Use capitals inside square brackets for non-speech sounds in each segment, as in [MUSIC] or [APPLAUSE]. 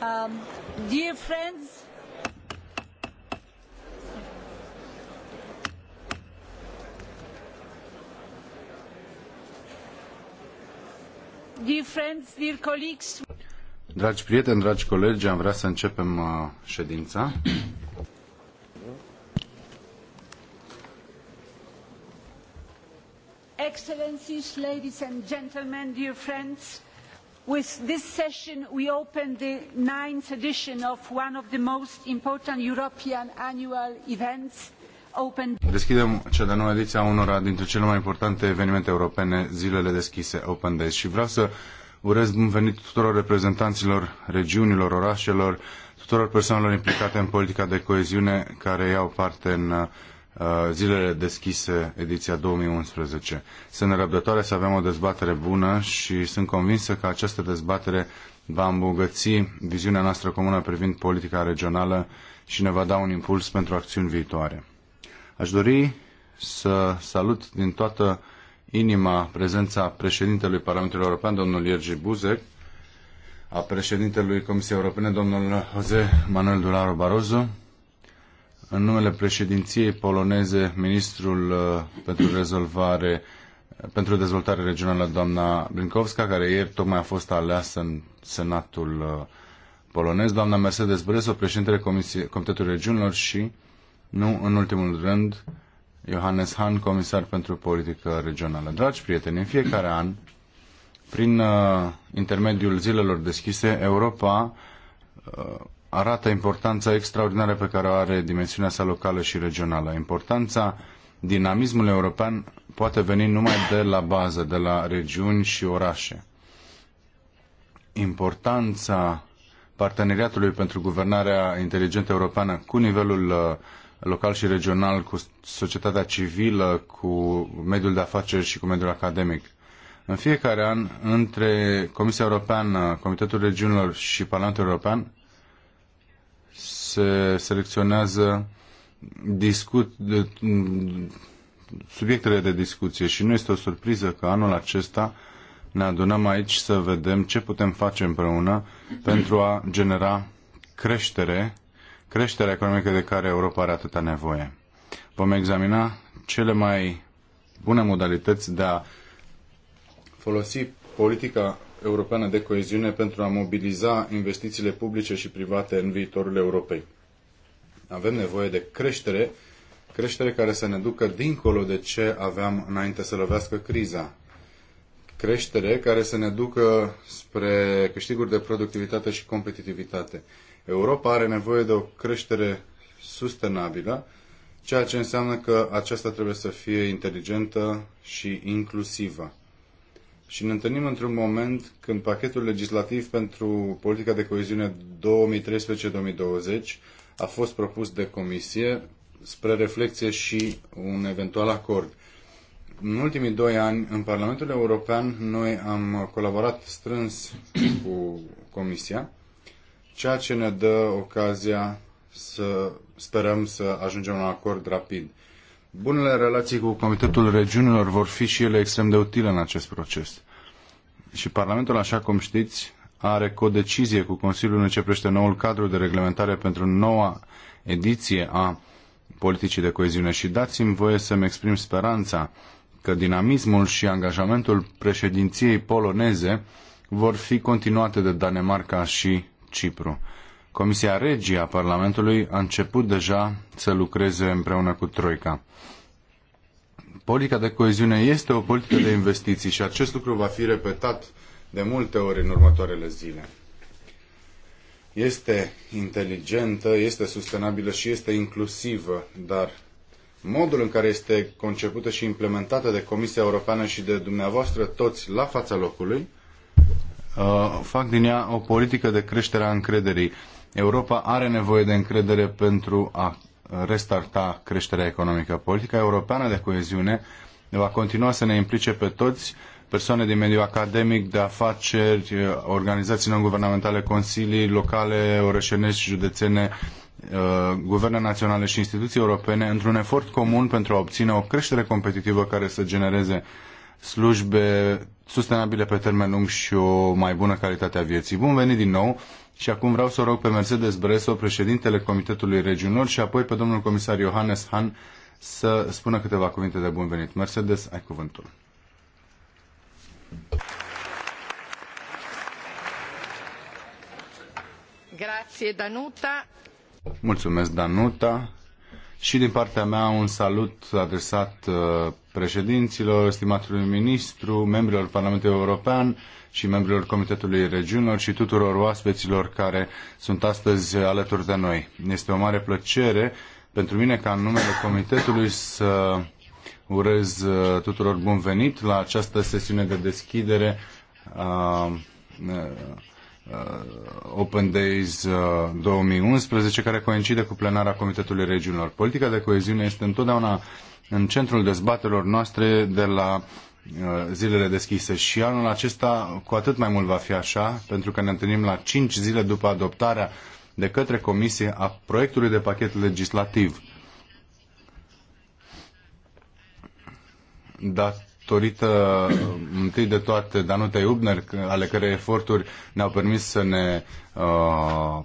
Um, dear friends, dear friends, dear colleagues. Dragi prieteni, dragi colegi, am vrea să începem uh, ședința. Excellencies, ladies and gentlemen, dear friends. With this session, we open the ninth edition of one of the most important European annual events. Open... Deschidem cea de nouă ediție a unora dintre cele mai importante evenimente europene, zilele deschise, Open Days. Și vreau să urez bun venit tuturor reprezentanților regiunilor, orașelor, tuturor persoanelor implicate în politica de coeziune care iau parte în Uh, zilele deschise, ediția 2011. Sunt nerăbdătoare să avem o dezbatere bună și sunt convinsă că această dezbatere va îmbogăți viziunea noastră comună privind politica regională și ne va da un impuls pentru acțiuni viitoare. Aș dori să salut din toată inima prezența președintelui Parlamentului European, domnul Iergi Buzek, a președintelui Comisiei Europene, domnul Jose Manuel Duraro Barroso, în numele președinției poloneze, ministrul uh, pentru rezolvare uh, pentru dezvoltare regională, doamna Brinkovska, care ieri tocmai a fost aleasă în Senatul uh, polonez, doamna Mercedes Bresso, președintele Comitetului Regiunilor și, nu în ultimul rând, Johannes Hahn, comisar pentru politică regională. Dragi prieteni, în fiecare an, prin uh, intermediul zilelor deschise, Europa uh, arată importanța extraordinară pe care o are dimensiunea sa locală și regională. Importanța, dinamismului european poate veni numai de la bază, de la regiuni și orașe. Importanța parteneriatului pentru guvernarea inteligentă europeană cu nivelul uh, local și regional, cu societatea civilă, cu mediul de afaceri și cu mediul academic. În fiecare an, între Comisia Europeană, Comitetul Regiunilor și Parlamentul European, se selecționează discut, subiectele de discuție și nu este o surpriză că anul acesta ne adunăm aici să vedem ce putem face împreună pentru a genera creștere, creșterea economică de care Europa are atâta nevoie. Vom examina cele mai bune modalități de a folosi politica Europeană de Coeziune pentru a mobiliza investițiile publice și private în viitorul Europei. Avem nevoie de creștere, creștere care să ne ducă dincolo de ce aveam înainte să lovească criza. Creștere care să ne ducă spre câștiguri de productivitate și competitivitate. Europa are nevoie de o creștere sustenabilă, ceea ce înseamnă că aceasta trebuie să fie inteligentă și inclusivă și ne întâlnim într-un moment când pachetul legislativ pentru politica de coeziune 2013-2020 a fost propus de comisie spre reflexie și un eventual acord. În ultimii doi ani, în Parlamentul European, noi am colaborat strâns [CLEARS THROAT] cu Comisia, ceea ce ne dă ocazia să sperăm să ajungem la un acord rapid. Bunele relații cu Comitetul Regiunilor vor fi și ele extrem de utile în acest proces. Și Parlamentul, așa cum știți, are codecizie cu Consiliul în ce privește noul cadru de reglementare pentru noua ediție a politicii de coeziune și dați-mi voie să-mi exprim speranța că dinamismul și angajamentul președinției poloneze vor fi continuate de Danemarca și Cipru. Comisia a Parlamentului a început deja să lucreze împreună cu Troica. Politica de coeziune este o politică de investiții și acest lucru va fi repetat de multe ori în următoarele zile. Este inteligentă, este sustenabilă și este inclusivă, dar modul în care este concepută și implementată de Comisia Europeană și de dumneavoastră toți la fața locului, uh, fac din ea o politică de creștere a încrederii. Europa are nevoie de încredere pentru a restarta creșterea economică. Politica europeană de coeziune va continua să ne implice pe toți, persoane din mediul academic, de afaceri, organizații non-guvernamentale, consilii locale, orășenești, județene, uh, guverne naționale și instituții europene într-un efort comun pentru a obține o creștere competitivă care să genereze slujbe sustenabile pe termen lung și o mai bună calitate a vieții. Bun venit din nou și acum vreau să o rog pe Mercedes Bresso, președintele Comitetului Regiunilor, și apoi pe domnul comisar Johannes Han să spună câteva cuvinte de bun venit. Mercedes, ai cuvântul. Grazie, Danuta. Mulțumesc, Danuta și din partea mea un salut adresat uh, președinților, stimatului ministru, membrilor Parlamentului European și membrilor Comitetului Regiunilor și tuturor oaspeților care sunt astăzi alături de noi. Este o mare plăcere pentru mine ca în numele Comitetului să urez uh, tuturor bun venit la această sesiune de deschidere a uh, Uh, Open Days 2011, uh, care coincide cu plenara Comitetului Regiunilor. Politica de coeziune este întotdeauna în centrul dezbaterilor noastre de la uh, zilele deschise și anul acesta cu atât mai mult va fi așa, pentru că ne întâlnim la 5 zile după adoptarea de către Comisie a proiectului de pachet legislativ. Dat datorită uh, întâi de toate Danutei Ubner, ale cărei eforturi ne-au permis să ne uh,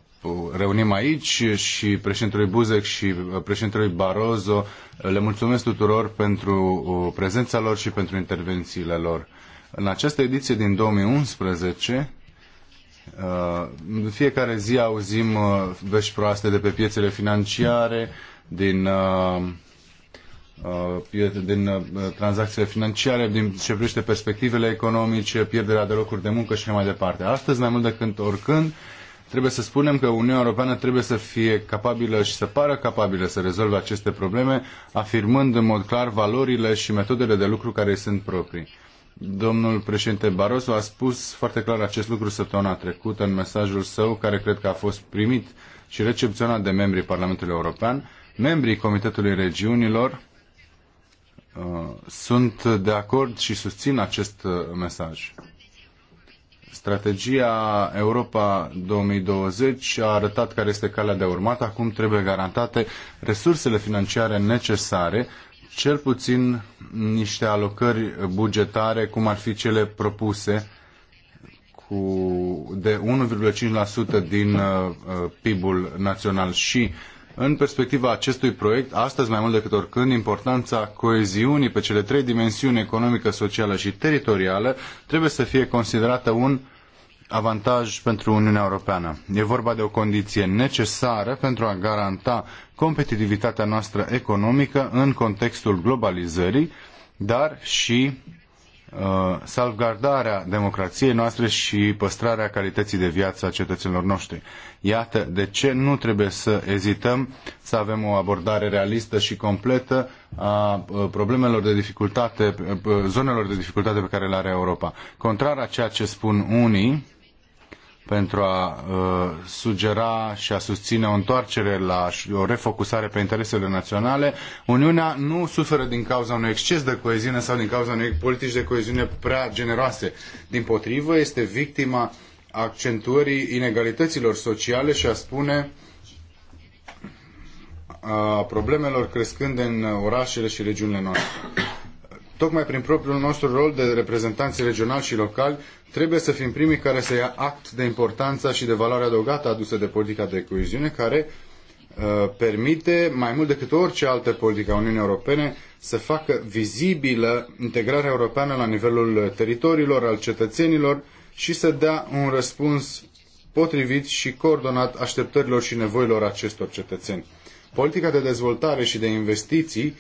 reunim aici și președintelui Buzek și uh, președintelui Barroso. Le mulțumesc tuturor pentru uh, prezența lor și pentru intervențiile lor. În această ediție din 2011, în fiecare zi auzim vești proaste de pe piețele financiare, din Uh, din uh, tranzacțiile financiare, din ce privește perspectivele economice, pierderea de locuri de muncă și mai departe. Astăzi, mai mult decât oricând, trebuie să spunem că Uniunea Europeană trebuie să fie capabilă și să pară capabilă să rezolve aceste probleme, afirmând în mod clar valorile și metodele de lucru care sunt proprii. Domnul președinte Barroso a spus foarte clar acest lucru săptămâna trecută în mesajul său, care cred că a fost primit și recepționat de membrii Parlamentului European, membrii Comitetului Regiunilor, Uh, sunt de acord și susțin acest uh, mesaj. Strategia Europa 2020 a arătat care este calea de urmat. Acum trebuie garantate resursele financiare necesare, cel puțin niște alocări bugetare, cum ar fi cele propuse, cu de 1,5% din uh, PIB-ul național și în perspectiva acestui proiect, astăzi mai mult decât oricând, importanța coeziunii pe cele trei dimensiuni economică, socială și teritorială trebuie să fie considerată un avantaj pentru Uniunea Europeană. E vorba de o condiție necesară pentru a garanta competitivitatea noastră economică în contextul globalizării, dar și Uh, salvgardarea democrației noastre și păstrarea calității de viață a cetățenilor noștri. Iată de ce nu trebuie să ezităm să avem o abordare realistă și completă a uh, problemelor de dificultate, uh, zonelor de dificultate pe care le are Europa. Contrar a ceea ce spun unii, pentru a uh, sugera și a susține o întoarcere la o refocusare pe interesele naționale, Uniunea nu suferă din cauza unui exces de coeziune sau din cauza unei politici de coeziune prea generoase. Din potrivă, este victima accentuării inegalităților sociale și a spune a problemelor crescând în orașele și regiunile noastre. Tocmai prin propriul nostru rol de reprezentanți regionali și locali, trebuie să fim primii care să ia act de importanța și de valoarea adăugată adusă de politica de coeziune, care uh, permite, mai mult decât orice altă politică a Uniunii Europene, să facă vizibilă integrarea europeană la nivelul teritoriilor, al cetățenilor și să dea un răspuns potrivit și coordonat așteptărilor și nevoilor acestor cetățeni. Politica de dezvoltare și de investiții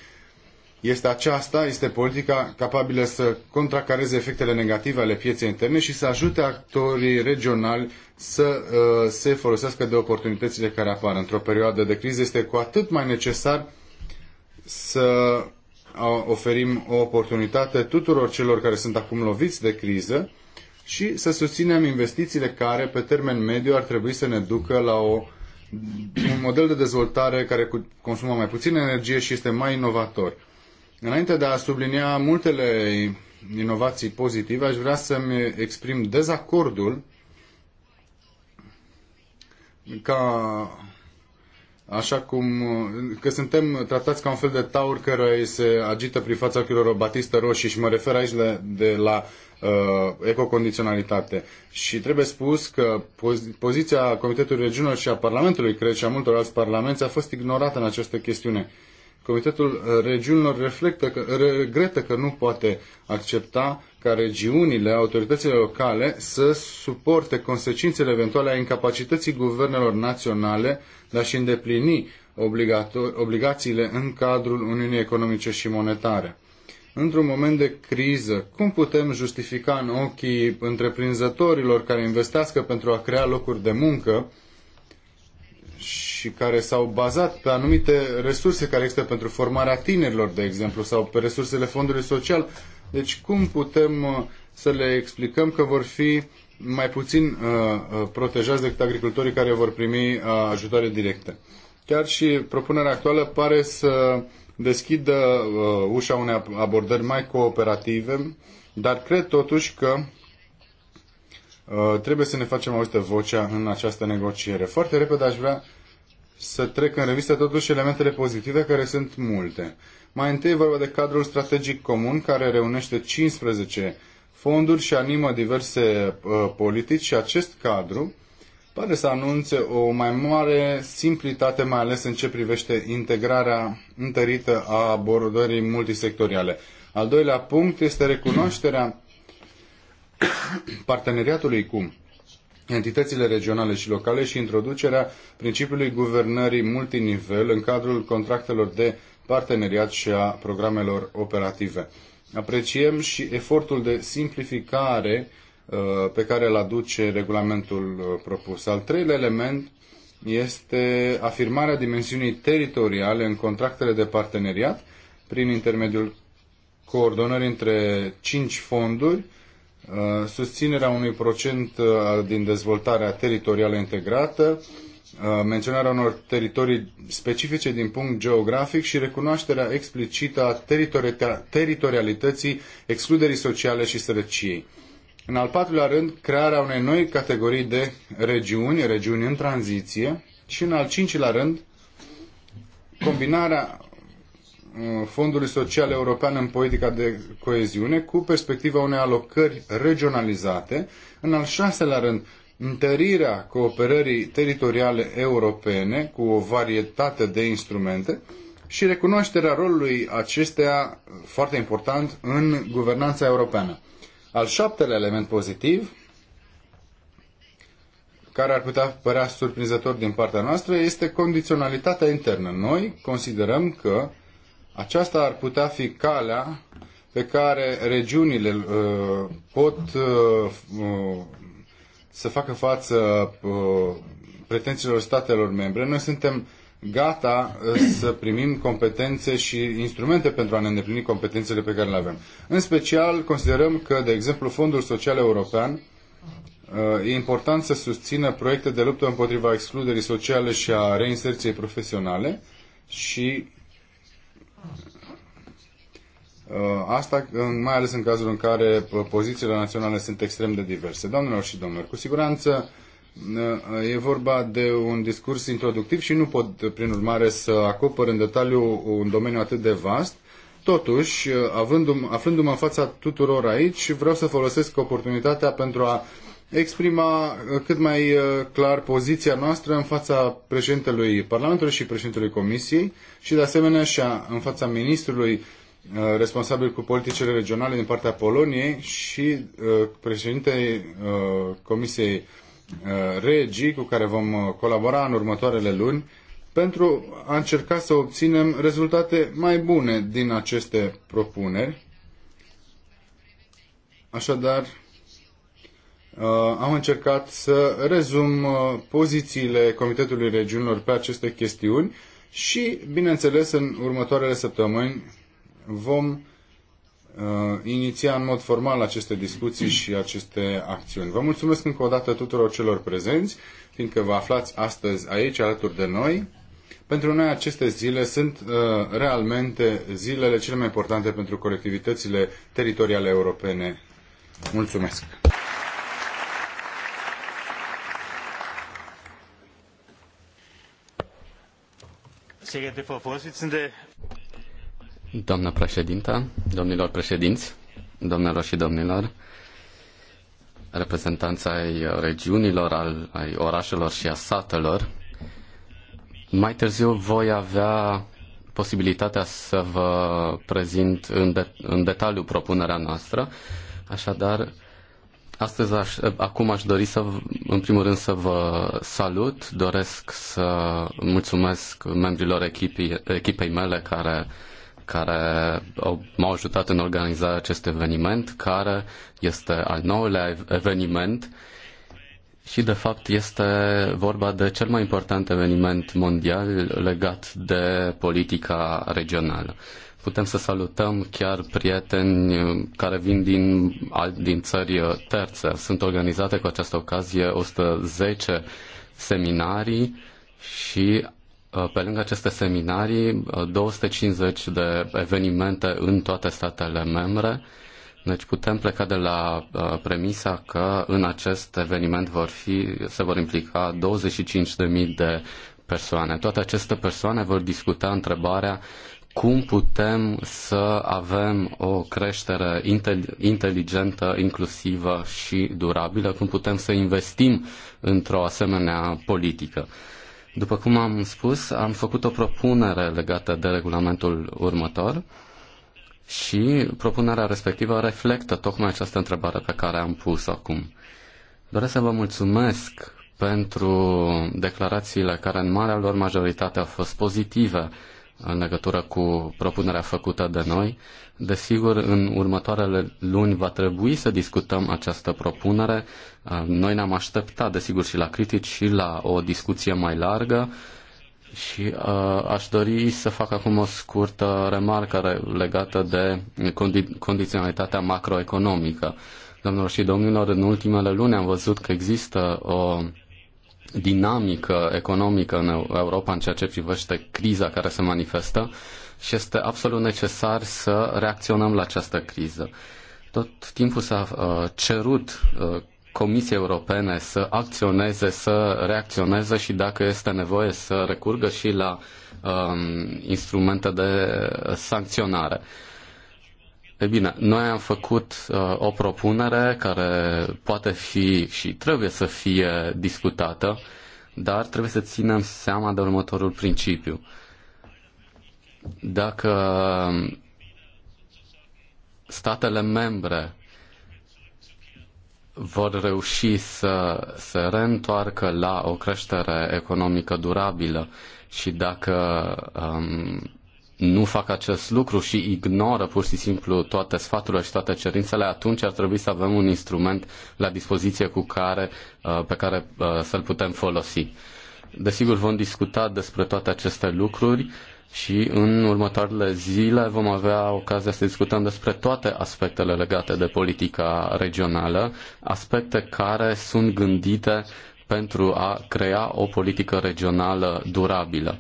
este aceasta, este politica capabilă să contracareze efectele negative ale pieței interne și să ajute actorii regionali să uh, se folosească de oportunitățile care apar. Într-o perioadă de criză este cu atât mai necesar să oferim o oportunitate tuturor celor care sunt acum loviți de criză și să susținem investițiile care, pe termen mediu, ar trebui să ne ducă la o, un model de dezvoltare care consumă mai puțin energie și este mai inovator. Înainte de a sublinia multele inovații pozitive, aș vrea să-mi exprim dezacordul ca așa cum că suntem tratați ca un fel de taur care îi se agită prin fața ochilor o batistă roșie și mă refer aici de, de la uh, ecocondiționalitate. Și trebuie spus că pozi- poziția Comitetului Regiunilor și a Parlamentului, cred, și a multor alți parlamenti a fost ignorată în această chestiune. Uh, Comitetul uh, Regiunilor reflectă că, regretă că nu poate accepta ca regiunile, autoritățile locale să suporte consecințele eventuale a incapacității guvernelor naționale de a-și îndeplini obligațiile în cadrul Uniunii Economice și Monetare. Într-un moment de criză, cum putem justifica în ochii întreprinzătorilor care investească pentru a crea locuri de muncă și care s-au bazat pe anumite resurse care există pentru formarea tinerilor, de exemplu, sau pe resursele fondului social. Deci cum putem uh, să le explicăm că vor fi mai puțin uh, uh, protejați decât agricultorii care vor primi uh, ajutoare directe? Chiar și propunerea actuală pare să deschidă uh, ușa unei abordări mai cooperative, dar cred totuși că Uh, trebuie să ne facem auzită vocea în această negociere. Foarte repede aș vrea să trec în revistă totuși elementele pozitive, care sunt multe. Mai întâi e vorba de cadrul strategic comun, care reunește 15 fonduri și animă diverse uh, politici și acest cadru pare să anunțe o mai mare simplitate, mai ales în ce privește integrarea întărită a abordării multisectoriale. Al doilea punct este recunoașterea parteneriatului cu entitățile regionale și locale și introducerea principiului guvernării multinivel în cadrul contractelor de parteneriat și a programelor operative. Apreciem și efortul de simplificare uh, pe care îl aduce regulamentul uh, propus. Al treilea element este afirmarea dimensiunii teritoriale în contractele de parteneriat prin intermediul coordonării între cinci fonduri Uh, susținerea unui procent uh, din dezvoltarea teritorială integrată, uh, menționarea unor teritorii specifice din punct geografic și recunoașterea explicită a teritorialității, excluderii sociale și sărăciei. În al patrulea rând, crearea unei noi categorii de regiuni, regiuni în tranziție și în al cincilea rând, combinarea Uh, Fondului Social European în politica de coeziune cu perspectiva unei alocări regionalizate. În al șaselea rând, întărirea cooperării teritoriale europene cu o varietate de instrumente și recunoașterea rolului acesteia foarte important în guvernanța europeană. Al șaptele element pozitiv, care ar putea părea surprinzător din partea noastră, este condiționalitatea internă. Noi considerăm că aceasta ar putea fi calea pe care regiunile uh, pot uh, uh să facă față uh, pretențiilor statelor membre. Noi suntem gata uh, să primim competențe și instrumente pentru a ne îndeplini competențele pe care le avem. În special, considerăm că, de exemplu, Fondul Social European uh, e important să susțină proiecte de luptă împotriva excluderii sociale și a reinserției profesionale și Uh, asta mai ales în cazul în care uh, pozițiile naționale sunt extrem de diverse. Doamnelor și domnilor, cu siguranță uh, e vorba de un discurs introductiv și nu pot, prin urmare, să acopăr în detaliu un domeniu atât de vast. Totuși, aflându-mă în fața tuturor aici, vreau să folosesc oportunitatea pentru a exprima uh, cât mai uh, clar poziția noastră în fața președintelui Parlamentului și președintelui Comisiei și de asemenea și în fața ministrului uh, responsabil cu politicile regionale din partea Poloniei și președintei Comisiei Regii, cu care vom colabora în următoarele luni, pentru a încerca să obținem rezultate mai bune din aceste propuneri. Așadar, Uh, am încercat să rezum uh, pozițiile Comitetului Regiunilor pe aceste chestiuni și, bineînțeles, în următoarele săptămâni vom uh, iniția în mod formal aceste discuții și aceste acțiuni. Vă mulțumesc încă o dată tuturor celor prezenți, fiindcă vă aflați astăzi aici, alături de noi. Pentru noi aceste zile sunt uh, realmente zilele cele mai importante pentru colectivitățile teritoriale europene. Mulțumesc! Doamnă președintă, domnilor președinți, domnilor și domnilor, reprezentanța ai regiunilor, al, ai orașelor și a satelor, mai târziu voi avea posibilitatea să vă prezint în, de, în detaliu propunerea noastră. Așadar, Astăzi, aș, acum aș dori să, în primul rând, să vă salut. Doresc să mulțumesc membrilor echipii, echipei mele care, care au, m-au ajutat în organizarea acest eveniment, care este al nouălea eveniment și, de fapt, este vorba de cel mai important eveniment mondial legat de politica regională putem să salutăm chiar prieteni uh, care vin din, din țări uh, terțe. Sunt organizate cu această ocazie 110 seminarii și uh, pe lângă aceste seminarii 250 de evenimente în toate statele membre. Deci putem pleca de la premisa că în acest eveniment vor fi, se vor implica 25.000 de persoane. Toate aceste persoane vor discuta întrebarea uh, cum putem să avem o creștere inteligentă, inclusivă și durabilă, cum putem să investim într-o asemenea politică. După cum am spus, am făcut o propunere legată de regulamentul următor și propunerea respectivă reflectă tocmai această întrebare pe care am pus-o acum. Doresc să vă mulțumesc pentru declarațiile care în marea lor majoritate au fost pozitive în legătură cu propunerea făcută de noi. Desigur, în următoarele luni va trebui să discutăm această propunere. Uh, noi ne-am așteptat, desigur, și la critici și la o discuție mai largă. Și uh, aș dori să fac acum o scurtă remarcă legată de condi- condiționalitatea macroeconomică. Doamnelor și domnilor, în ultimele luni am văzut că există o dinamică economică în Europa în ceea ce privește criza care se manifestă și este absolut necesar să reacționăm la această criză. Tot timpul s-a uh, cerut uh, Comisiei Europene să acționeze, să reacționeze și dacă este nevoie să recurgă și la um, instrumente de sancționare. Uh, E bine, noi am făcut uh, o propunere care poate fi și trebuie să fie discutată, dar trebuie să ținem seama de următorul principiu. Dacă statele membre vor reuși să se reîntoarcă la o creștere economică durabilă și dacă um, nu fac acest lucru și ignoră pur și simplu toate sfaturile și toate cerințele, atunci ar trebui să avem un instrument la dispoziție cu care, uh, pe care uh, să-l putem folosi. Desigur, vom discuta despre toate aceste lucruri și în următoarele zile vom avea ocazia să discutăm despre toate aspectele legate de politica regională, aspecte care sunt gândite pentru a crea o politică regională durabilă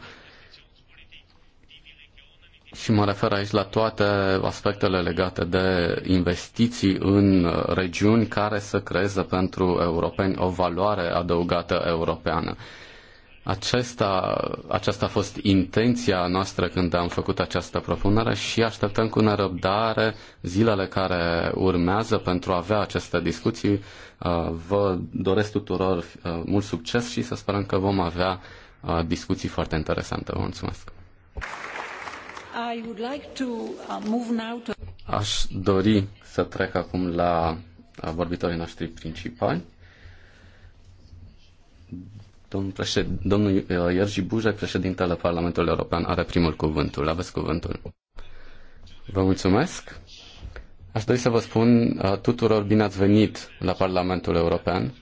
și mă refer aici la toate aspectele legate de investiții în regiuni care să creeze pentru europeni o valoare adăugată europeană. Acesta, aceasta a fost intenția noastră când am făcut această propunere și așteptăm cu nerăbdare zilele care urmează pentru a avea aceste discuții. Uh, vă doresc tuturor uh, mult succes și să sperăm că vom avea uh, discuții foarte interesante. Vă mulțumesc! Uh, Aș dori să trec acum la uh, vorbitorii noștri principali. Domnul, președ... Domnul uh, Iergi Buja, președintele Parlamentului European, are primul cuvântul. Aveți cuvântul. Vă mulțumesc. Aș dori să vă spun tuturor bine ați venit la Parlamentul European.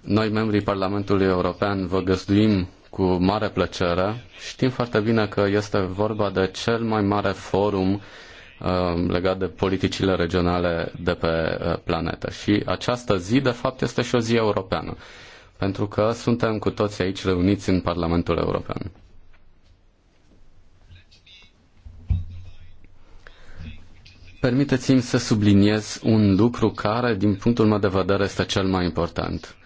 Noi, membrii Parlamentului European, vă găzduim cu mare plăcere. Știm foarte bine că este vorba de cel mai mare forum uh, legat de politicile regionale de pe uh, planetă. Și această zi, de fapt, este și o zi europeană, pentru că suntem cu toți aici reuniți în Parlamentul European. Permiteți-mi să subliniez un lucru care, din punctul meu de vedere, este cel mai important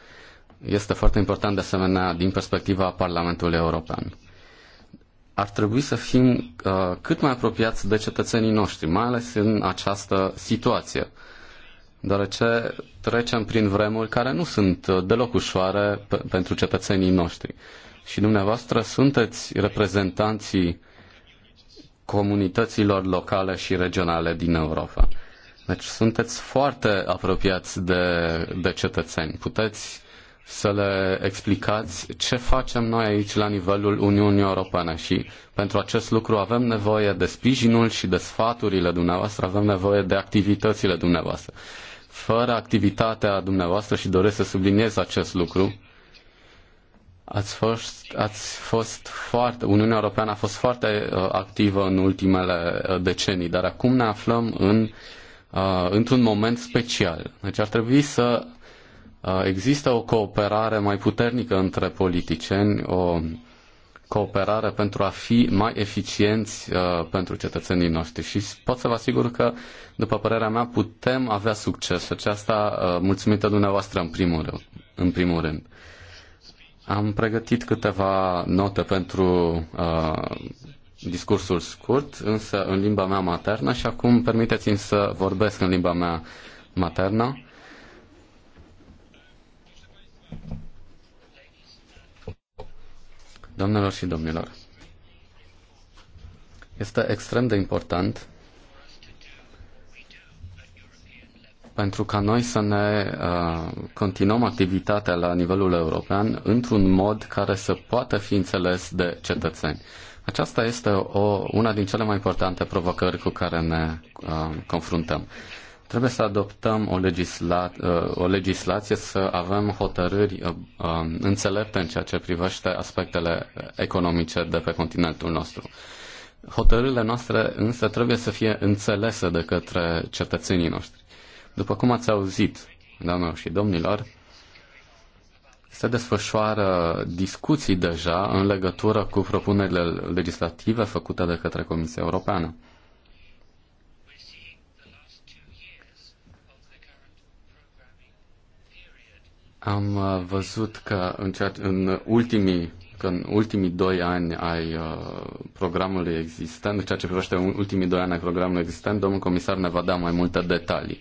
este foarte important de asemenea din perspectiva Parlamentului European. Ar trebui să fim uh, cât mai apropiați de cetățenii noștri, mai ales în această situație, deoarece trecem prin vremuri care nu sunt uh, deloc ușoare pe- pentru cetățenii noștri. Și dumneavoastră sunteți reprezentanții comunităților locale și regionale din Europa. Deci sunteți foarte apropiați de, de cetățeni. Puteți să le explicați ce facem noi aici la nivelul Uniunii Europene și pentru acest lucru avem nevoie de sprijinul și de sfaturile dumneavoastră, avem nevoie de activitățile dumneavoastră. Fără activitatea dumneavoastră și doresc să subliniez acest lucru, ați fost, ați fost foarte, Uniunea Europeană a fost foarte uh, activă în ultimele uh, decenii, dar acum ne aflăm în, uh, într-un moment special. Deci ar trebui să Uh, există o cooperare mai puternică între politicieni, o cooperare pentru a fi mai eficienți uh, pentru cetățenii noștri și pot să vă asigur că, după părerea mea, putem avea succes. Aceasta uh, mulțumită dumneavoastră în primul, rând, în primul rând. Am pregătit câteva note pentru uh, discursul scurt, însă în limba mea maternă și acum permiteți-mi să vorbesc în limba mea maternă Doamnelor și domnilor, este extrem de important pentru ca noi să ne uh, continuăm activitatea la nivelul european într-un mod care să poată fi înțeles de cetățeni. Aceasta este o, una din cele mai importante provocări cu care ne uh, confruntăm. Trebuie să adoptăm o, legisla- uh, o legislație, să avem hotărâri uh, uh, înțelepte în ceea ce privește aspectele economice de pe continentul nostru. Hotărârile noastre însă trebuie să fie înțelese de către cetățenii noștri. După cum ați auzit, doamnelor și domnilor, se desfășoară discuții deja în legătură cu propunerile legislative făcute de către Comisia Europeană. Am uh, văzut că în, cea, în ultimii că în ultimii doi ani ai uh, programului existent, în ceea ce privește ultimii doi ani ai programului existent, domnul comisar ne va da mai multe detalii.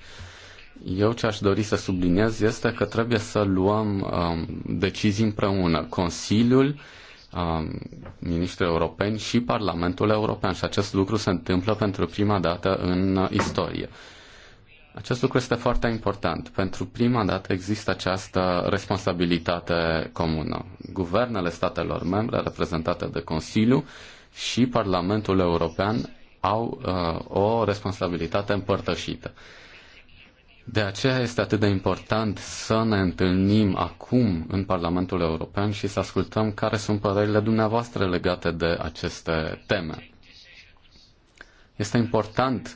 Eu ce aș dori să subliniez este că trebuie să luăm um, decizii împreună. Consiliul, um, ministrii europeni și Parlamentul European. Și acest lucru se întâmplă pentru prima dată în uh, istorie. Acest lucru este foarte important. Pentru prima dată există această responsabilitate comună. Guvernele statelor membre, reprezentate de Consiliu și Parlamentul European, au uh, o responsabilitate împărtășită. De aceea este atât de important să ne întâlnim acum în Parlamentul European și să ascultăm care sunt părerile dumneavoastră legate de aceste teme. Este important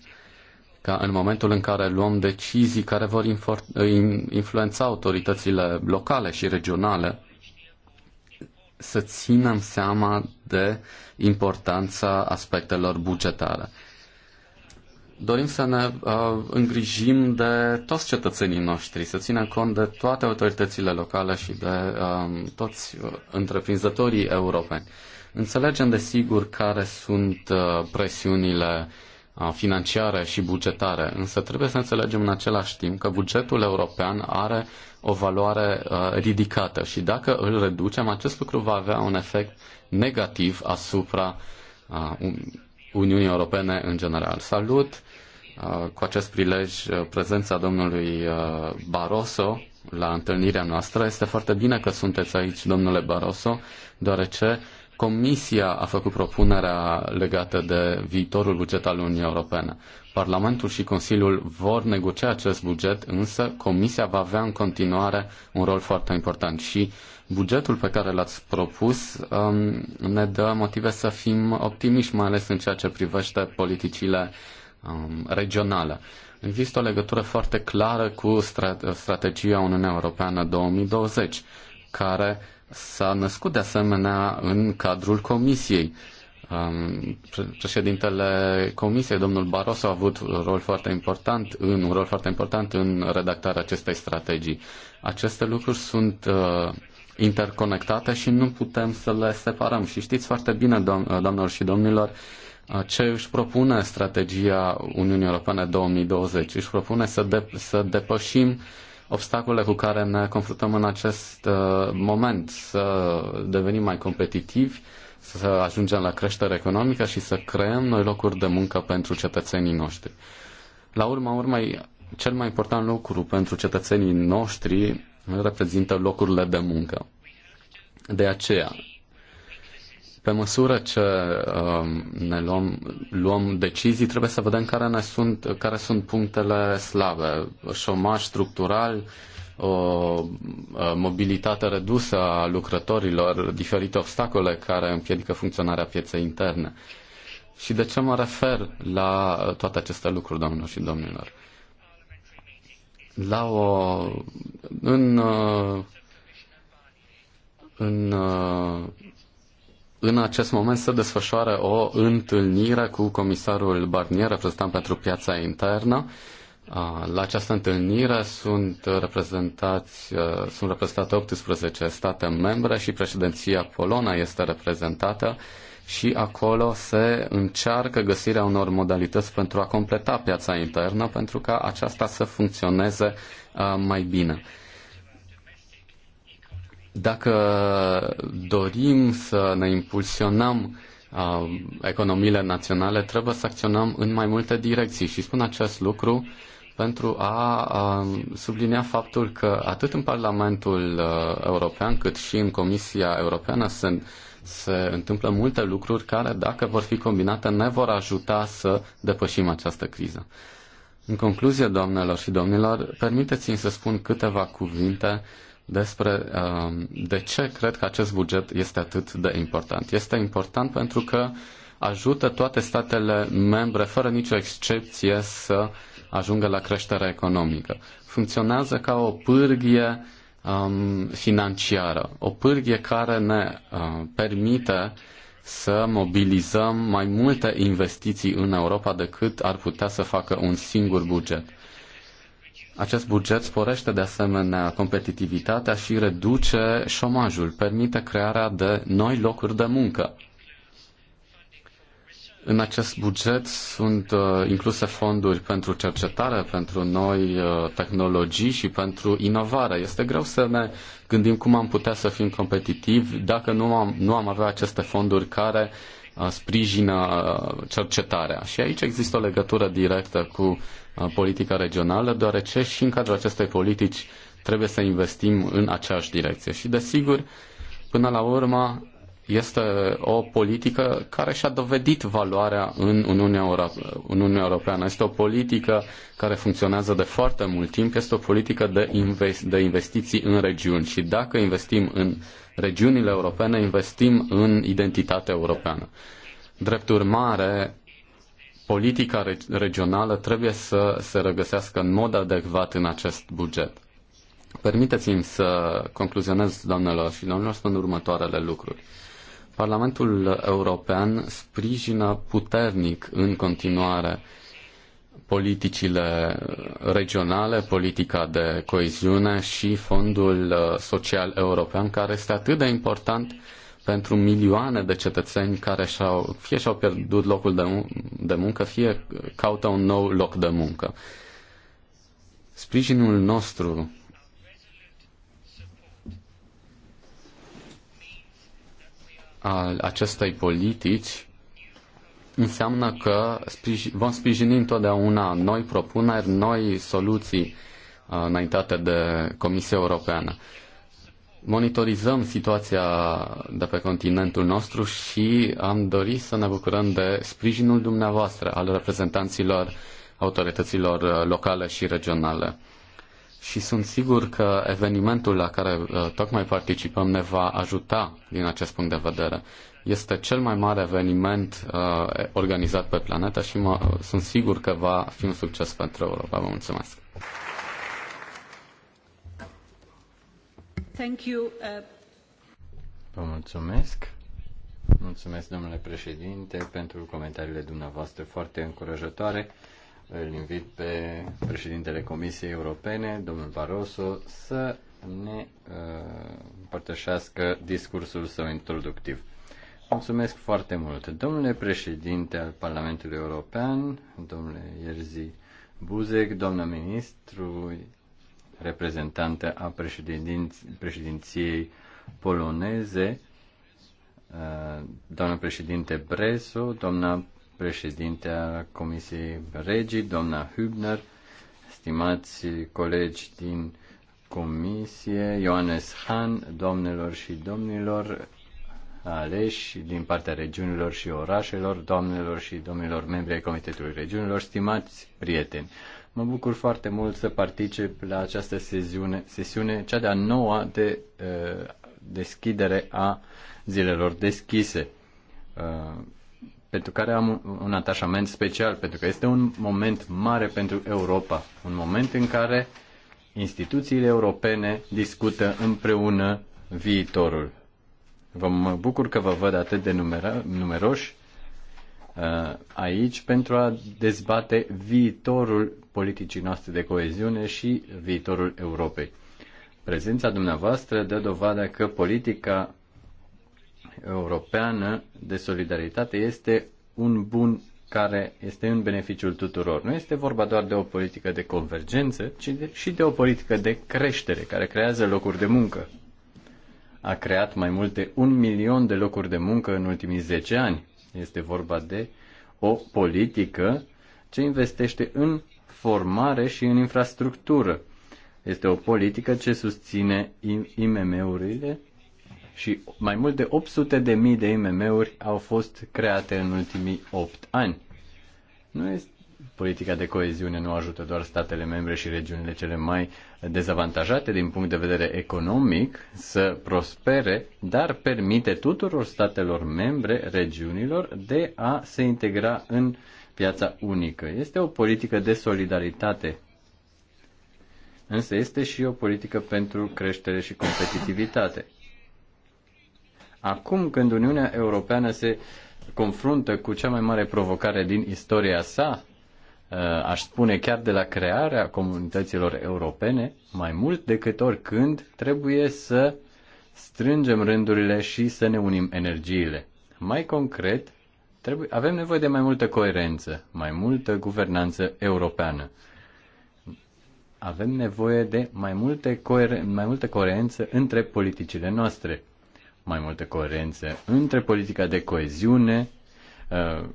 ca în momentul în care luăm decizii care vor influența autoritățile locale și regionale, să ținem seama de importanța aspectelor bugetare. Dorim să ne uh, îngrijim de toți cetățenii noștri, să ținem cont de toate autoritățile locale și de um, uh, toți întreprinzătorii europeni. Înțelegem, desigur, care sunt uh, presiunile uh, financiare și bugetare, însă trebuie să înțelegem în același timp că bugetul european are o valoare uh, ridicată și dacă îl reducem, acest lucru va avea un efect negativ asupra uh, Uniunii Europene în general. Salut uh, cu acest prilej prezența domnului Barroso la întâlnirea noastră. Este foarte bine că sunteți aici, domnule Barroso, deoarece Comisia a făcut propunerea legată de viitorul buget al Uniunii Europene. Parlamentul și Consiliul vor negocia acest buget, însă Comisia va avea în continuare un rol foarte important și bugetul pe care l-ați propus um, ne dă motive să fim optimiști, mai ales în ceea ce privește politicile um, regionale. Există o legătură foarte clară cu strategia Uniunea Europeană 2020, care s-a născut de asemenea în cadrul comisiei. Um, președintele comisiei, domnul Barroso, a avut un rol foarte important în, un rol foarte important în redactarea acestei strategii. Aceste lucruri sunt uh, interconectate și nu putem să le separăm. Și știți foarte bine, uh, doamnelor și domnilor, uh, ce își propune strategia Uniunii Europene 2020? Își propune să, de- să depășim uh, obstacole cu care ne confruntăm în acest uh, moment, să devenim mai competitivi, să ajungem la creștere economică și să creăm noi locuri de muncă pentru cetățenii noștri. La urma urmei, cel mai important lucru pentru cetățenii noștri reprezintă locurile de muncă. De aceea, pe măsură ce um, ne luăm, luăm decizii, trebuie să vedem care, ne sunt, care sunt punctele slabe. Șomaj structural, o mobilitate redusă a lucrătorilor, diferite obstacole care împiedică funcționarea pieței interne. Și de ce mă refer la toate aceste lucruri, domnilor și domnilor? La o... în... în în acest moment se desfășoară o întâlnire cu comisarul Barnier, reprezentant pentru piața internă. La această întâlnire sunt, reprezentați, sunt reprezentate 18 state membre și președinția Polona este reprezentată și acolo se încearcă găsirea unor modalități pentru a completa piața internă pentru ca aceasta să funcționeze mai bine. Dacă dorim să ne impulsionăm uh, economiile naționale, trebuie să acționăm în mai multe direcții și spun acest lucru pentru a sublinia faptul că atât în Parlamentul uh, European cât și în Comisia Europeană se, se întâmplă multe lucruri care, dacă vor fi combinate, ne vor ajuta să depășim această criză. În concluzie, doamnelor și domnilor, permiteți-mi să spun câteva cuvinte uh, despre um, de ce cred că acest buget este atât de important. Este important pentru că ajută toate statele membre, fără nicio excepție, să ajungă la creșterea economică. Funcționează ca o pârghie um, financiară, o pârghie care ne uh, permite să mobilizăm mai multe investiții în Europa decât ar putea să facă un singur buget. Acest buget sporește de asemenea competitivitatea și reduce șomajul, permite crearea de noi locuri de muncă. În acest buget sunt uh, incluse fonduri pentru cercetare, pentru noi uh, tehnologii și pentru inovare. Este greu să ne gândim cum am putea să fim competitivi dacă nu am, nu am avea aceste fonduri care uh, sprijină cercetarea. Și aici există o legătură directă cu politica regională, deoarece și în cadrul acestei politici trebuie să investim în aceeași direcție. Și desigur, până la urmă, este o politică care și-a dovedit valoarea în Uniunea, Europe- în Uniunea Europeană. Este o politică care funcționează de foarte mult timp, este o politică de, invest- de investiții în regiuni și dacă investim în regiunile europene, investim în identitatea europeană. Drept urmare, politica regională trebuie să se regăsească în mod adecvat în acest buget. Permiteți-mi să concluzionez, doamnelor și domnilor, spun următoarele lucruri. Parlamentul European sprijină puternic în continuare politicile regionale, politica de coeziune și fondul uh, social european, care este atât de important pentru milioane de cetățeni care și-au, fie și-au pierdut locul de, mun- de muncă, fie caută un nou loc de muncă. Sprijinul nostru al acestei politici înseamnă că vom sprijini întotdeauna noi propuneri, noi soluții uh, înaintate de Comisia Europeană. Monitorizăm situația de pe continentul nostru și am dorit să ne bucurăm de sprijinul dumneavoastră al reprezentanților autorităților uh, locale și regionale și sunt sigur că evenimentul la care uh, tocmai participăm ne va ajuta din acest punct de vedere. Este cel mai mare eveniment uh, organizat pe planetă și mă, uh, sunt sigur că va fi un succes pentru Europa. Vă mulțumesc! Thank you. Uh... Vă mulțumesc. Mulțumesc, domnule președinte, pentru comentariile dumneavoastră foarte încurajatoare îl invit pe președintele Comisiei Europene, domnul Barroso, să ne uh, împărtășească discursul său introductiv. Mulțumesc foarte mult. Domnule președinte al Parlamentului European, domnule Ierzi Buzek, doamna ministru, reprezentantă a președinției poloneze, uh, doamna președinte Breso, doamna președintea Comisiei Regii, doamna Hübner, stimați colegi din Comisie, Ioanes Han, domnilor și domnilor, aleși din partea regiunilor și orașelor, doamnelor și domnilor membri ai Comitetului Regiunilor, stimați prieteni. Mă bucur foarte mult să particip la această sesiune, sesiune cea de-a noua de uh, deschidere a zilelor deschise. Uh, pentru care am un atașament special, pentru că este un moment mare pentru Europa, un moment în care instituțiile europene discută împreună viitorul. Vă mă bucur că vă văd atât de numero- numeroși uh, aici pentru a dezbate viitorul politicii noastre de coeziune și viitorul Europei. Prezența dumneavoastră dă dovadă că politica europeană de solidaritate este un bun care este în beneficiul tuturor. Nu este vorba doar de o politică de convergență, ci de, și de o politică de creștere care creează locuri de muncă. A creat mai multe un milion de locuri de muncă în ultimii 10 ani. Este vorba de o politică ce investește în formare și în infrastructură. Este o politică ce susține IMM-urile și mai mult de 800 de mii de IMM-uri au fost create în ultimii 8 ani. Nu este, politica de coeziune nu ajută doar statele membre și regiunile cele mai dezavantajate din punct de vedere economic să prospere, dar permite tuturor statelor membre, regiunilor, de a se integra în piața unică. Este o politică de solidaritate, însă este și o politică pentru creștere și competitivitate. Acum când Uniunea Europeană se confruntă cu cea mai mare provocare din istoria sa, uh, aș spune chiar de la crearea comunităților europene, mai mult decât oricând trebuie să strângem rândurile și să ne unim energiile. Mai concret, trebuie, avem nevoie de mai multă coerență, mai multă guvernanță europeană. Avem nevoie de mai, multe coer, mai multă coerență între politicile noastre mai multă coerență între politica de coeziune, uh,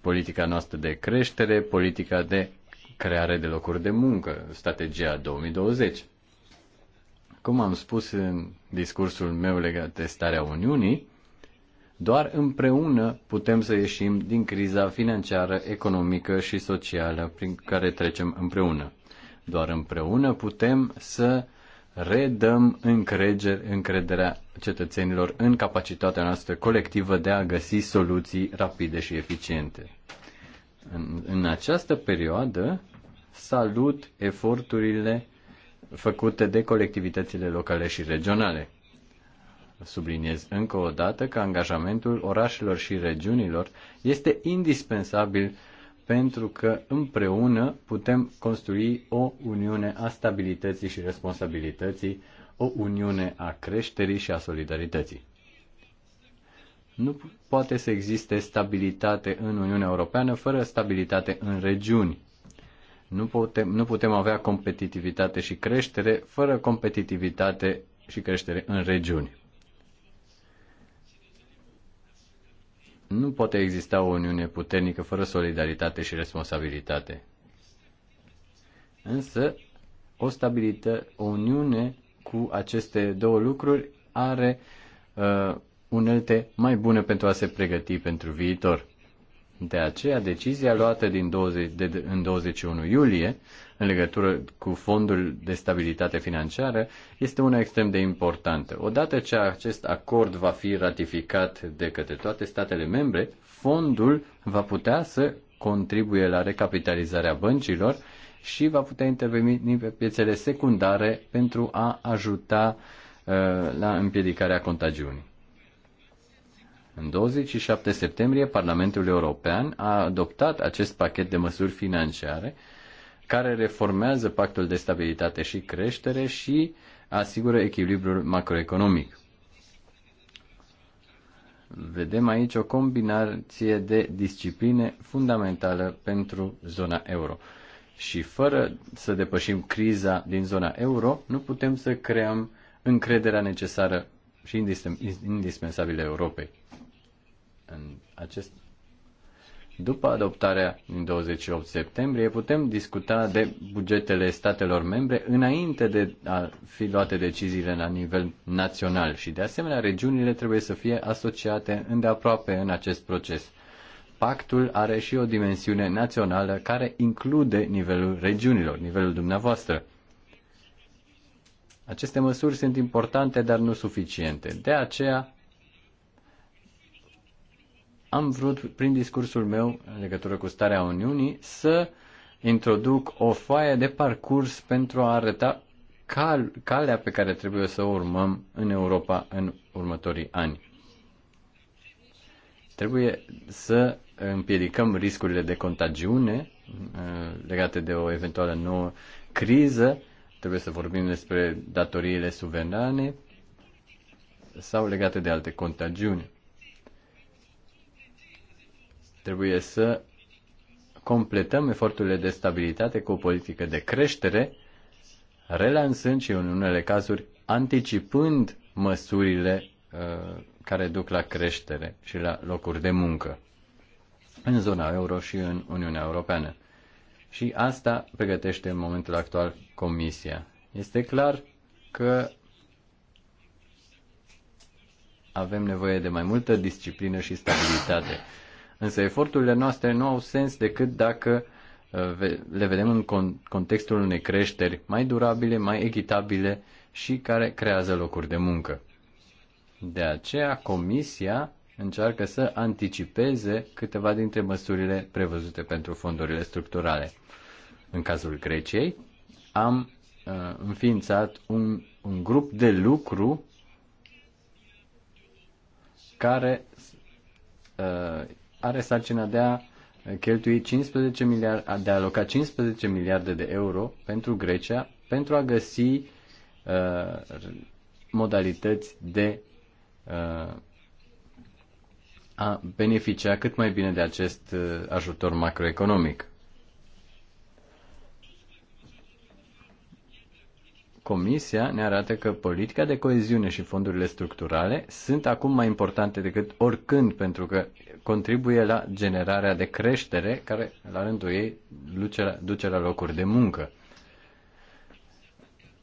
politica noastră de creștere, politica de creare de locuri de muncă, strategia 2020. Cum am spus în discursul meu legat de starea Uniunii, doar împreună putem să ieșim din criza financiară, economică și socială prin care trecem împreună. Doar împreună putem să uh, redăm încrederea cetățenilor în capacitatea noastră colectivă de a găsi soluții rapide și eficiente. În, în această perioadă salut eforturile făcute de colectivitățile locale și regionale. Subliniez încă o dată că angajamentul orașelor și regiunilor este indispensabil pentru că împreună putem construi o uniune a stabilității și responsabilității, o uniune a creșterii și a solidarității. Nu poate să existe stabilitate în Uniunea Europeană fără stabilitate în regiuni. Nu putem, nu putem avea competitivitate și creștere fără competitivitate și creștere în regiuni. Nu poate exista o Uniune puternică fără solidaritate și responsabilitate. Însă, o stabilită, o Uniune cu aceste două lucruri are uh, unelte mai bune pentru a se pregăti pentru viitor. De aceea, decizia luată din 20, de, de, în 21 iulie în legătură cu fondul de stabilitate financiară este una extrem de importantă. Odată ce acest acord va fi ratificat de către toate statele membre, fondul va putea să contribuie la recapitalizarea băncilor și va putea interveni pe piețele secundare pentru a ajuta uh, la împiedicarea contagiunii. În 27 septembrie, Parlamentul European a adoptat acest pachet de măsuri financiare care reformează pactul de stabilitate și creștere și asigură echilibrul macroeconomic. Vedem aici o combinație de discipline fundamentală pentru zona euro. Și fără să depășim criza din zona euro, nu putem să creăm încrederea necesară și indispensabilă Europei. În acest... După adoptarea din 28 septembrie, putem discuta de bugetele statelor membre înainte de a fi luate deciziile la nivel național și, de asemenea, regiunile trebuie să fie asociate îndeaproape în acest proces. Pactul are și o dimensiune națională care include nivelul regiunilor, nivelul dumneavoastră. Aceste măsuri sunt importante, dar nu suficiente. De aceea am vrut, prin discursul meu în legătură cu starea Uniunii, să introduc o foaie de parcurs pentru a arăta cal, calea pe care trebuie să o urmăm în Europa în următorii ani. Trebuie să împiedicăm riscurile de contagiune uh, legate de o eventuală nouă criză, trebuie să vorbim despre datoriile suverane sau legate de alte contagiuni Trebuie să completăm eforturile de stabilitate cu o politică de creștere, relansând și în unele cazuri anticipând măsurile uh, care duc la creștere și la locuri de muncă în zona euro și în Uniunea Europeană. Și asta pregătește în momentul actual Comisia. Este clar că avem nevoie de mai multă disciplină și stabilitate. Însă eforturile noastre nu au sens decât dacă uh, le vedem în contextul unei creșteri mai durabile, mai echitabile și care creează locuri de muncă. De aceea, Comisia încearcă să anticipeze câteva dintre măsurile prevăzute pentru fondurile structurale. În cazul Greciei, am uh, înființat un, un grup de lucru care uh, are sarcina de a cheltui 15 miliarde, de a aloca 15 miliarde de euro pentru Grecia pentru a găsi uh, modalități de uh, a beneficia cât mai bine de acest uh, ajutor macroeconomic. Comisia ne arată că politica de coeziune și fondurile structurale sunt acum mai importante decât oricând pentru că contribuie la generarea de creștere care la rândul ei duce la, duce la locuri de muncă.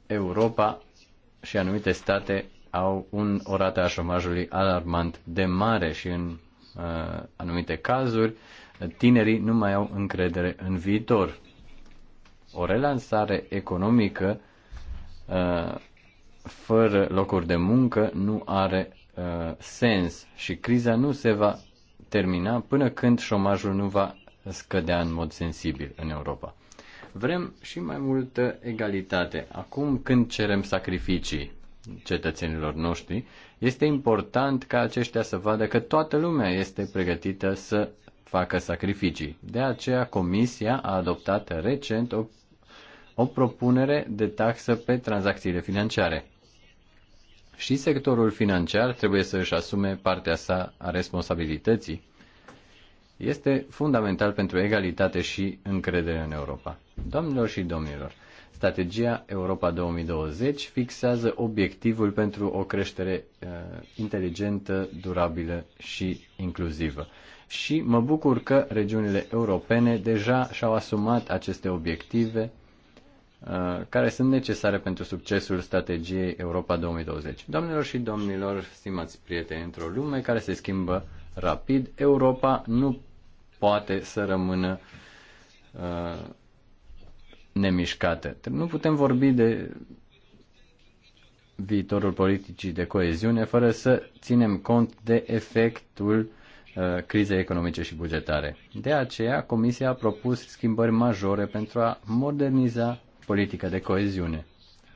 Europa și anumite state au un, orate a șomajului alarmant de mare și în uh, anumite cazuri tinerii nu mai au încredere în viitor. O relansare economică Uh, fără locuri de muncă nu are uh, sens și criza nu se va termina până când șomajul nu va scădea în mod sensibil în Europa. Vrem și mai multă egalitate. Acum când cerem sacrificii cetățenilor noștri, este important ca aceștia să vadă că toată lumea este pregătită să facă sacrificii. De aceea Comisia a adoptat recent o o propunere de taxă pe tranzacțiile financiare. Și sectorul financiar trebuie să își asume partea sa a responsabilității. Este fundamental pentru egalitate și încredere în Europa. Domnilor și domnilor, strategia Europa 2020 fixează obiectivul pentru o creștere uh, inteligentă, durabilă și inclusivă și mă bucur că regiunile europene deja și-au asumat aceste obiective Uh, care sunt necesare pentru succesul strategiei Europa 2020. Doamnelor și domnilor, stimați prieteni, într-o lume care se schimbă rapid, Europa nu poate să rămână uh, nemișcată. Nu putem vorbi de viitorul politicii de coeziune fără să ținem cont de efectul uh, crizei economice și bugetare. De aceea, Comisia a propus schimbări majore pentru a moderniza politică de coeziune.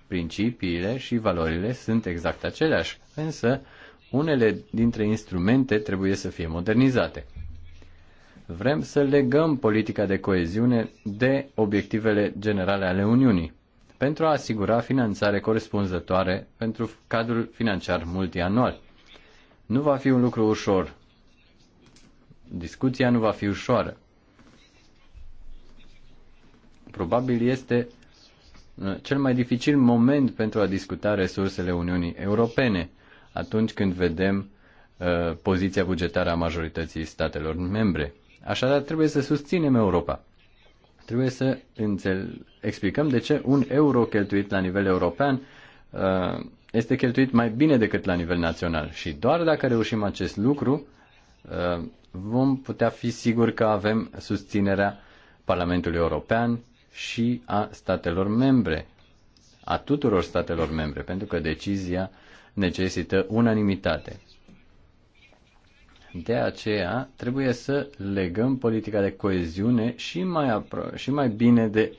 Principiile și valorile sunt exact aceleași, însă unele dintre instrumente trebuie să fie modernizate. Vrem să legăm politica de coeziune de obiectivele generale ale Uniunii pentru a asigura finanțare corespunzătoare pentru cadrul financiar multianual. Nu va fi un lucru ușor. Discuția nu va fi ușoară. Probabil este cel mai dificil moment pentru a discuta resursele Uniunii Europene, atunci când vedem uh, poziția bugetară a majorității statelor membre. Așadar, trebuie să susținem Europa. Trebuie să înțel- explicăm de ce un euro cheltuit la nivel european uh, este cheltuit mai bine decât la nivel național. Și doar dacă reușim acest lucru, uh, vom putea fi siguri că avem susținerea Parlamentului European, și a statelor membre, a tuturor statelor membre, pentru că decizia necesită unanimitate. De aceea trebuie să legăm politica de coeziune și mai, apro- și mai bine de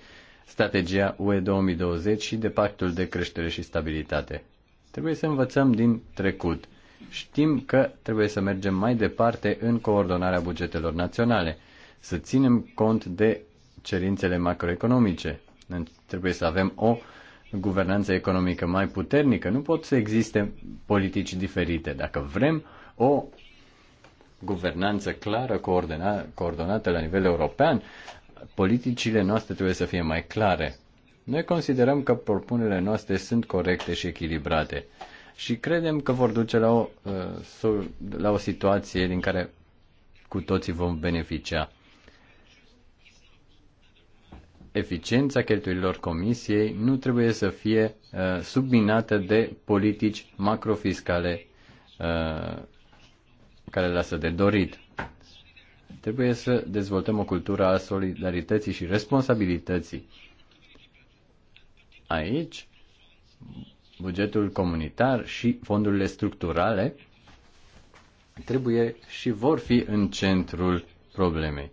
strategia UE 2020 și de pactul de creștere și stabilitate. Trebuie să învățăm din trecut. Știm că trebuie să mergem mai departe în coordonarea bugetelor naționale, să ținem cont de cerințele macroeconomice. Trebuie să avem o guvernanță economică mai puternică. Nu pot să existe politici diferite. Dacă vrem o guvernanță clară, coordonată la nivel european, politicile noastre trebuie să fie mai clare. Noi considerăm că propunerile noastre sunt corecte și echilibrate și credem că vor duce la o, uh, la o situație din care cu toții vom beneficia eficiența cheltuielilor comisiei nu trebuie să fie uh, subminată de politici macrofiscale uh, care lasă de dorit. Trebuie să dezvoltăm o cultură a solidarității și responsabilității. Aici, bugetul comunitar și fondurile structurale trebuie și vor fi în centrul problemei.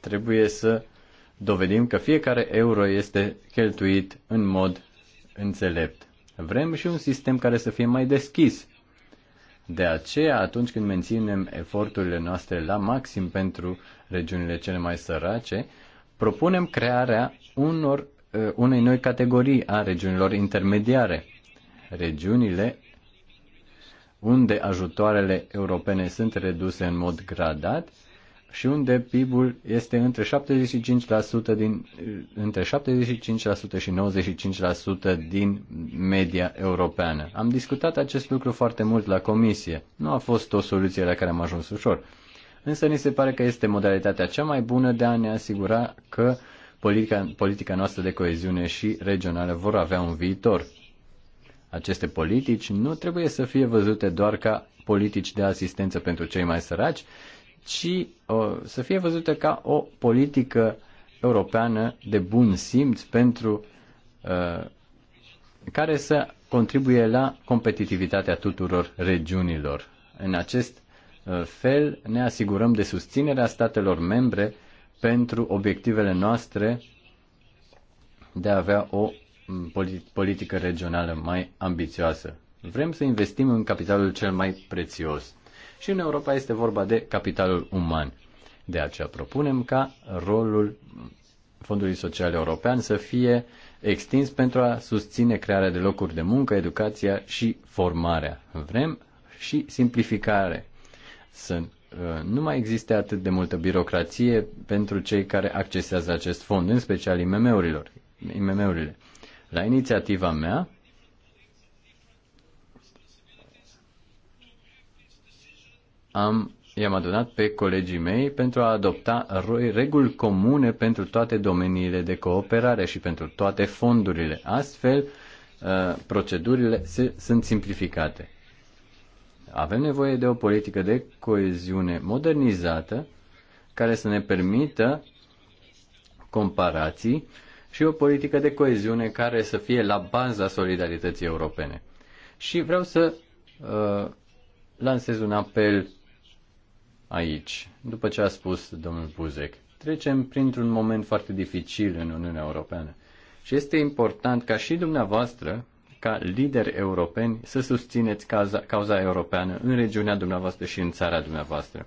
Trebuie să dovedim că fiecare euro este cheltuit în mod înțelept. Vrem și un sistem care să fie mai deschis. De aceea, atunci când menținem eforturile noastre la maxim pentru regiunile cele mai sărace, propunem crearea unor, uh, unei noi categorii a regiunilor intermediare. Regiunile unde ajutoarele europene sunt reduse în mod gradat și unde PIB-ul este între 75%, din, între 75% și 95% din media europeană. Am discutat acest lucru foarte mult la comisie. Nu a fost o soluție la care am ajuns ușor. Însă ni se pare că este modalitatea cea mai bună de a ne asigura că politica, politica noastră de coeziune și regională vor avea un viitor. Aceste politici nu trebuie să fie văzute doar ca politici de asistență pentru cei mai săraci, ci o, uh, să fie văzută ca o politică europeană de bun simț pentru uh, care să contribuie la competitivitatea tuturor regiunilor. În acest uh, fel ne asigurăm de susținerea statelor membre pentru obiectivele noastre de a avea o mm, politică regională mai ambițioasă. Vrem să investim în capitalul cel mai prețios și în Europa este vorba de capitalul uman. De aceea propunem ca rolul Fondului Social European să fie extins pentru a susține crearea de locuri de muncă, educația și formarea. Vrem și simplificare. Să uh, nu mai existe atât de multă birocrație pentru cei care accesează acest fond, în special IMM-urilor, IMM-urile. La inițiativa mea, am, i-am adunat pe colegii mei pentru a adopta reguli comune pentru toate domeniile de cooperare și pentru toate fondurile. Astfel, uh, procedurile se, sunt simplificate. Avem nevoie de o politică de coeziune modernizată care să ne permită comparații și o politică de coeziune care să fie la baza solidarității europene. Și vreau să uh, lansez un apel aici, după ce a spus domnul Buzek. Trecem printr-un moment foarte dificil în Uniunea Europeană și este important ca și dumneavoastră, ca lideri europeni, să susțineți cauza, cauza europeană în regiunea dumneavoastră și în țara dumneavoastră.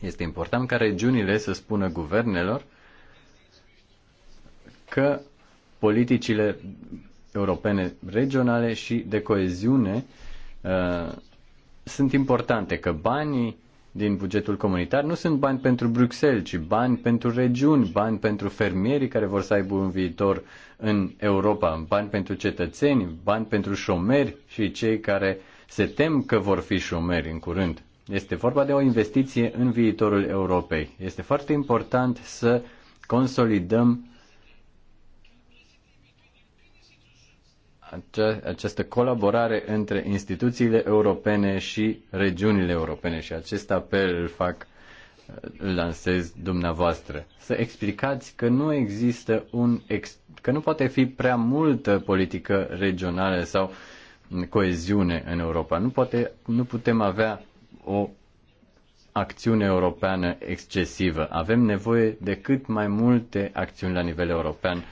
Este important ca regiunile să spună guvernelor că politicile europene regionale și de coeziune uh, sunt importante, că banii din bugetul comunitar nu sunt bani pentru Bruxelles, ci bani pentru regiuni, bani pentru fermierii care vor să aibă un viitor în Europa, bani pentru cetățeni, bani pentru șomeri și cei care se tem că vor fi șomeri în curând. Este vorba de o investiție în viitorul Europei. Este foarte important să consolidăm această colaborare între instituțiile europene și regiunile europene și acest apel îl fac, îl lansez dumneavoastră. Să explicați că nu există un, că nu poate fi prea multă politică regională sau coeziune în Europa. Nu, poate, nu putem avea o acțiune europeană excesivă. Avem nevoie de cât mai multe acțiuni la nivel european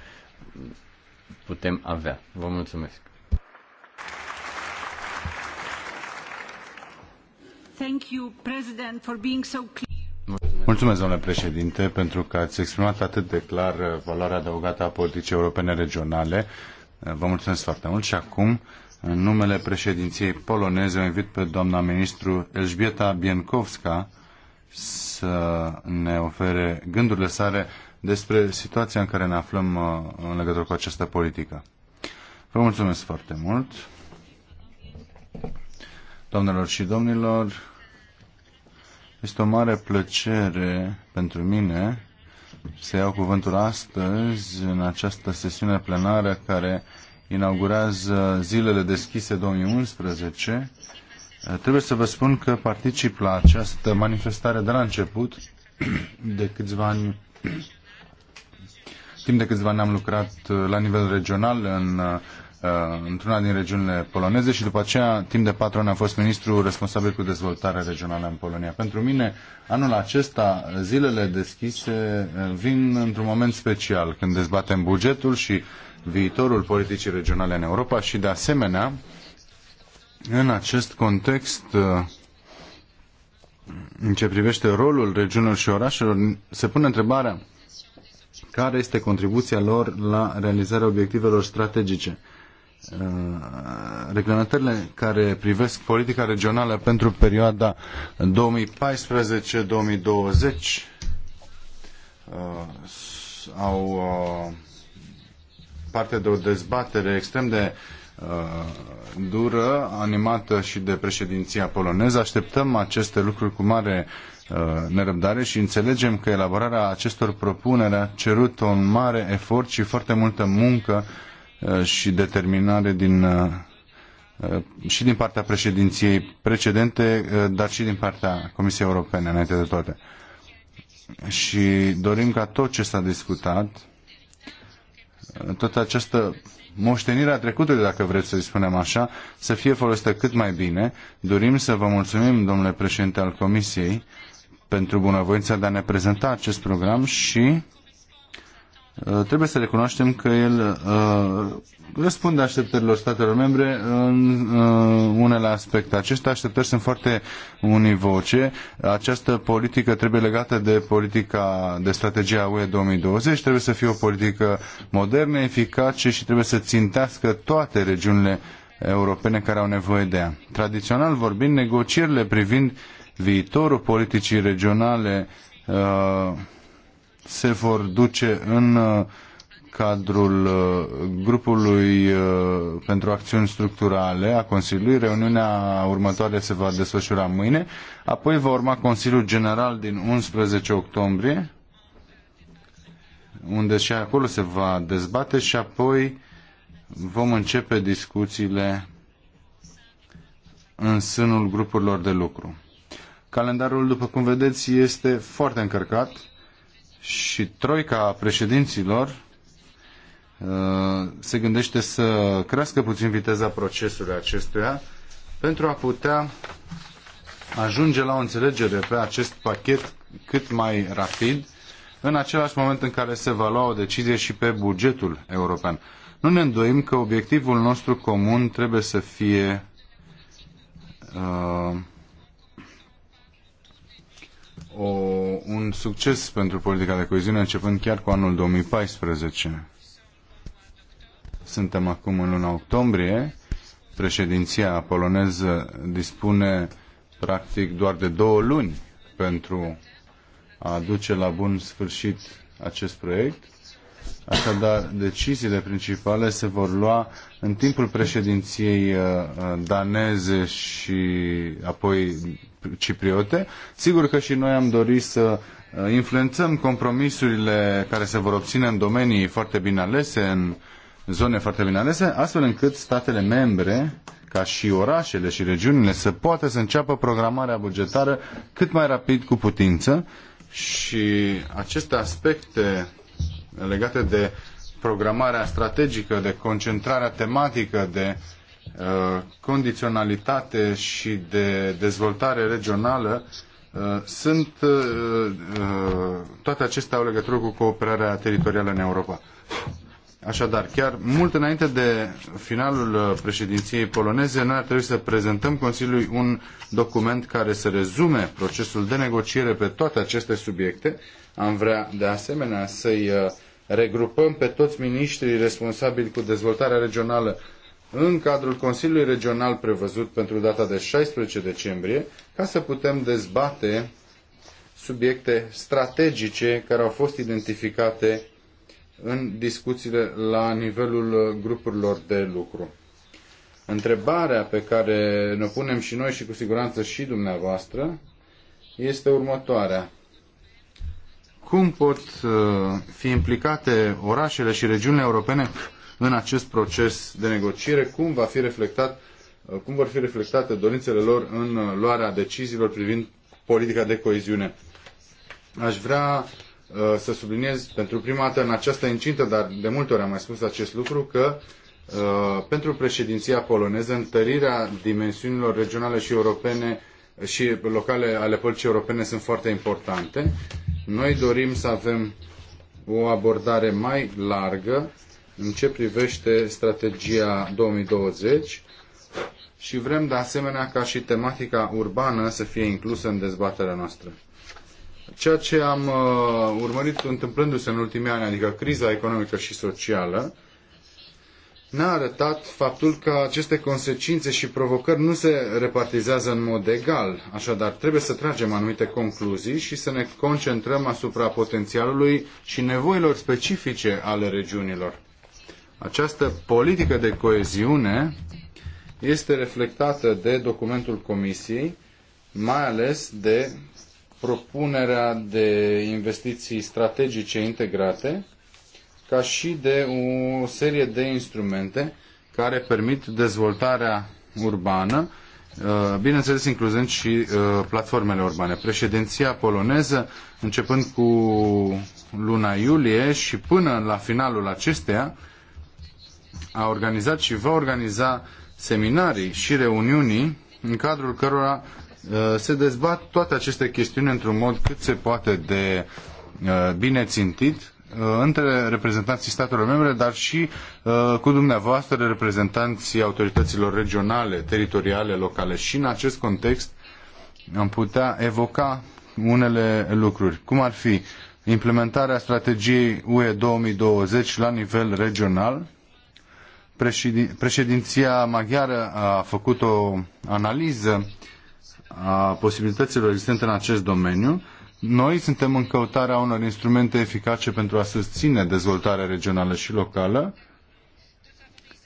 putem avea. Vă mulțumesc! Thank you, President, for being so clear. Mulțumesc, domnule președinte, pentru că ați exprimat atât de clar uh, valoarea adăugată a politicii europene regionale. Uh, vă mulțumesc foarte mult și acum, în numele președinției poloneze, o invit pe doamna ministru Elżbieta Bienkowska să ne ofere gândurile sale despre situația în care ne aflăm uh, în legătură cu această politică. Vă mulțumesc foarte mult. Doamnelor și domnilor, este o mare plăcere pentru mine să iau cuvântul astăzi în această sesiune plenară care inaugurează zilele deschise 2011. Trebuie să vă spun că particip la această manifestare de la început, de câțiva ani Timp de câțiva ani am lucrat uh, la nivel regional în uh, uh, într-una din regiunile poloneze și după aceea, timp de patru ani, am fost ministru responsabil cu dezvoltarea regională în Polonia. Pentru mine, anul acesta, zilele deschise vin într-un moment special, când dezbatem bugetul și viitorul politicii regionale în Europa și, de asemenea, în acest context, în ce privește rolul regiunilor și orașelor, se pune întrebarea care este contribuția lor la realizarea obiectivelor strategice. Uh, Reglementările care privesc politica regională pentru perioada 2014-2020 uh, au uh, parte de o dezbatere extrem de Uh, dură, animată și de președinția poloneză. Așteptăm aceste lucruri cu mare uh, nerăbdare și înțelegem că elaborarea acestor propuneri a cerut un mare efort și foarte multă muncă uh, și determinare din, și din partea președinției precedente, dar și din partea Comisiei Europene, înainte de toate. Și dorim ca tot ce s-a discutat, toată această moștenirea trecutului, dacă vreți să-i spunem așa, să fie folosită cât mai bine. Dorim să vă mulțumim, domnule președinte al Comisiei, pentru bunăvoința de a ne prezenta acest program și Uh, trebuie să recunoaștem că el uh, răspunde așteptărilor statelor membre în uh, unele aspecte. Aceste așteptări sunt foarte univoce. Această politică trebuie legată de politica de strategia UE 2020. Trebuie să fie o politică modernă, eficace și trebuie să țintească toate regiunile europene care au nevoie de ea. Tradițional vorbind, negocierile privind viitorul politicii regionale uh, se vor duce în uh, cadrul uh, grupului uh, pentru acțiuni structurale a Consiliului. Reuniunea următoare se va desfășura mâine. Apoi va urma Consiliul General din 11 octombrie, unde și acolo se va dezbate și apoi vom începe discuțiile în sânul grupurilor de lucru. Calendarul, după cum vedeți, este foarte încărcat și troica președinților uh, se gândește să crească puțin viteza procesului acestuia pentru a putea ajunge la o înțelegere pe acest pachet cât mai rapid, în același moment în care se va lua o decizie și pe bugetul european. Nu ne îndoim că obiectivul nostru comun trebuie să fie uh, o, un succes pentru politica de coeziune începând chiar cu anul 2014. Suntem acum în luna octombrie. Președinția poloneză dispune practic doar de două luni pentru a duce la bun sfârșit acest proiect Așadar, deciziile principale se vor lua în timpul președinției uh, daneze și apoi cipriote. Sigur că și noi am dorit să uh, influențăm compromisurile care se vor obține în domenii foarte bine alese, în zone foarte bine alese, astfel încât statele membre ca și orașele și regiunile să poată să înceapă programarea bugetară cât mai rapid cu putință și aceste aspecte legate de programarea strategică, de concentrarea tematică, de uh, condiționalitate și de dezvoltare regională, uh, sunt uh, uh toate acestea au legătură cu cooperarea teritorială în Europa. Așadar, chiar mult înainte de finalul uh, președinției poloneze, noi ar trebui să prezentăm Consiliului un document care să rezume procesul de negociere pe toate aceste subiecte. Am vrea, de asemenea, să-i uh, regrupăm pe toți miniștrii responsabili cu dezvoltarea regională în cadrul Consiliului Regional prevăzut pentru data de 16 decembrie, ca să putem dezbate subiecte strategice care au fost identificate în discuțiile la nivelul grupurilor de lucru. Întrebarea pe care ne punem și noi și cu siguranță și dumneavoastră este următoarea cum pot uh, fi implicate orașele și regiunile europene în acest proces de negociere, cum, va fi reflectat, uh, cum vor fi reflectate dorințele lor în uh, luarea deciziilor privind politica de coeziune. Aș vrea să subliniez pentru prima dată în această incintă, dar de multe ori am mai spus acest lucru, că pentru președinția poloneză întărirea dimensiunilor regionale și europene și locale ale politicii europene sunt foarte importante noi dorim să avem o abordare mai largă în ce privește strategia 2020 și vrem de asemenea ca și tematica urbană să fie inclusă în dezbaterea noastră. Ceea ce am uh, urmărit întâmplându-se în ultimii ani, adică criza economică și socială, n a arătat faptul că aceste consecințe și provocări nu se repartizează în mod egal. Așadar, trebuie să tragem anumite concluzii și să ne concentrăm asupra potențialului și nevoilor specifice ale regiunilor. Această politică de coeziune este reflectată de documentul Comisiei, mai ales de propunerea de investiții strategice integrate, ca și de o serie de instrumente care permit dezvoltarea urbană, uh, bineînțeles incluzând și uh, platformele urbane. Președinția poloneză, începând cu luna iulie și până la finalul acesteia, a organizat și va organiza seminarii și reuniuni în cadrul cărora uh, se dezbat toate aceste chestiuni într-un mod cât se poate de bine țintit Uh, între reprezentanții statelor membre, dar și uh, cu dumneavoastră reprezentanții autorităților regionale, teritoriale, locale. Și în acest context am putea evoca unele lucruri, cum ar fi implementarea strategiei UE 2020 la nivel regional. Președin președinția maghiară a făcut o analiză a posibilităților existente în acest domeniu noi suntem în căutarea unor instrumente eficace pentru a susține dezvoltarea regională și locală,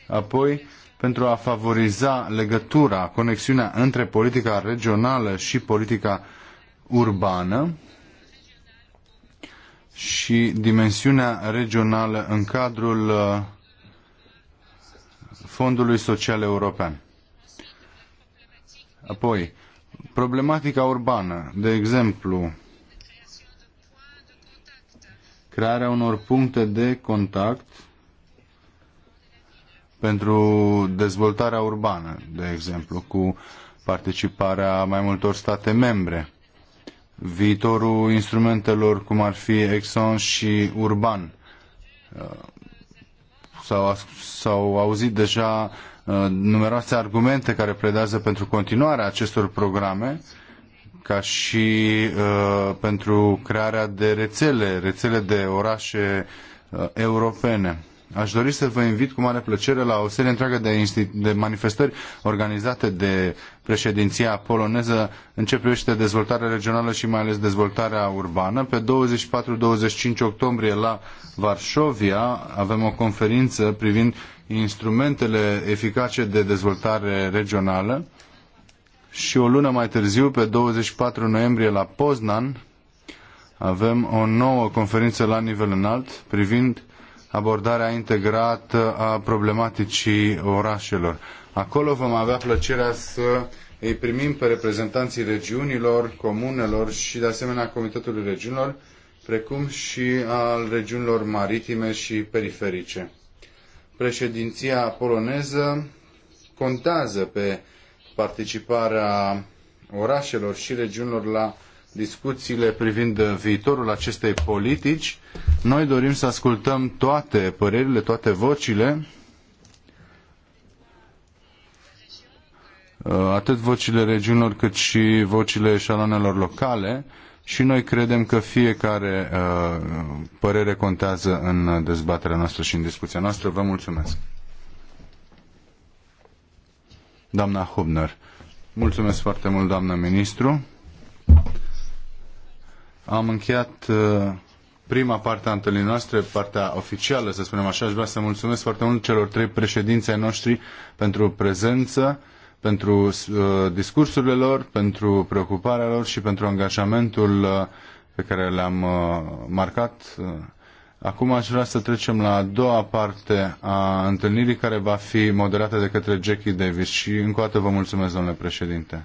apoi pentru a favoriza legătura, conexiunea între politica regională și politica urbană și dimensiunea regională în cadrul uh, Fondului Social European. Apoi, problematica urbană, de exemplu, crearea unor puncte de contact pentru dezvoltarea urbană, de exemplu, cu participarea mai multor state membre. Viitorul instrumentelor cum ar fi Exxon și Urban. Uh, s-au, auzit deja uh, numeroase argumente care predează pentru continuarea acestor programe ca și uh, pentru crearea de rețele, rețele de orașe uh, europene. Aș dori să vă invit cu mare plăcere la o serie întreagă de, de manifestări organizate de președinția poloneză în ce privește dezvoltarea regională și mai ales dezvoltarea urbană. Pe 24-25 octombrie la Varșovia avem o conferință privind instrumentele eficace de dezvoltare regională și o lună mai târziu, pe 24 noiembrie, la Poznan, avem o nouă conferință la nivel înalt privind abordarea integrată a problematicii orașelor. Acolo vom avea plăcerea să îi primim pe reprezentanții regiunilor, comunelor și de asemenea Comitetului Regiunilor, precum și al regiunilor maritime și periferice. Președinția poloneză contează pe participarea orașelor și regiunilor la discuțiile privind viitorul acestei politici. Noi dorim să ascultăm toate părerile, toate vocile, uh, atât vocile regiunilor cât și vocile eșaloanelor locale și noi credem că fiecare uh, părere contează în dezbaterea noastră și în discuția noastră. Vă mulțumesc! doamna Hubner. Mulțumesc foarte mult, doamnă ministru. Am încheiat uh, prima parte a întâlnirii noastre, partea oficială, să spunem așa. Aș vrea să mulțumesc foarte mult celor trei președinți ai noștri pentru prezență, pentru uh, discursurile lor, pentru preocuparea lor și pentru angajamentul uh, pe care le-am marcat Acum aș vrea să trecem la a doua parte a întâlnirii care va fi moderată de către Jackie Davis și încă o dată vă mulțumesc, domnule președinte.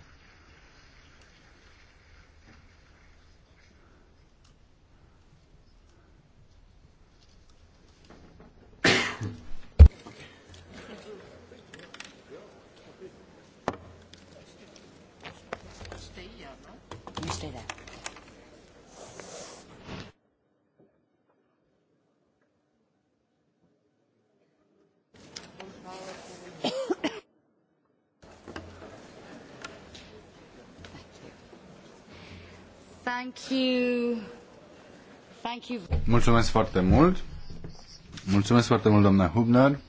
Mulțumesc foarte mult. Mulțumesc foarte mult, doamna Hubner.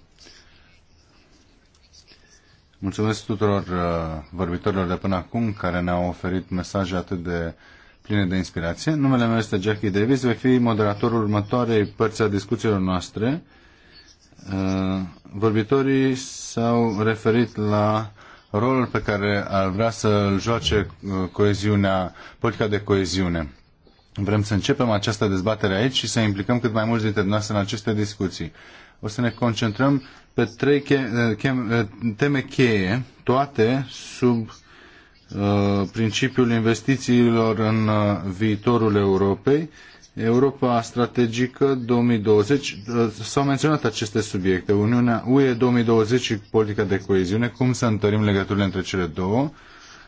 Mulțumesc tuturor uh, vorbitorilor de până acum care ne-au oferit mesaje atât de pline de inspirație. Numele meu este Jackie Davis, voi fi moderatorul următoarei părți a discuțiilor noastre. Uh, vorbitorii s-au referit la rolul pe care ar vrea să-l joace uh, coeziunea, politica de coeziune. Vrem să începem această dezbatere aici și să implicăm cât mai mulți dintre dumneavoastră în aceste discuții. O să ne concentrăm pe trei che- uh, che- uh, teme cheie, toate sub uh, principiul investițiilor în uh, viitorul Europei, uh, Europa strategică 2020, uh, s-au menționat aceste subiecte, Uniunea UE 2020 și politica de coeziune, cum să întărim legăturile între cele două,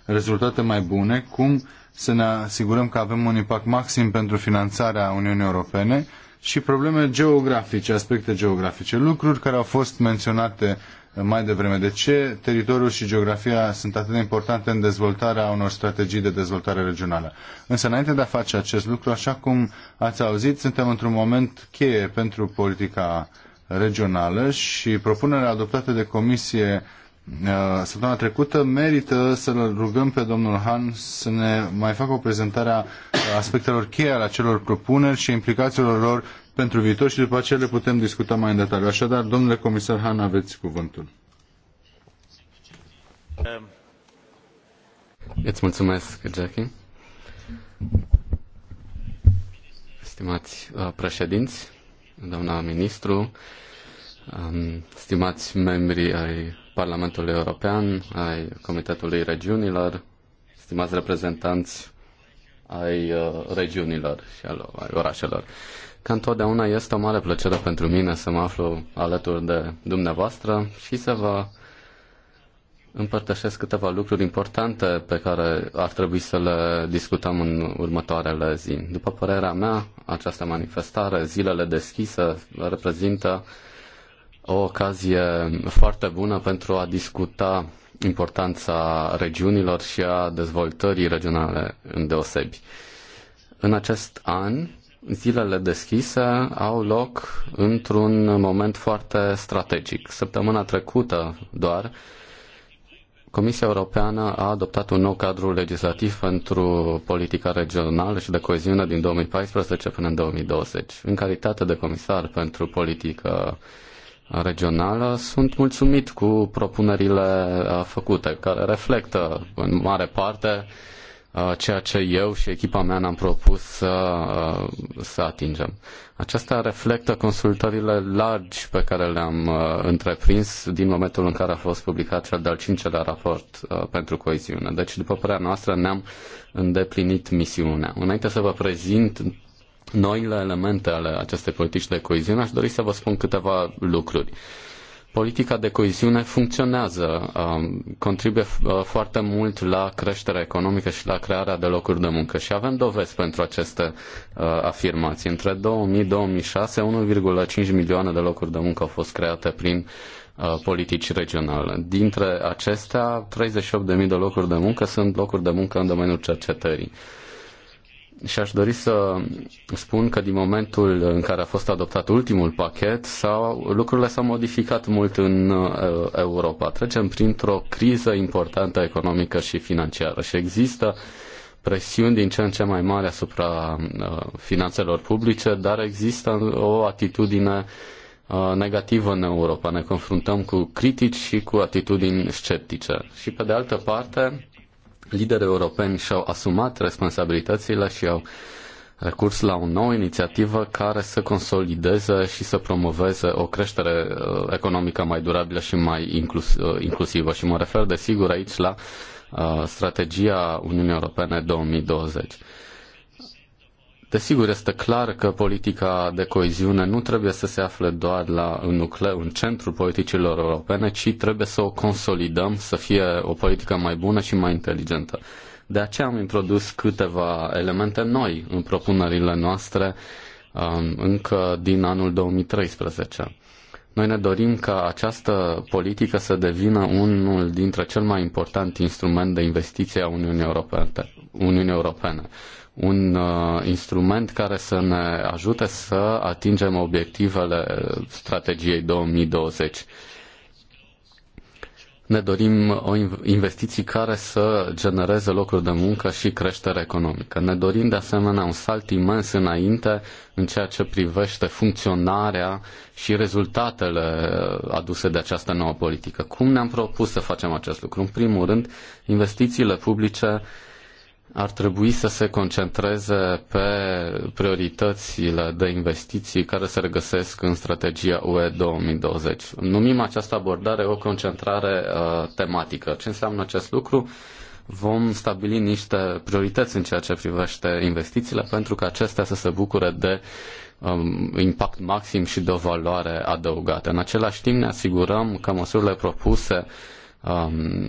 rezultate mai bune, cum să ne asigurăm că avem un impact maxim pentru finanțarea Uniunii Europene și probleme geografice, aspecte geografice, lucruri care au fost menționate mai devreme. De ce teritoriul și geografia sunt atât de importante în dezvoltarea unor strategii de dezvoltare regională? Însă, înainte de a face acest lucru, așa cum ați auzit, suntem într-un moment cheie pentru politica regională și propunerea adoptată de comisie uh, săptămâna trecută merită să-l rugăm pe domnul Han să ne mai facă o prezentare a aspectelor cheie ale acelor propuneri și implicațiilor lor pentru viitor și după aceea le putem discuta mai în detaliu. Așadar, domnule comisar Han, aveți cuvântul. Îți mulțumesc, Jackie. Stimați uh, președinți, doamna ministru, um, stimați membri ai Parlamentului European, ai Comitetului Regiunilor, stimați reprezentanți ai uh, regiunilor și al, orașelor. Ca întotdeauna este o mare plăcere pentru mine să mă aflu alături de dumneavoastră și să vă împărtășesc câteva lucruri importante pe care ar trebui să le discutăm în următoarele zi. După părerea mea, această manifestare, zilele deschise, reprezintă o ocazie foarte bună pentru a discuta importanța regiunilor și a dezvoltării regionale îndeosebi. În acest an, zilele deschise au loc într-un moment foarte strategic. Săptămâna trecută doar, Comisia Europeană a adoptat un nou cadru legislativ pentru politica regională și de coeziune din 2014 până în 2020. În calitate de comisar pentru politică regională, sunt mulțumit cu propunerile făcute, care reflectă în mare parte uh, Uh, ceea ce eu și echipa mea ne-am propus să, uh, să atingem. Aceasta reflectă consultările largi pe care le-am uh, întreprins din momentul în care a fost publicat cel de-al cincelea raport pentru coeziune. Deci, după părerea noastră, ne-am îndeplinit misiunea. Înainte să vă prezint noile elemente ale acestei politici de coeziune, aș dori să vă spun câteva lucruri politica de coeziune funcționează, um, contribuie uh, foarte mult la creșterea economică și la crearea de locuri de muncă și avem dovezi pentru aceste uh, afirmații. Între 2000-2006, 1,5 milioane de locuri de muncă au fost create prin uh, politici regionale. Dintre acestea, 38.000 de locuri de muncă sunt locuri de muncă în domeniul cercetării. Și aș dori să spun că din momentul în care a fost adoptat ultimul pachet, s-au, lucrurile s-au modificat mult în uh, Europa. Trecem printr-o criză importantă economică și financiară și există presiuni din ce în ce mai mari asupra uh, finanțelor publice, dar există o atitudine uh, negativă în Europa. Ne confruntăm cu critici și cu atitudini sceptice. Și pe de altă parte, liderii europeni și-au asumat responsabilitățile și au recurs la o nouă inițiativă care să consolideze și să promoveze o creștere uh, economică mai durabilă și mai inclus, uh, inclusivă. Și mă refer, desigur, aici la uh, strategia Uniunii Europene 2020. Desigur, este clar că politica de coeziune nu trebuie să se afle doar la un nucleu, în centrul politicilor europene, ci trebuie să o consolidăm, să fie o politică mai bună și mai inteligentă. De aceea am introdus câteva elemente noi în propunerile noastre um, încă din anul 2013. Noi ne dorim ca această politică să devină unul dintre cel mai important instrument de investiție a Uniunii Europene. Uniunii Europene un uh, instrument care să ne ajute să atingem obiectivele strategiei 2020. Ne dorim o investiții care să genereze locuri de muncă și creștere economică. Ne dorim de asemenea un salt imens înainte în ceea ce privește funcționarea și rezultatele aduse de această nouă politică. Cum ne-am propus să facem acest lucru? În primul rând, investițiile publice uh, ar trebui să se concentreze pe prioritățile de investiții care se regăsesc în strategia UE 2020. Numim această abordare o concentrare uh, tematică. Ce înseamnă acest lucru? Vom stabili niște priorități în ceea ce privește investițiile pentru că acestea să se bucure de um, impact maxim și de o valoare adăugată. În același timp ne asigurăm că măsurile propuse um,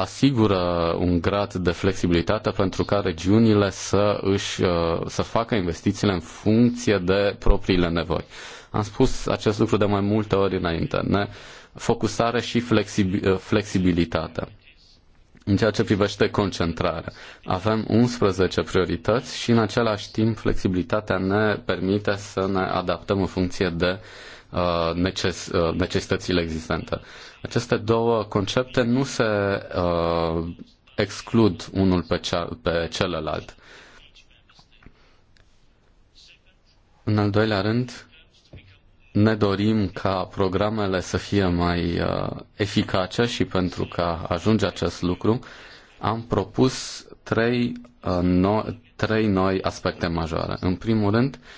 asigură un grad de flexibilitate pentru ca regiunile să, își, uh, să facă investițiile în funcție de propriile nevoi. Am spus acest lucru de mai multe ori înainte. Ne focusare și uh, flexibilitate. În ceea ce privește concentrarea, avem 11 priorități și în același timp flexibilitatea ne permite să ne adaptăm în funcție de uh, Uh, neces- uh, necesitățile existente. Aceste două concepte nu se uh, exclud unul pe, pe celălalt. În al doilea rând, ne dorim ca programele să fie mai uh, eficace și pentru ca ajunge acest lucru, am propus trei, uh, no- trei noi aspecte majore. În primul rând, uh,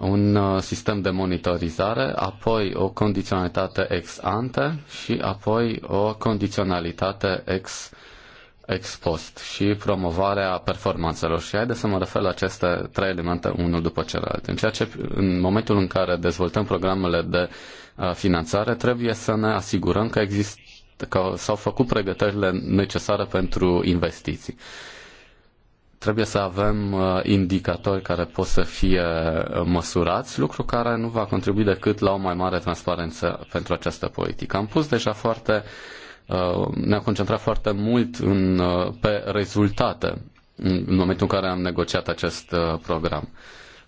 un uh, sistem de monitorizare, apoi o condiționalitate ex ante și apoi o condiționalitate ex ex post și promovarea performanțelor. Și haideți să mă refer la aceste trei elemente unul după celălalt. În, ceea ce, în momentul în care dezvoltăm programele de uh, finanțare, trebuie să ne asigurăm că, exist, că s-au făcut pregătirile necesare pentru investiții. Uh, Trebuie să avem uh, indicatori care pot să fie uh, măsurați, lucru care nu va contribui decât la o mai mare transparență pentru această politică. Am pus deja foarte uh, ne-am concentrat foarte mult în, pe rezultate în momentul în care am negociat acest program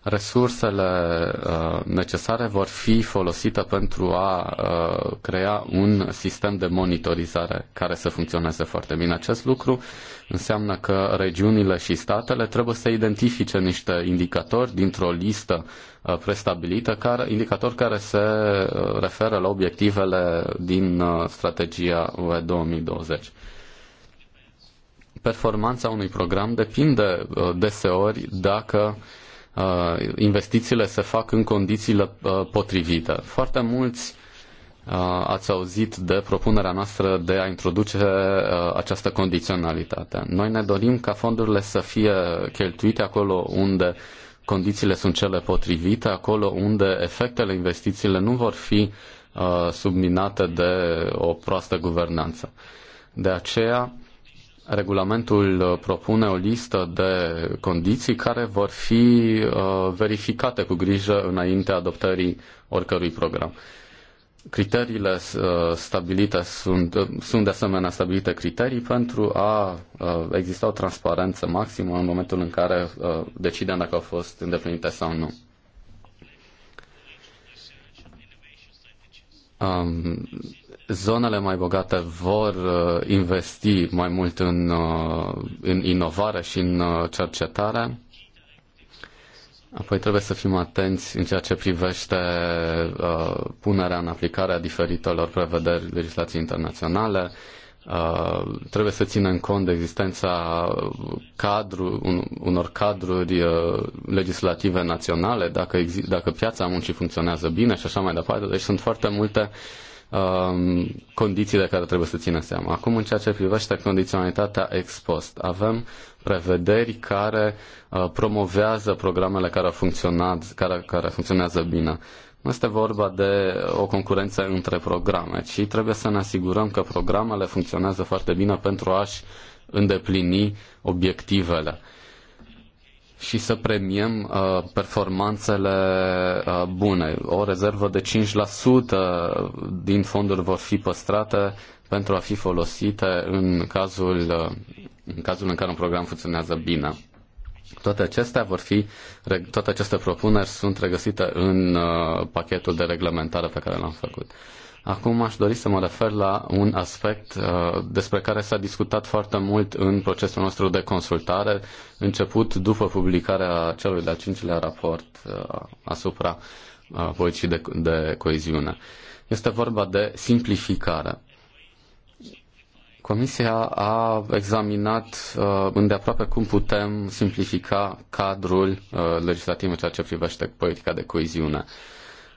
resursele uh, necesare vor fi folosite pentru a uh, crea un sistem de monitorizare care să funcționeze foarte bine. Acest lucru înseamnă că regiunile și statele trebuie să identifice niște indicatori dintr-o listă uh, prestabilită, care, indicatori care se referă la obiectivele din strategia UE 2020 performanța unui program depinde deseori dacă Uh, investițiile se fac în condițiile uh, potrivite. Foarte mulți uh, ați auzit de propunerea noastră de a introduce această condiționalitate. Noi ne dorim ca fondurile să fie cheltuite acolo unde condițiile sunt cele potrivite, acolo unde efectele investițiile nu vor fi subminate de o proastă guvernanță. De aceea, Regulamentul uh, propune o listă de condiții care vor fi uh, verificate cu grijă înaintea adoptării oricărui program. Criteriile uh, stabilite sunt, sunt de asemenea stabilite criterii pentru a exista o transparență maximă în momentul în care decidem dacă au fost îndeplinite sau nu. Um, zonele mai bogate vor uh, investi mai mult în, uh, în inovare și în uh, cercetare. Apoi trebuie să fim atenți în ceea ce privește uh, punerea în aplicare a diferitelor prevederi legislației internaționale. Uh, trebuie să ținem cont de existența cadru, un, unor cadruri uh, legislative naționale, dacă, dacă piața muncii funcționează bine și așa mai departe. Deci sunt foarte multe uh, Um, condiții de care trebuie să țină seama. Acum, în ceea ce privește condiționalitatea ex post, avem prevederi care uh, promovează programele care, funcționat, care, care funcționează bine. Nu este vorba de o concurență între programe, ci trebuie să ne asigurăm că programele funcționează foarte bine pentru a-și îndeplini obiectivele și să premiem uh, performanțele uh, bune. O rezervă de 5% din fonduri vor fi păstrate pentru a fi folosite în cazul, uh, în, cazul în care un program funcționează bine. Toate acestea vor fi, toate aceste propuneri sunt regăsite în uh, pachetul de reglementare pe care l-am făcut. Uh, Acum aș dori să mă refer la un aspect uh, despre care s-a discutat foarte mult în procesul nostru de consultare, început după publicarea celui de-al cincilea raport uh, asupra uh, politicii de, de coeziune. Este vorba de simplificare. Comisia a examinat uh, îndeaproape cum putem simplifica cadrul uh, legislativ în ceea ce privește politica de coeziune. Uh,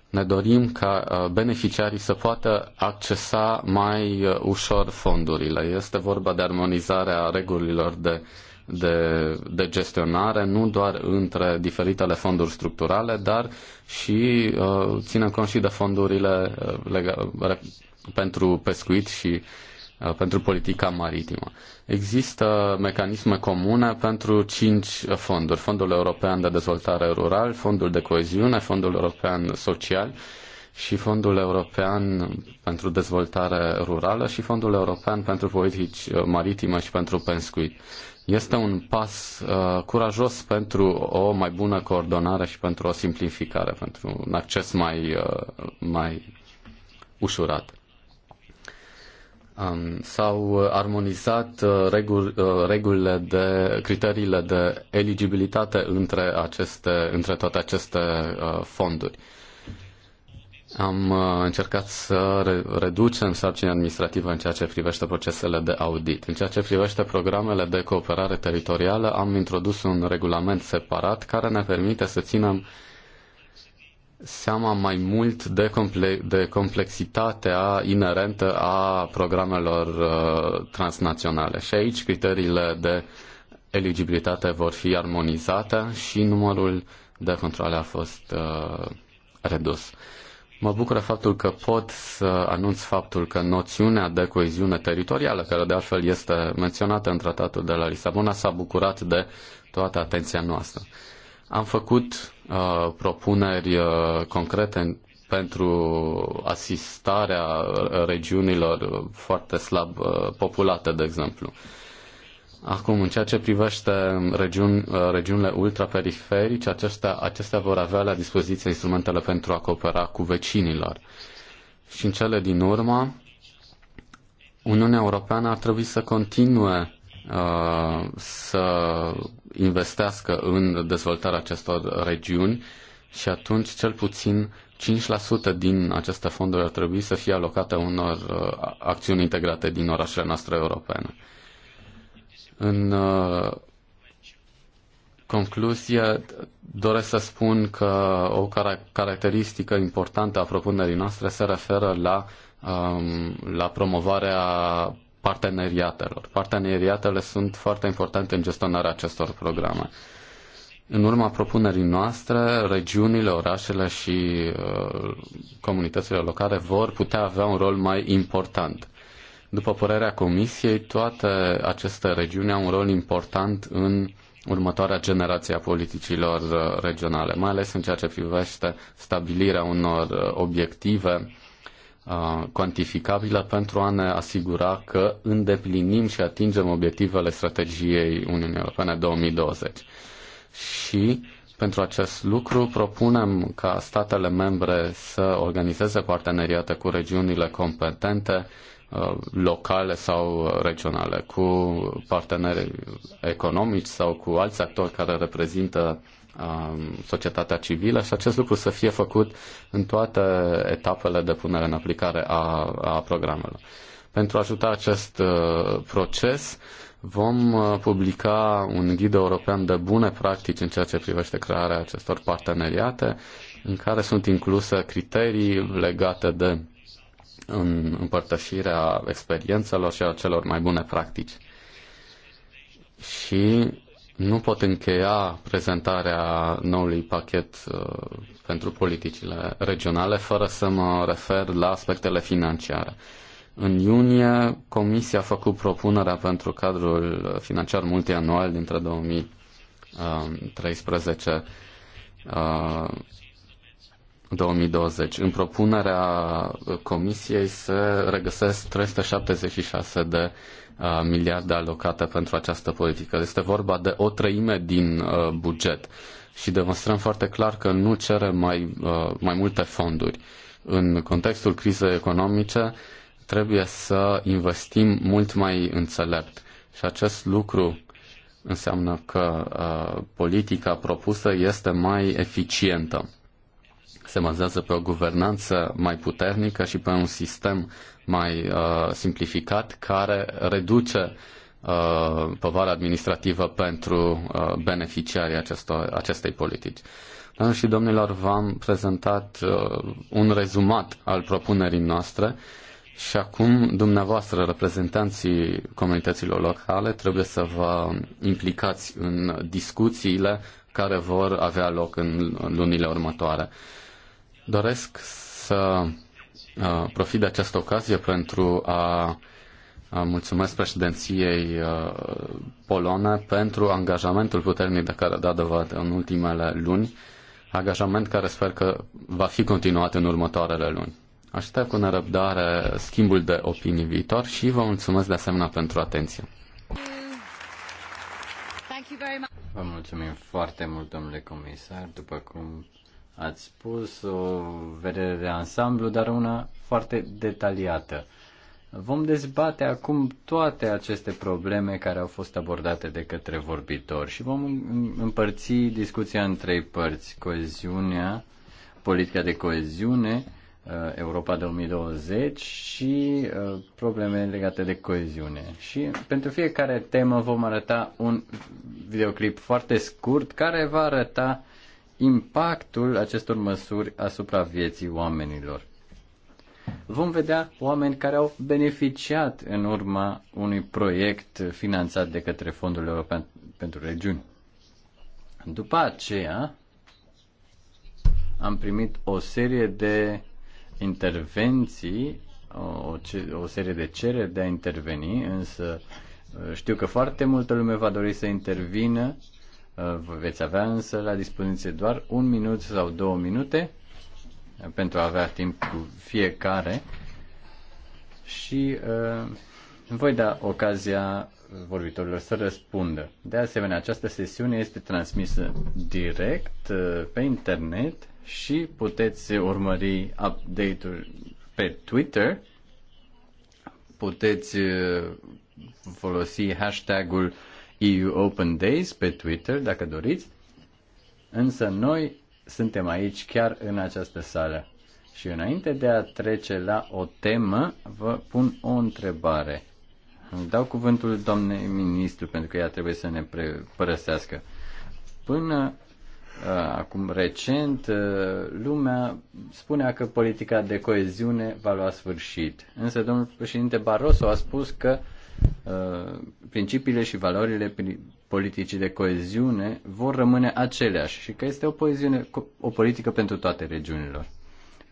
ne dorim ca uh, beneficiarii să poată accesa mai uh, ușor fondurile. Este vorba de armonizarea regulilor de, de, de gestionare, nu doar între diferitele fonduri structurale, dar și uh, ținem cont și de fondurile lega, pentru pescuit și Uh, pentru politica maritimă. Există mecanisme comune pentru cinci fonduri. Fondul European de Dezvoltare Rural, Fondul de Coeziune, Fondul European Social și Fondul European pentru Dezvoltare Rurală și Fondul European pentru Politici uh, Maritime și pentru Pescuit. Este un pas uh, curajos pentru o mai bună coordonare și pentru o simplificare, pentru un acces mai, uh, mai ușurat s-au uh, armonizat uh, uh, regulile de criteriile de eligibilitate între, aceste, între toate aceste fonduri. Am încercat să reducem sarcina administrativă în ceea ce privește procesele de audit. În ceea ce privește programele de cooperare teritorială, am introdus un regulament separat care ne permite să ținem seama mai mult de, comple- de complexitatea inerentă a programelor uh, transnaționale. Și aici criteriile de eligibilitate vor fi armonizate și numărul de controle a fost uh, redus. Mă bucură faptul că pot să anunț faptul că noțiunea de coeziune teritorială, care de altfel este menționată în tratatul de la Lisabona, s-a bucurat de toată atenția noastră. Am făcut Uh, propuneri uh, concrete pentru asistarea uh, regiunilor foarte slab populate, de exemplu. Acum, în ceea ce privește um, regiuni, regiunile ultraperiferice, acestea, acestea vor avea la dispoziție instrumentele pentru a coopera cu vecinilor. Și în cele din urmă, Uniunea Europeană ar trebui să continue Uh, să investească în dezvoltarea acestor regiuni și atunci cel puțin 5% din aceste fonduri ar trebui să fie alocate unor uh, acțiuni integrate din orașele noastre europene. În uh, concluzie, doresc să spun că o caracteristică importantă a propunerii noastre se referă la, um, la promovarea parteneriatelor. Parteneriatele sunt foarte importante în gestionarea acestor programe. În urma propunerii noastre, regiunile, orașele și uh, comunitățile locale vor putea avea un rol mai important. După părerea Comisiei, toate aceste regiuni au un rol important în următoarea generație a politicilor uh, regionale, mai ales în ceea ce privește stabilirea unor uh, obiective Uh, cuantificabilă pentru a ne asigura că îndeplinim și atingem obiectivele strategiei Uniunii Europene 2020. Și pentru acest lucru propunem ca statele membre să organizeze parteneriate cu regiunile competente, uh, locale sau regionale, cu parteneri economici sau cu alți actori care reprezintă Um, societatea civilă și acest lucru să fie făcut în toate etapele de punere în aplicare a, a programelor. Pentru a ajuta acest uh, proces, vom uh, publica un ghid european de bune practici în ceea ce privește crearea acestor parteneriate, în care sunt incluse criterii legate de în împărtășirea experiențelor și a celor mai bune practici. Și nu pot încheia prezentarea noului pachet uh, pentru politicile regionale fără să mă refer la aspectele financiare. În iunie, Comisia a făcut propunerea pentru cadrul financiar multianual dintre 2013 2020. Uh, uh, În propunerea Comisiei se regăsesc 376 de miliarde alocate pentru această politică. Este vorba de o treime din buget și demonstrăm foarte clar că nu cere mai, mai multe fonduri. În contextul crizei economice trebuie să investim mult mai înțelept și acest lucru înseamnă că uh, politica propusă este mai eficientă. Se bazează pe o guvernanță mai puternică și pe un sistem mai uh, simplificat care reduce uh, povara administrativă pentru uh, beneficiarii acestor, acestei politici. Doamnelor și domnilor, v-am prezentat uh, un rezumat al propunerii noastre și acum dumneavoastră, reprezentanții comunităților locale, trebuie să vă implicați în discuțiile care vor avea loc în lunile următoare. Doresc să Uh, profit de această ocazie pentru a mulțumesc președinției uh, polone pentru angajamentul puternic de care a dat dovadă în ultimele luni, angajament care sper că va fi continuat în următoarele luni. Aștept cu nerăbdare schimbul de opinii viitor și vă mulțumesc de asemenea pentru atenție. Vă mulțumim foarte mult, domnule comisar. După cum Ați spus o vedere de ansamblu, dar una foarte detaliată. Vom dezbate acum toate aceste probleme care au fost abordate de către vorbitori și vom împărți discuția în trei părți. Coeziunea, politica de coeziune, uh, Europa 2020 și uh, probleme legate de coeziune. Și pentru fiecare temă vom arăta un videoclip foarte scurt care va arăta impactul acestor măsuri asupra vieții oamenilor. Vom vedea oameni care au beneficiat în urma unui proiect finanțat de către Fondul European pentru Regiuni. După aceea, am primit o serie de intervenții, o, o serie de cereri de a interveni, însă uh, știu că foarte multă lume va dori să intervină Veți avea însă la dispoziție doar un minut sau două minute pentru a avea timp cu fiecare și uh, voi da ocazia vorbitorilor să răspundă. De asemenea, această sesiune este transmisă direct uh, pe internet și puteți urmări update-ul pe Twitter. Puteți uh, folosi hashtagul ul EU Open Days pe Twitter, dacă doriți, însă noi suntem aici chiar în această sală. Și înainte de a trece la o temă, vă pun o întrebare. Îmi dau cuvântul doamnei ministru, pentru că ea trebuie să ne părăsească. Până uh, acum recent, uh, lumea spunea că politica de coeziune va lua sfârșit. Însă domnul președinte Barroso a spus că Uh, principiile și valorile politicii de coeziune vor rămâne aceleași și că este o, poeziune, o politică pentru toate regiunilor,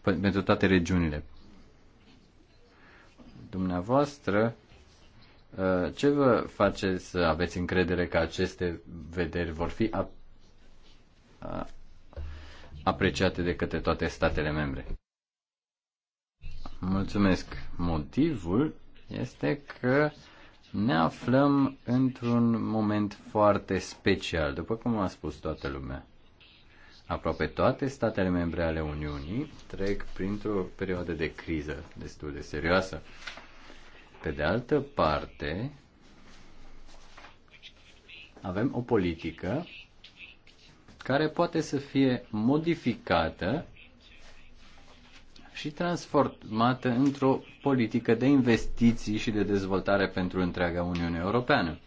pentru toate regiunile. Dumneavoastră, uh, ce vă face să aveți încredere că aceste vederi vor fi ap- apreciate de către toate statele membre? Mulțumesc. Motivul este că uh, ne aflăm într-un moment foarte special, după cum a spus toată lumea. Aproape toate statele membre ale Uniunii trec printr-o perioadă de criză destul de serioasă. Pe de altă parte, avem o politică care poate să fie modificată și transformată într-o politică de investiții și de dezvoltare pentru întreaga Uniune Europeană.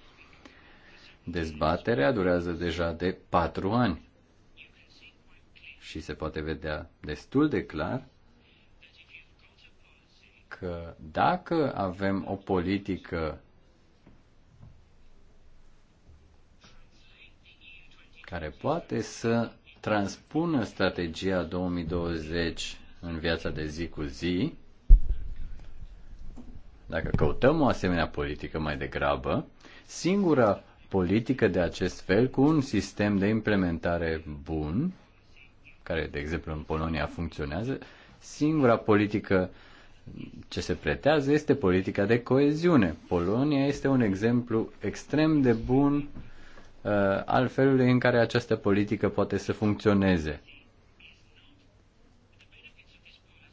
Dezbaterea durează deja de patru ani și se poate vedea destul de clar că dacă avem o politică care poate să transpună strategia 2020 în viața de zi cu zi, dacă căutăm o asemenea politică mai degrabă, singura politică de acest fel cu un sistem de implementare bun, care, de exemplu, în Polonia funcționează, singura politică ce se pretează este politica de coeziune. Polonia este un exemplu extrem de bun uh, al felului în care această politică poate să funcționeze.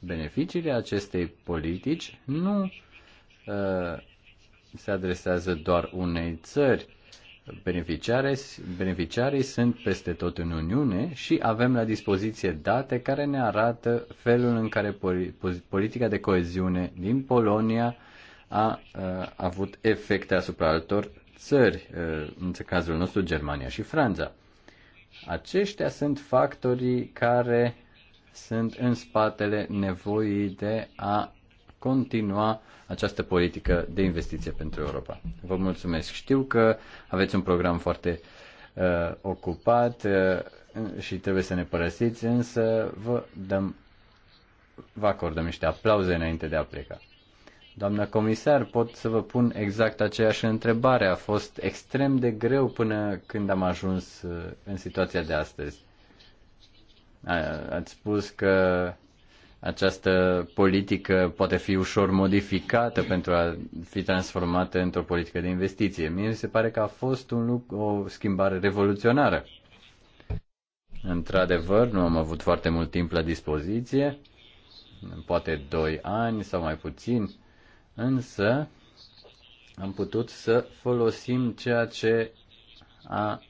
Beneficiile acestei politici nu uh, se adresează doar unei țări. Beneficiarii, beneficiarii sunt peste tot în Uniune și avem la dispoziție date care ne arată felul în care politica de coeziune din Polonia a, uh, a avut efecte asupra altor țări, uh, în cazul nostru Germania și Franța. Aceștia sunt factorii care sunt în spatele nevoii de a continua această politică de investiție pentru Europa. Vă mulțumesc. Știu că aveți un program foarte uh, ocupat uh, și trebuie să ne părăsiți, însă vă dăm vă acordăm niște aplauze înainte de a pleca. Doamna comisar, pot să vă pun exact aceeași întrebare. A fost extrem de greu până când am ajuns uh, în situația de astăzi. Ați spus că această politică poate fi ușor modificată pentru a fi transformată într-o politică de investiție. Mie mi se pare că a fost un lucru, o schimbare revoluționară. Într-adevăr, nu am avut foarte mult timp la dispoziție, poate doi ani sau mai puțin, însă am putut să folosim ceea ce a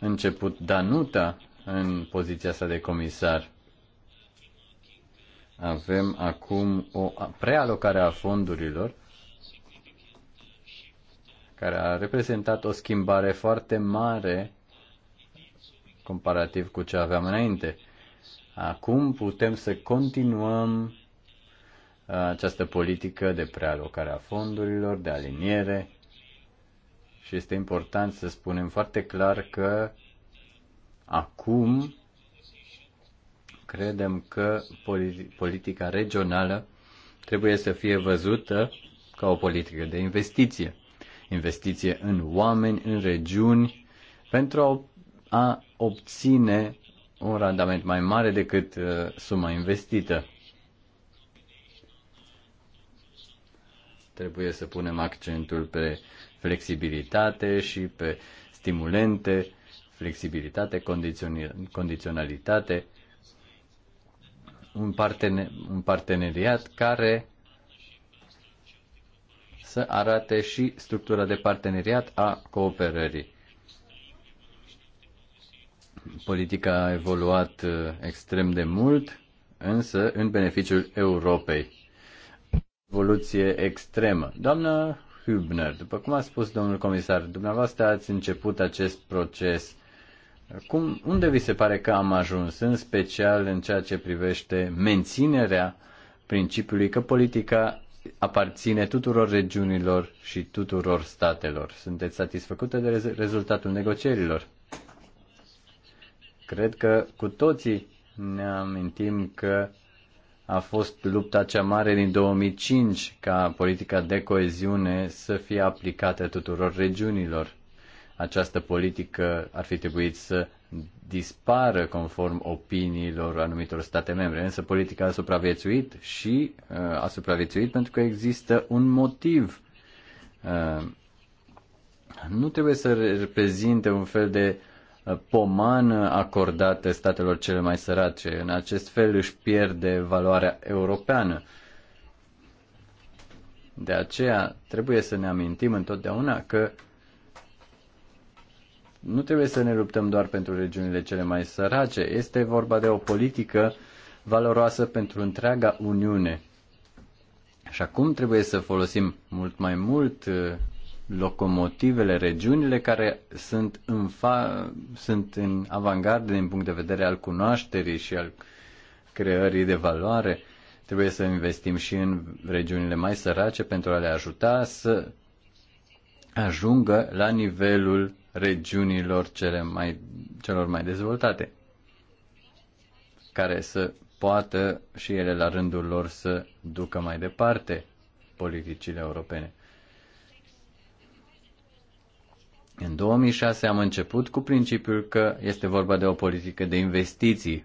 început Danuta în poziția sa de comisar. Avem acum o prealocare a fondurilor care a reprezentat o schimbare foarte mare comparativ cu ce aveam înainte. Acum putem să continuăm această politică de prealocare a fondurilor, de aliniere și este important să spunem foarte clar că Acum credem că politica regională trebuie să fie văzută ca o politică de investiție. Investiție în oameni, în regiuni, pentru a obține un randament mai mare decât uh, suma investită. Trebuie să punem accentul pe flexibilitate și pe stimulente flexibilitate, condiționalitate, un, partener, un parteneriat care să arate și structura de parteneriat a cooperării. Politica a evoluat uh, extrem de mult, însă în beneficiul Europei. Evoluție extremă. Doamnă Hübner, după cum a spus domnul comisar, dumneavoastră ați început acest proces cum, unde vi se pare că am ajuns, în special în ceea ce privește menținerea principiului că politica aparține tuturor regiunilor și tuturor statelor? Sunteți satisfăcute de rezultatul negocierilor? Cred că cu toții ne amintim că a fost lupta cea mare din 2005 ca politica de coeziune să fie aplicată tuturor regiunilor această politică ar fi trebuit să dispară conform opiniilor anumitor state membre. Însă politica a supraviețuit și uh, a supraviețuit pentru că există un motiv. Uh, nu trebuie să reprezinte un fel de uh, pomană acordată statelor cele mai sărace. În acest fel își pierde valoarea europeană. De aceea trebuie să ne amintim întotdeauna că nu trebuie să ne luptăm doar pentru regiunile cele mai sărace. Este vorba de o politică valoroasă pentru întreaga Uniune. Și acum trebuie să folosim mult mai mult uh, locomotivele, regiunile care sunt în, fa- sunt în avangardă din punct de vedere al cunoașterii și al creării de valoare. Trebuie să investim și în regiunile mai sărace pentru a le ajuta să ajungă la nivelul regiunilor cele mai, celor mai dezvoltate, care să poată și ele la rândul lor să ducă mai departe politicile europene. În 2006 am început cu principiul că este vorba de o politică de investiții,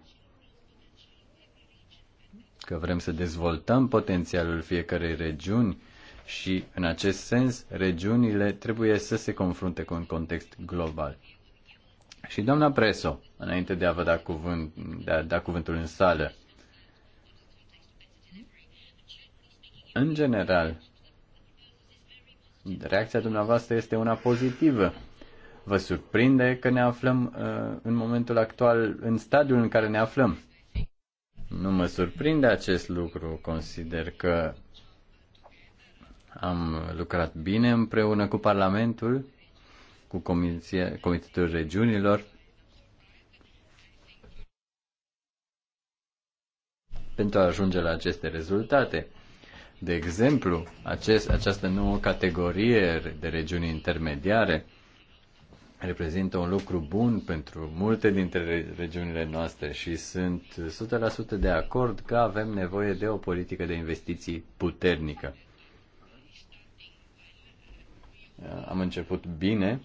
că vrem să dezvoltăm potențialul fiecărei regiuni, și, în acest sens, regiunile trebuie să se confrunte cu un context global. Și doamna Preso, înainte de a vă da, cuvânt, de a da cuvântul în sală, în general, reacția dumneavoastră este una pozitivă. Vă surprinde că ne aflăm uh, în momentul actual în stadiul în care ne aflăm. Nu mă surprinde acest lucru. Consider că am lucrat bine împreună cu Parlamentul, cu Comisia, Comitetul Regiunilor, pentru a ajunge la aceste rezultate. De exemplu, acest, această nouă categorie de regiuni intermediare reprezintă un lucru bun pentru multe dintre regiunile noastre și sunt 100% de acord că avem nevoie de o politică de investiții puternică. Uh, am început bine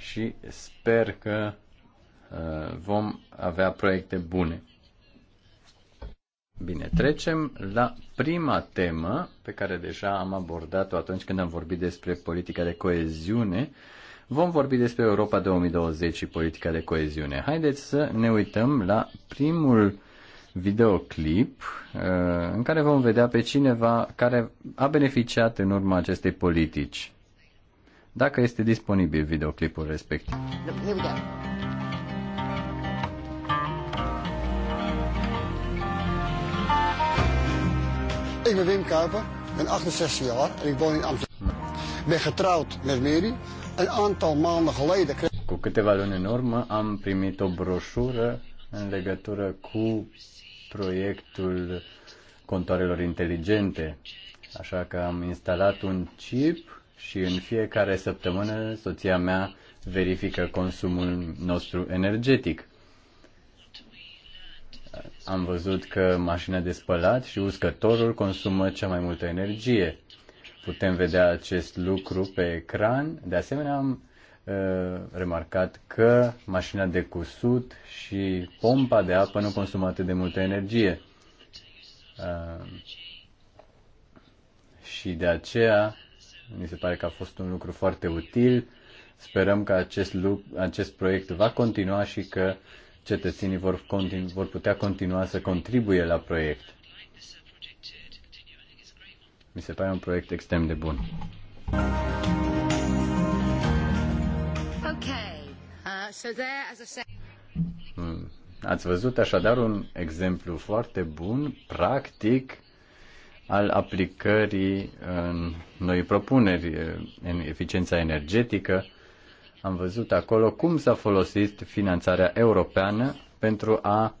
și sper că uh, vom avea proiecte bune. Bine, trecem la prima temă pe care deja am abordat-o atunci când am vorbit despre politica de coeziune. Vom vorbi despre Europa 2020 și politica de coeziune. Haideți să ne uităm la primul videoclip uh, în care vom vedea pe cineva care a beneficiat în urma acestei politici. Dacă este disponibil videoclipul respectiv. Ik ben Wim Kuiper, ben 68 jaar en ik woon in Amsterdam. Ben getrouwd met Mary. Een aantal maanden geleden kreeg... Cu câteva luni în urmă am primit o broșură în legătură cu proiectul contoarelor inteligente. Așa că am instalat un chip și în fiecare săptămână soția mea verifică consumul nostru energetic. Am văzut că mașina de spălat și uscătorul consumă cea mai multă energie. Putem vedea acest lucru pe ecran. De asemenea, am Uh, remarcat că mașina de cusut și pompa de apă nu consumă atât de multă energie. Uh, și de aceea, mi se pare că a fost un lucru foarte util. Sperăm că acest, lucru, acest proiect va continua și că cetățenii vor, continu, vor putea continua să contribuie la proiect. Mi se pare un proiect extrem de bun. Hmm. Ați văzut așadar un exemplu foarte bun, practic, al aplicării în noi propuneri în eficiența energetică. Am văzut acolo cum s-a folosit finanțarea europeană pentru a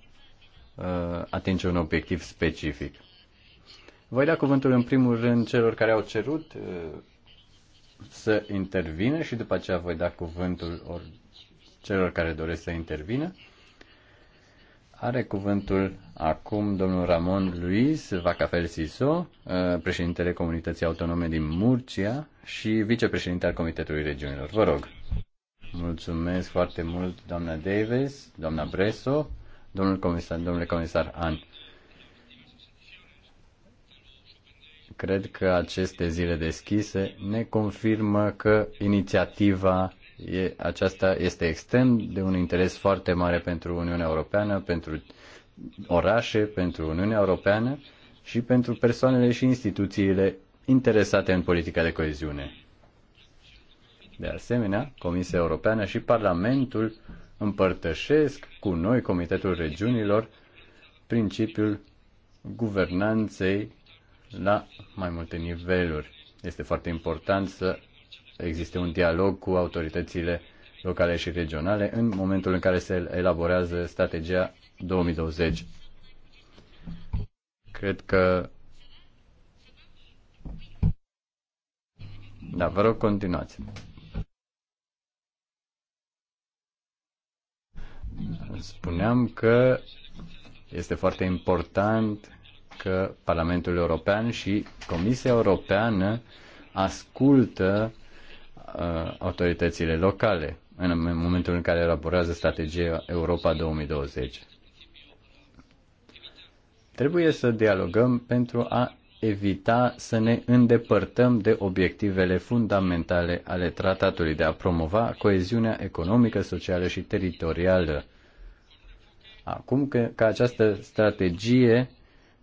uh, atinge un obiectiv specific. Voi da cuvântul în primul rând celor care au cerut uh, să intervină și după aceea voi da cuvântul celor care doresc să intervină. Are cuvântul acum domnul Ramon Luis Vacafel Siso, uh, președintele Comunității Autonome din Murcia și vicepreședinte al Comitetului Regiunilor. Vă rog. Mulțumesc foarte mult, doamna Davis, doamna Breso, domnul comisar, domnule comisar An. Cred că aceste zile deschise ne confirmă că inițiativa E, aceasta este extrem de un interes foarte mare pentru Uniunea Europeană, pentru orașe, pentru Uniunea Europeană și pentru persoanele și instituțiile interesate în politica de coeziune. De asemenea, Comisia Europeană și Parlamentul împărtășesc cu noi, Comitetul Regiunilor, principiul guvernanței la mai multe niveluri. Este foarte important să existe un dialog cu autoritățile locale și regionale în momentul în care se elaborează strategia 2020. Cred că. Da, vă rog, continuați. Spuneam că este foarte important că Parlamentul European și Comisia Europeană ascultă Uh, autoritățile locale în momentul în care elaborează strategia Europa 2020. Trebuie să dialogăm pentru a evita să ne îndepărtăm de obiectivele fundamentale ale tratatului de a promova coeziunea economică, socială și teritorială. Acum că, că această strategie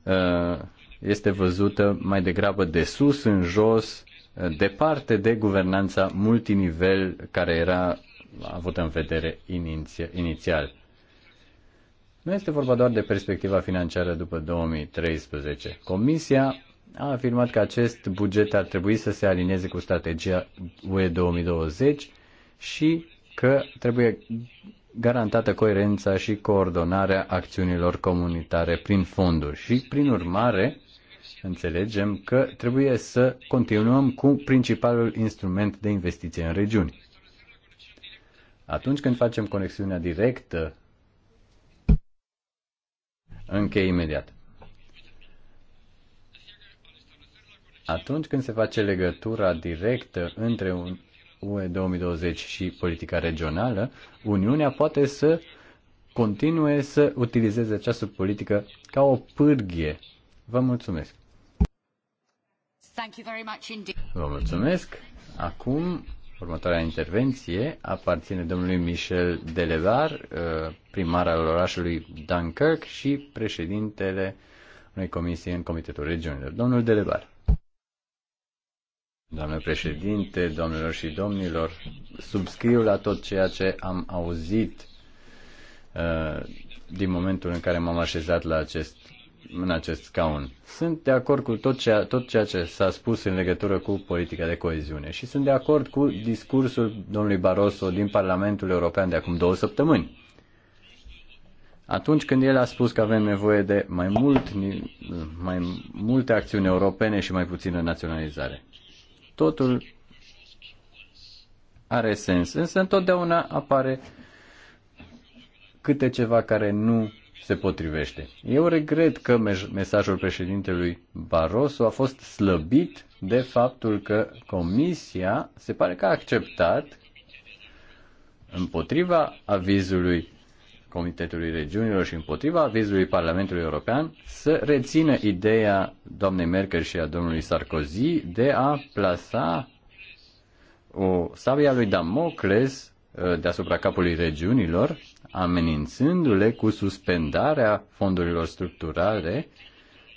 uh, este văzută mai degrabă de sus în jos, departe de guvernanța multinivel care era avută în vedere inițial. Nu este vorba doar de perspectiva financiară după 2013. Comisia a afirmat că acest buget ar trebui să se alineze cu strategia UE 2020 și că trebuie garantată coerența și coordonarea acțiunilor comunitare prin fonduri și, prin urmare, înțelegem că trebuie să continuăm cu principalul instrument de investiție în regiuni. Atunci când facem conexiunea directă, închei imediat. Atunci când se face legătura directă între un UE 2020 și politica regională, Uniunea poate să continue să utilizeze această politică ca o pârghie. Vă mulțumesc! Thank you very much indeed. Vă mulțumesc. Acum, următoarea intervenție aparține domnului Michel Delevar, uh, primar al orașului Dunkirk și președintele unei comisii în Comitetul Regiunilor. Domnul Delevar. Doamne președinte, domnilor și domnilor, subscriu la tot ceea ce am auzit uh, din momentul în care m-am așezat la acest în acest scaun. Sunt de acord cu tot ceea, tot ceea ce s-a spus în legătură cu politica de coeziune și sunt de acord cu discursul domnului Barroso din Parlamentul European de acum două săptămâni. Atunci când el a spus că avem nevoie de mai, mult, mai multe acțiuni europene și mai puțină naționalizare. Totul are sens, însă întotdeauna apare câte ceva care nu se potrivește. Eu regret că mesajul președintelui Barroso a fost slăbit de faptul că Comisia se pare că a acceptat împotriva avizului Comitetului Regiunilor și împotriva avizului Parlamentului European să rețină ideea doamnei Merkel și a domnului Sarkozy de a plasa o sabia lui Damocles Uh, deasupra capului regiunilor, amenințându-le cu suspendarea fondurilor structurale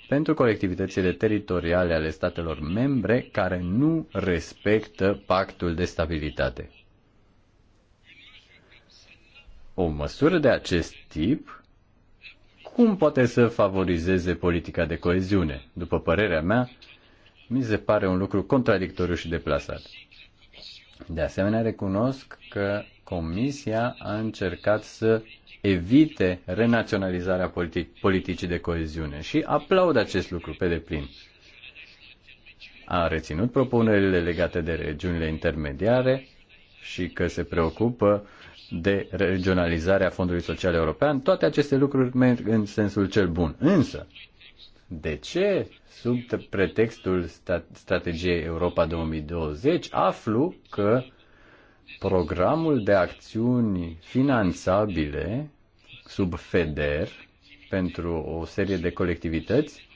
pentru colectivitățile teritoriale ale statelor membre care nu respectă pactul de stabilitate. O măsură de acest tip cum poate să favorizeze politica de coeziune? După părerea mea, mi se pare un lucru contradictoriu și deplasat. De asemenea, recunosc că Comisia a încercat să evite renaționalizarea politic- politicii de coeziune și aplaud acest lucru pe deplin. A reținut propunerile legate de regiunile intermediare și că se preocupă de regionalizarea Fondului Social European. Toate aceste lucruri merg în sensul cel bun. Însă, de ce sub pretextul strategiei Europa 2020, aflu că programul de acțiuni finanțabile sub FEDER pentru o serie de colectivități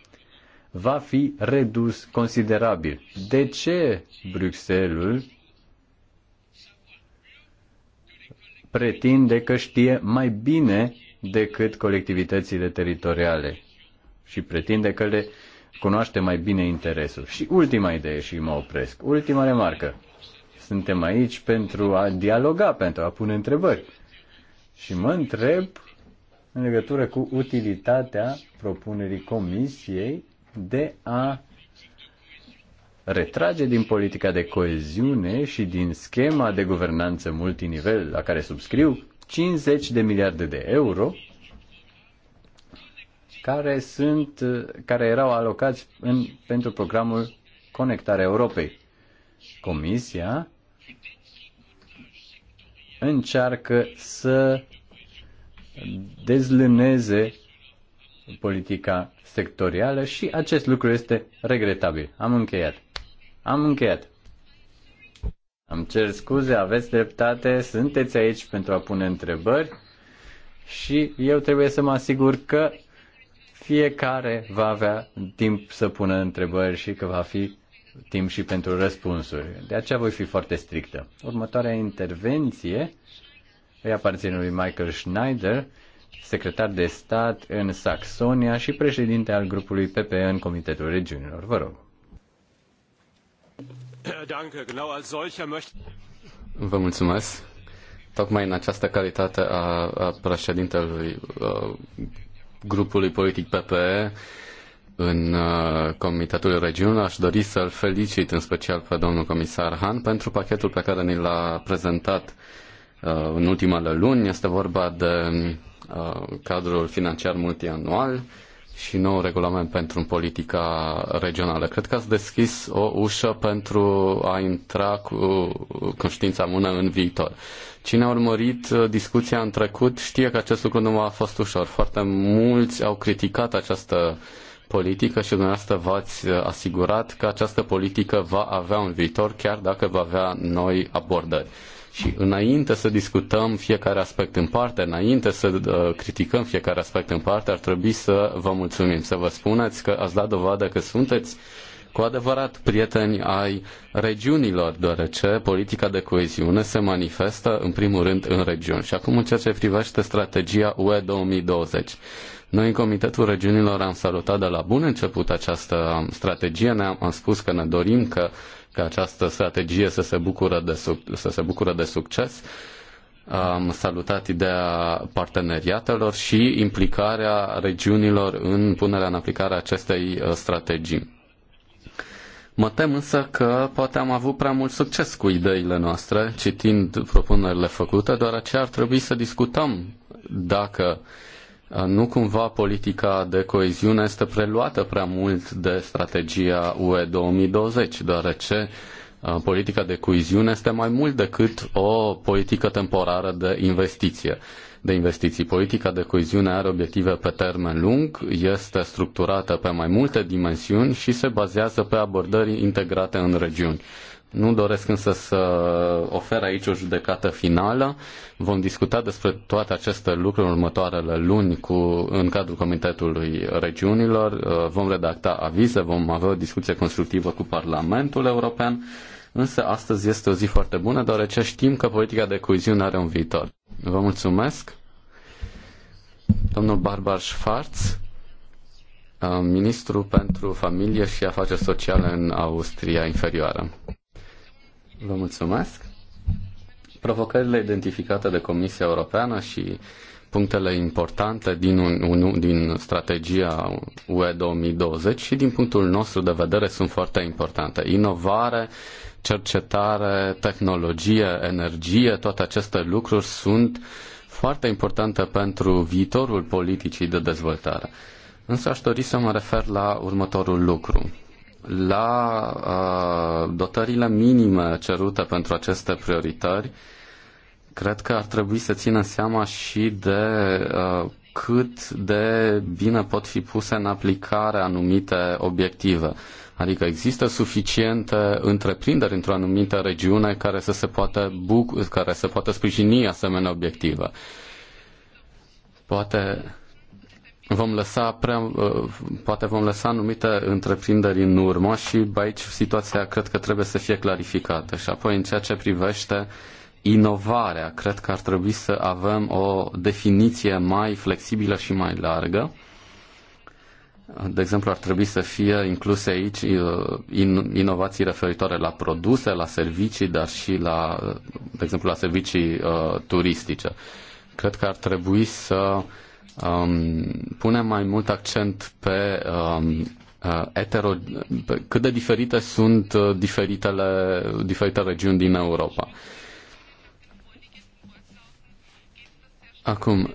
va fi redus considerabil. De ce Bruxelles pretinde că știe mai bine decât colectivitățile teritoriale și pretinde că le cunoaște mai bine interesul. Și ultima idee și mă opresc. Ultima remarcă. Suntem aici pentru a dialoga, pentru a pune întrebări. Și mă întreb în legătură cu utilitatea propunerii comisiei de a retrage din politica de coeziune și din schema de guvernanță multinivel la care subscriu 50 de miliarde de euro care, sunt, care erau alocați în, pentru programul Conectarea Europei. Comisia încearcă să dezlâneze politica sectorială și acest lucru este regretabil. Am încheiat. Am încheiat. Am cer scuze, aveți dreptate, sunteți aici pentru a pune întrebări și eu trebuie să mă asigur că fiecare va avea timp să pună întrebări și că va fi timp și pentru răspunsuri. De aceea voi fi foarte strictă. Următoarea intervenție îi aparține lui Michael Schneider, secretar de stat în Saxonia și președinte al grupului PPE în Comitetul Regiunilor. Vă rog. Vă mulțumesc. Tocmai în această calitate a, a președintelui grupului politic PPE în uh, Comitetul Regiunilor. Aș dori să-l felicit în special pe domnul comisar Han pentru pachetul pe care ni l-a prezentat uh, în ultimele luni. Este vorba de uh, cadrul financiar multianual și nou regulament pentru politica regională. Cred că ați deschis o ușă pentru a intra cu conștiința mână în viitor. Cine a urmărit uh, discuția în trecut știe că acest lucru nu a fost ușor. Foarte mulți au criticat această politică și dumneavoastră v-ați uh, asigurat că această politică va avea un viitor chiar dacă va avea noi abordări. Și înainte să discutăm fiecare aspect în parte, înainte să uh, criticăm fiecare aspect în parte, ar trebui să vă mulțumim, să vă spuneți că ați dat dovadă că sunteți cu adevărat prieteni ai regiunilor, deoarece politica de coeziune se manifestă în primul rând în regiuni. Și acum în ceea ce privește strategia UE 2020. Noi în Comitetul Regiunilor am salutat de la bun început această strategie, ne-am am spus că ne dorim că că această strategie să se bucură de, suc- să se bucură de succes. Am salutat ideea parteneriatelor și implicarea regiunilor în punerea în aplicare a acestei uh, strategii. Mă tem însă că poate am avut prea mult succes cu ideile noastre, citind propunerile făcute, Doar deoarece ar trebui să discutăm dacă uh, nu cumva politica de coeziune este preluată prea mult de strategia UE 2020, deoarece uh, politica de coeziune este mai mult decât o politică temporară de investiție. De investiții. Politica de coeziune are obiective pe termen lung, este structurată pe mai multe dimensiuni și se bazează pe abordări integrate în regiuni. Nu doresc însă să ofer aici o judecată finală. Vom discuta despre toate aceste lucruri în următoarele luni cu, în cadrul Comitetului Regiunilor. Uh, vom redacta avize, vom avea o discuție constructivă cu Parlamentul European. Însă astăzi este o zi foarte bună, deoarece știm că politica de coeziune are un viitor. Vă mulțumesc. Domnul Barbar Schwarz, uh, ministru pentru familie și afaceri sociale în Austria Inferioară. Vă mulțumesc. Provocările identificate de Comisia Europeană și punctele importante din, un, din strategia UE 2020 și din punctul nostru de vedere sunt foarte importante. Inovare, cercetare, tehnologie, energie, toate aceste lucruri sunt foarte importante pentru viitorul politicii de dezvoltare. Însă aș dori să mă refer la următorul lucru la uh, dotările minime cerute pentru aceste prioritări, cred că ar trebui să țină seama și de uh, cât de bine pot fi puse în aplicare anumite obiective. Adică există suficiente întreprinderi într-o anumită regiune care să se poată, buc- care să poată sprijini asemenea obiective. Poate vom lăsa prea, uh, poate vom lăsa anumite întreprinderi în urmă și aici situația cred că trebuie să fie clarificată. Și apoi în ceea ce privește inovarea, cred că ar trebui să avem o definiție mai flexibilă și mai largă. De exemplu, ar trebui să fie incluse aici uh, inovații referitoare la produse, la servicii, dar și la, uh, de exemplu, la servicii turistice. Cred că ar trebui să um, punem mai mult accent pe um, uh, etero, pe cât de diferite sunt uh, diferitele, diferite regiuni din Europa. Acum,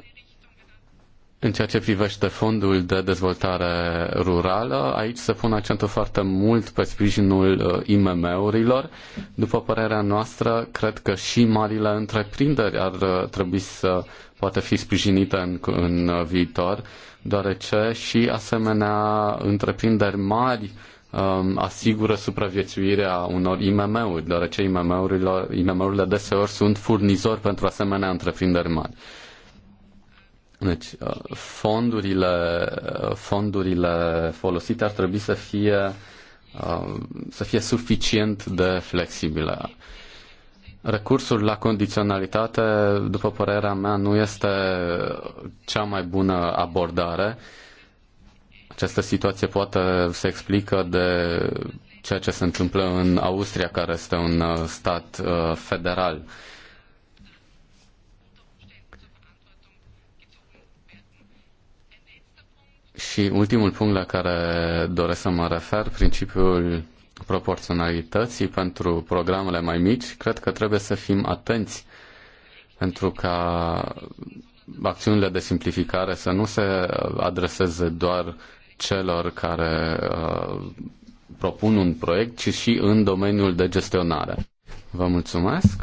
în ceea ce privește fondul de dezvoltare rurală, aici se pune accentul foarte mult pe sprijinul uh, IMM-urilor. După părerea noastră, cred că și marile întreprinderi ar trebui să poate fi sprijinită în, în viitor, deoarece și asemenea întreprinderi mari um, asigură supraviețuirea unor IMM-uri, deoarece IMM-urile, imm deseori sunt furnizori pentru asemenea întreprinderi mari. Deci, uh, fondurile, uh, fondurile folosite ar trebui să fie, uh, să fie suficient de flexibile. Recursul la condiționalitate, după părerea mea, nu este cea mai bună abordare. Această situație poate se explică de ceea ce se întâmplă în Austria, care este un uh, stat uh, federal. Și ultimul punct la care doresc să mă refer, principiul proporționalității pentru programele mai mici, cred că trebuie să fim atenți pentru ca acțiunile de simplificare să nu se adreseze doar celor care uh, propun un proiect, ci și în domeniul de gestionare. Vă mulțumesc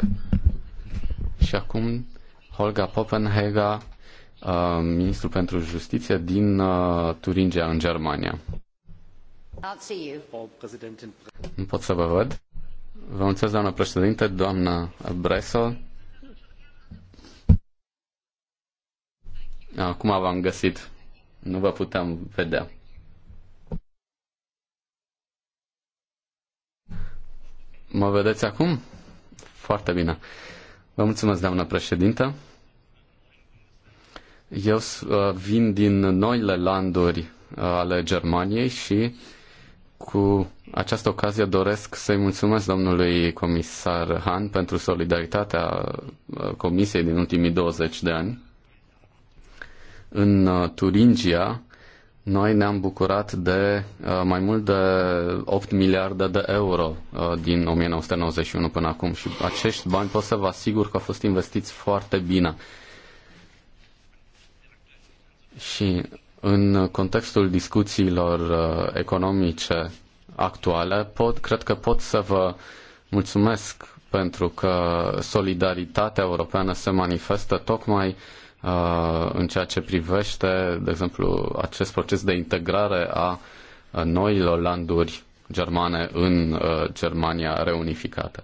și acum Holga Poppenhega, uh, ministru pentru justiție din uh, Turingia, în Germania. Nu pot să vă văd. Vă mulțumesc, doamna președinte, doamna Breso. Acum v-am găsit. Nu vă puteam vedea. Mă vedeți acum? Foarte bine. Vă mulțumesc, doamnă președintă. Eu uh, vin din noile landuri uh, ale Germaniei și uh, cu această ocazie doresc să-i mulțumesc domnului comisar Han pentru solidaritatea uh, Comisiei din ultimii 20 de ani. În uh, Turingia, noi ne-am bucurat de uh, mai mult de 8 miliarde de euro din 1991 până acum și acești bani pot să vă asigur că au fost investiți foarte bine. Și în contextul discuțiilor uh, economice actuale, pot, cred că pot să vă mulțumesc pentru că solidaritatea europeană se manifestă tocmai uh, în ceea ce privește, de exemplu, acest proces de integrare a noilor landuri germane în uh, Germania reunificată.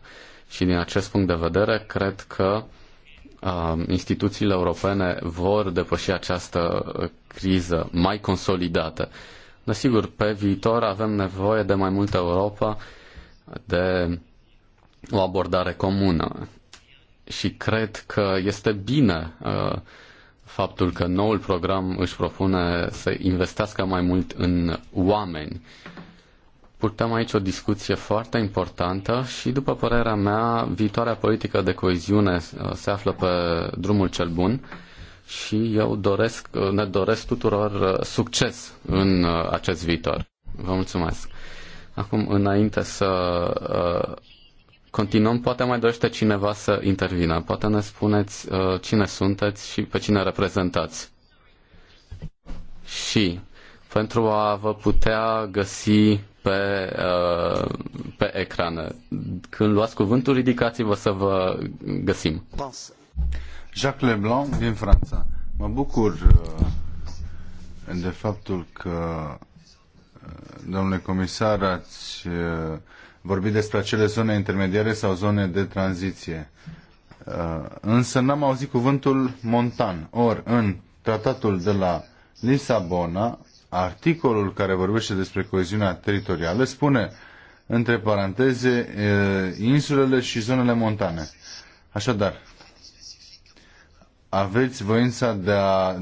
Și din acest punct de vedere, cred că instituțiile europene vor depăși această criză mai consolidată. Desigur, pe viitor avem nevoie de mai multă Europa, de o abordare comună. Și cred că este bine faptul că noul program își propune să investească mai mult în oameni Purtăm aici o discuție foarte importantă și, după părerea mea, viitoarea politică de coeziune uh, se află pe drumul cel bun și eu doresc, uh, ne doresc tuturor uh, succes în acest viitor. Vă mulțumesc. Acum, înainte să continuăm, poate mai dorește cineva să intervină. Poate ne spuneți cine sunteți și pe cine reprezentați. Și pentru a vă putea găsi pe, uh, pe ecrane. Când luați cuvântul, ridicați-vă să vă găsim. Jacques Leblanc din Franța. Mă bucur uh, de faptul că, uh, domnule comisar, ați vorbit despre acele zone intermediare sau zone de tranziție. Însă n-am auzit cuvântul montan. Ori, în tratatul de la Lisabona articolul care vorbește despre coeziunea teritorială spune, între paranteze, insulele și zonele montane. Așadar, aveți voința de a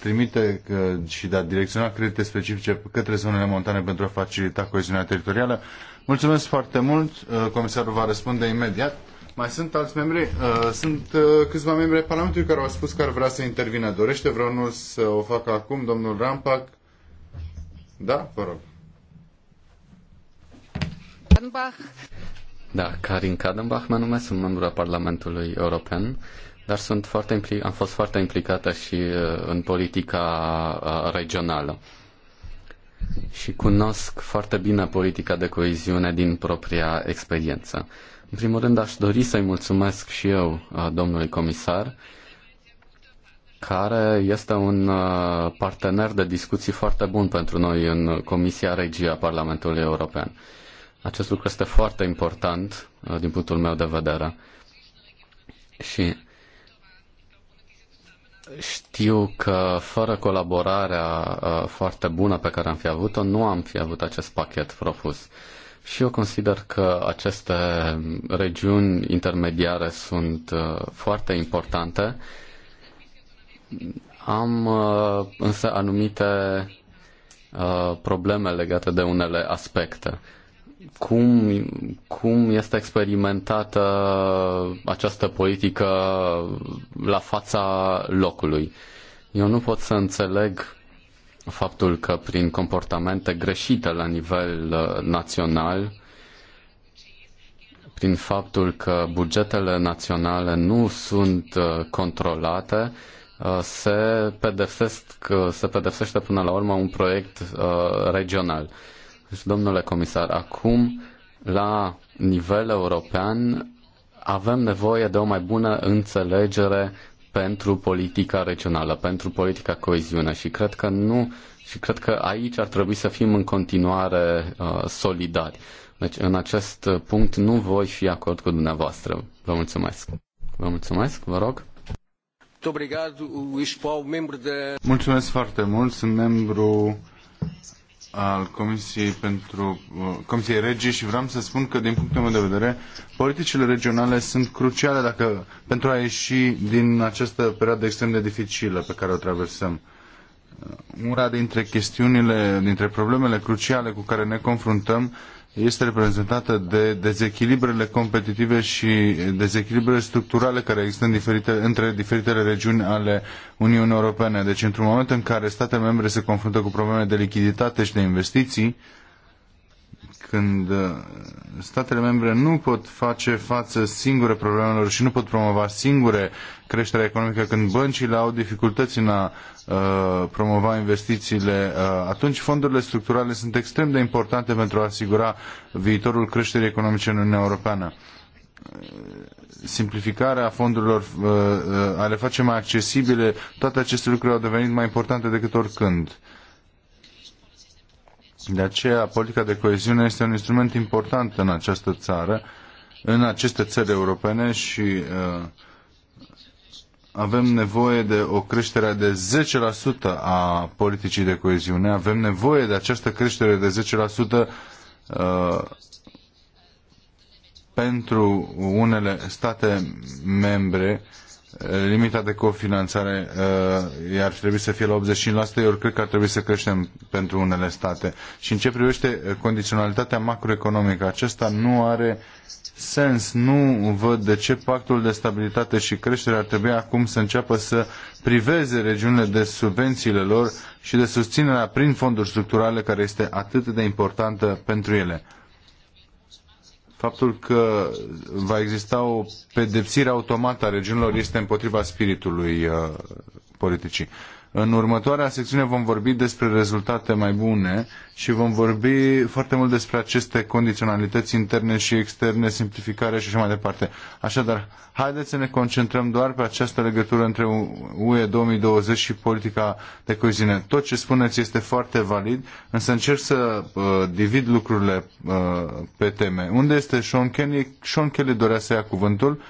trimite și de a direcționa credite specifice către zonele montane pentru a facilita coeziunea teritorială. Mulțumesc foarte mult. Comisarul va răspunde imediat. Mai sunt alți membri? Sunt câțiva membri ai Parlamentului care au spus că ar vrea să intervină. Dorește vreunul să o facă acum, domnul Rampac? Da, vă rog. Kadenbach. Da, Karin Kadenbach mă numesc, sunt membru a Parlamentului European, dar sunt foarte impli- am fost foarte implicată și uh, în politica uh, regională. Și cunosc foarte bine politica de coeziune din propria experiență. În primul rând, aș dori să-i mulțumesc și eu, uh, domnului comisar, care este un uh, partener de discuții foarte bun pentru noi în Comisia Regia Parlamentului European. Acest lucru este foarte important uh, din punctul meu de vedere. Și știu că fără colaborarea uh, foarte bună pe care am fi avut-o, nu am fi avut acest pachet propus. Și eu consider că aceste regiuni intermediare sunt foarte importante am uh, însă anumite uh, probleme legate de unele aspecte. Cum, cum este experimentată această politică la fața locului? Eu nu pot să înțeleg faptul că prin comportamente greșite la nivel uh, național, prin faptul că bugetele naționale nu sunt controlate, Uh, se, pedepsesc, uh, se pedepsește până la urmă un proiect uh, regional. Deci, domnule comisar, acum la nivel european avem nevoie de o mai bună înțelegere pentru politica regională, pentru politica coeziune și cred că nu și cred că aici ar trebui să fim în continuare uh, solidari. Deci în acest punct nu voi fi acord cu dumneavoastră. Vă mulțumesc. Vă mulțumesc, vă rog. Da- Mulțumesc foarte mult. Sunt membru al Comisiei pentru uh, Comisiei Regii și vreau să spun că din punctul meu de vedere politicile regionale sunt cruciale dacă, pentru a ieși din această perioadă extrem de dificilă pe care o traversăm. Uh, una dintre chestiunile, dintre problemele cruciale cu care ne confruntăm este reprezentată de dezechilibrele competitive și dezechilibrele structurale care există în diferite, între diferitele regiuni ale Uniunii Europene. Deci, într-un moment în care statele membre se confruntă cu probleme de lichiditate și de investiții, uh, când uh, statele membre nu pot face față singure problemelor și nu pot promova singure creșterea economică, când băncile au dificultăți în a uh, promova investițiile, uh, atunci fondurile structurale sunt extrem de importante pentru a asigura viitorul creșterii economice în Uniunea Europeană simplificarea fondurilor, uh, uh, a le face mai accesibile, toate aceste lucruri au devenit mai importante decât oricând. De aceea, politica de coeziune este un instrument important în această țară, în aceste țări europene și uh, avem nevoie de o creștere de 10% a politicii de coeziune. Avem nevoie de această creștere de 10% uh, pentru unele state membre uh, limita de cofinanțare uh, ar trebui să fie la 85%, eu cred că ar trebui să creștem pentru unele state. Și în ce privește uh, condiționalitatea macroeconomică, acesta nu are sens. Nu văd de ce pactul de stabilitate și creștere ar trebui acum să înceapă să priveze regiunile de subvențiile lor și de susținerea prin fonduri structurale care este atât de importantă pentru ele faptul că va exista o pedepsire automată a regiunilor este împotriva spiritului uh, politicii. În următoarea secțiune vom vorbi despre rezultate mai bune și vom vorbi foarte mult despre aceste condiționalități interne și externe, simplificare și așa mai departe. Așadar, haideți să ne concentrăm doar pe această legătură între UE 2020 și politica de coziune. Tot ce spuneți este foarte valid, însă încerc să uh, divid lucrurile uh, pe teme. Unde este Sean Kelly? Sean Kelly dorea să ia cuvântul.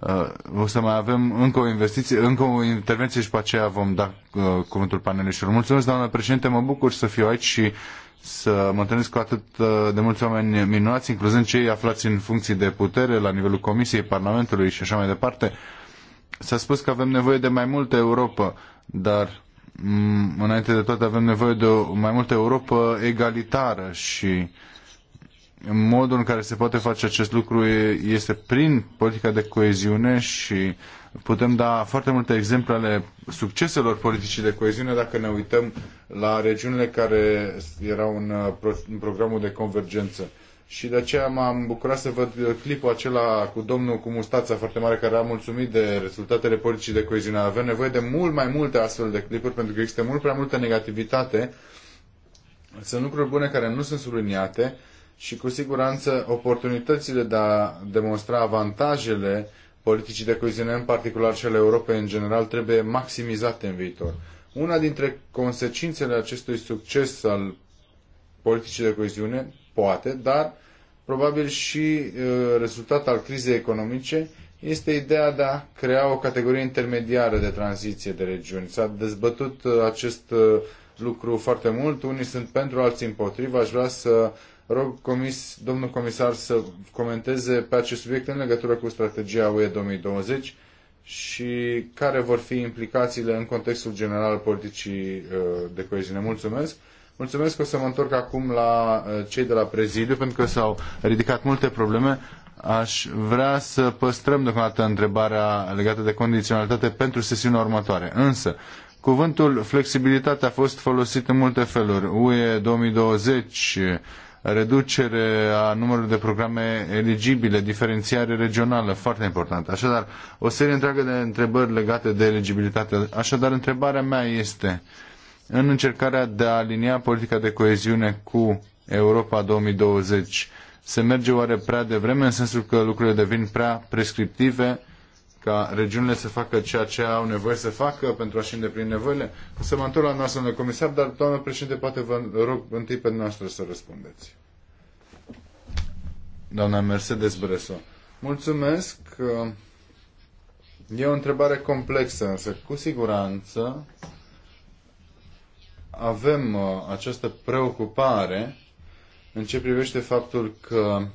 Uh, o să mai avem încă o investiție, încă o intervenție și pe aceea vom da uh, cuvântul paneliștilor. Mulțumesc, doamnă președinte, mă bucur să fiu aici și să mă întâlnesc cu atât uh, de mulți oameni minunați, incluzând cei aflați în funcții de putere la nivelul Comisiei, Parlamentului și așa mai departe. S-a spus că avem nevoie de mai multă Europa, dar mm, înainte de toate avem nevoie de o mai multă Europa egalitară și uh, modul în care se poate face acest lucru este prin politica de coeziune și putem da foarte multe exemple ale succeselor politicii de coeziune dacă ne uităm la regiunile care erau în, uh, în programul de convergență. Și de aceea m-am bucurat să văd uh, clipul acela cu domnul cu mustața foarte mare care a mulțumit de rezultatele politicii de coeziune. Avem nevoie de mult mai multe astfel de clipuri pentru că există mult prea multă negativitate. Sunt lucruri bune care nu sunt subliniate și cu siguranță oportunitățile de a demonstra avantajele politicii de coeziune, în particular și ale Europei în general, trebuie maximizate în viitor. Una dintre consecințele acestui succes al politicii de coeziune, poate, dar probabil și uh, rezultat al crizei economice, este ideea de a crea o categorie intermediară de tranziție de regiuni. S-a dezbătut uh, acest uh, lucru foarte mult, unii sunt pentru, alții împotriva. Aș vrea să uh, Rog comis, domnul comisar să comenteze pe acest subiect în legătură cu strategia UE 2020 și care vor fi implicațiile în contextul general al politicii uh, de coeziune. Mulțumesc! Mulțumesc că o să mă întorc acum la uh, cei de la prezidiu, pentru că s-au ridicat multe probleme. Aș vrea să păstrăm deocamdată întrebarea legată de condiționalitate pentru sesiunea următoare. Însă, cuvântul flexibilitate a fost folosit în multe feluri. UE 2020, reducere a numărului de programe eligibile, diferențiare regională, foarte importantă. Așadar, o serie întreagă de întrebări legate de eligibilitate. Așadar, întrebarea mea este, în încercarea de a alinia politica de coeziune cu Europa 2020, se merge oare prea devreme în sensul că lucrurile devin prea prescriptive ca regiunile să facă ceea ce au nevoie să facă pentru a-și îndeplini nevoile? O să mă întorc la noastră, domnule comisar, dar, doamnă președinte, poate vă rog întâi pe noastră să răspundeți. Doamna Mercedes Breso. Mulțumesc. E o întrebare complexă, însă cu siguranță avem uh, această preocupare în ce privește faptul că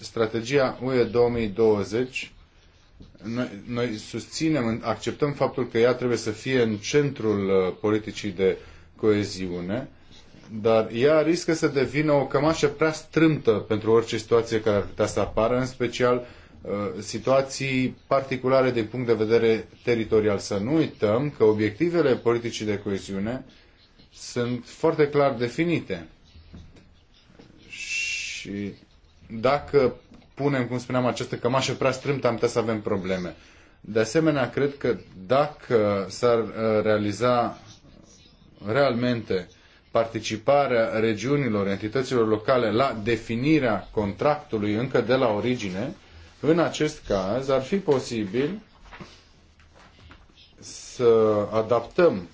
strategia UE 2020 noi, noi susținem, acceptăm faptul că ea trebuie să fie în centrul uh, politicii de coeziune, dar ea riscă să devină o cămașă prea strâmtă pentru orice situație care ar putea să apară, în special uh, situații particulare din punct de vedere teritorial. Să nu uităm că obiectivele politicii de coeziune sunt foarte clar definite. Și dacă punem, cum spuneam, aceste cămașe prea strâmte, am putea să avem probleme. De asemenea, cred că dacă s-ar uh, realiza realmente participarea regiunilor, entităților locale la definirea contractului încă de la origine, în acest caz ar fi posibil să adaptăm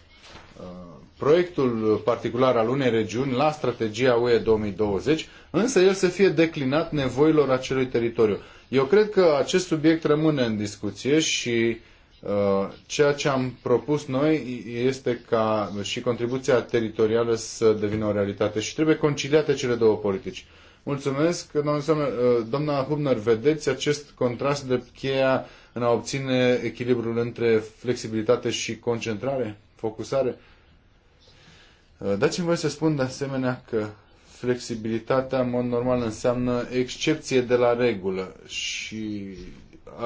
proiectul particular al unei regiuni la strategia UE 2020, însă el să fie declinat nevoilor acelui teritoriu. Eu cred că acest subiect rămâne în discuție și uh, ceea ce am propus noi este ca și contribuția teritorială să devină o realitate și trebuie conciliate cele două politici. Mulțumesc, doamna, uh, doamna Hubner, vedeți acest contrast de cheia în a obține echilibrul între flexibilitate și concentrare, focusare? Uh, dați-mi voi să spun de asemenea că flexibilitatea, în mod normal, înseamnă excepție de la regulă și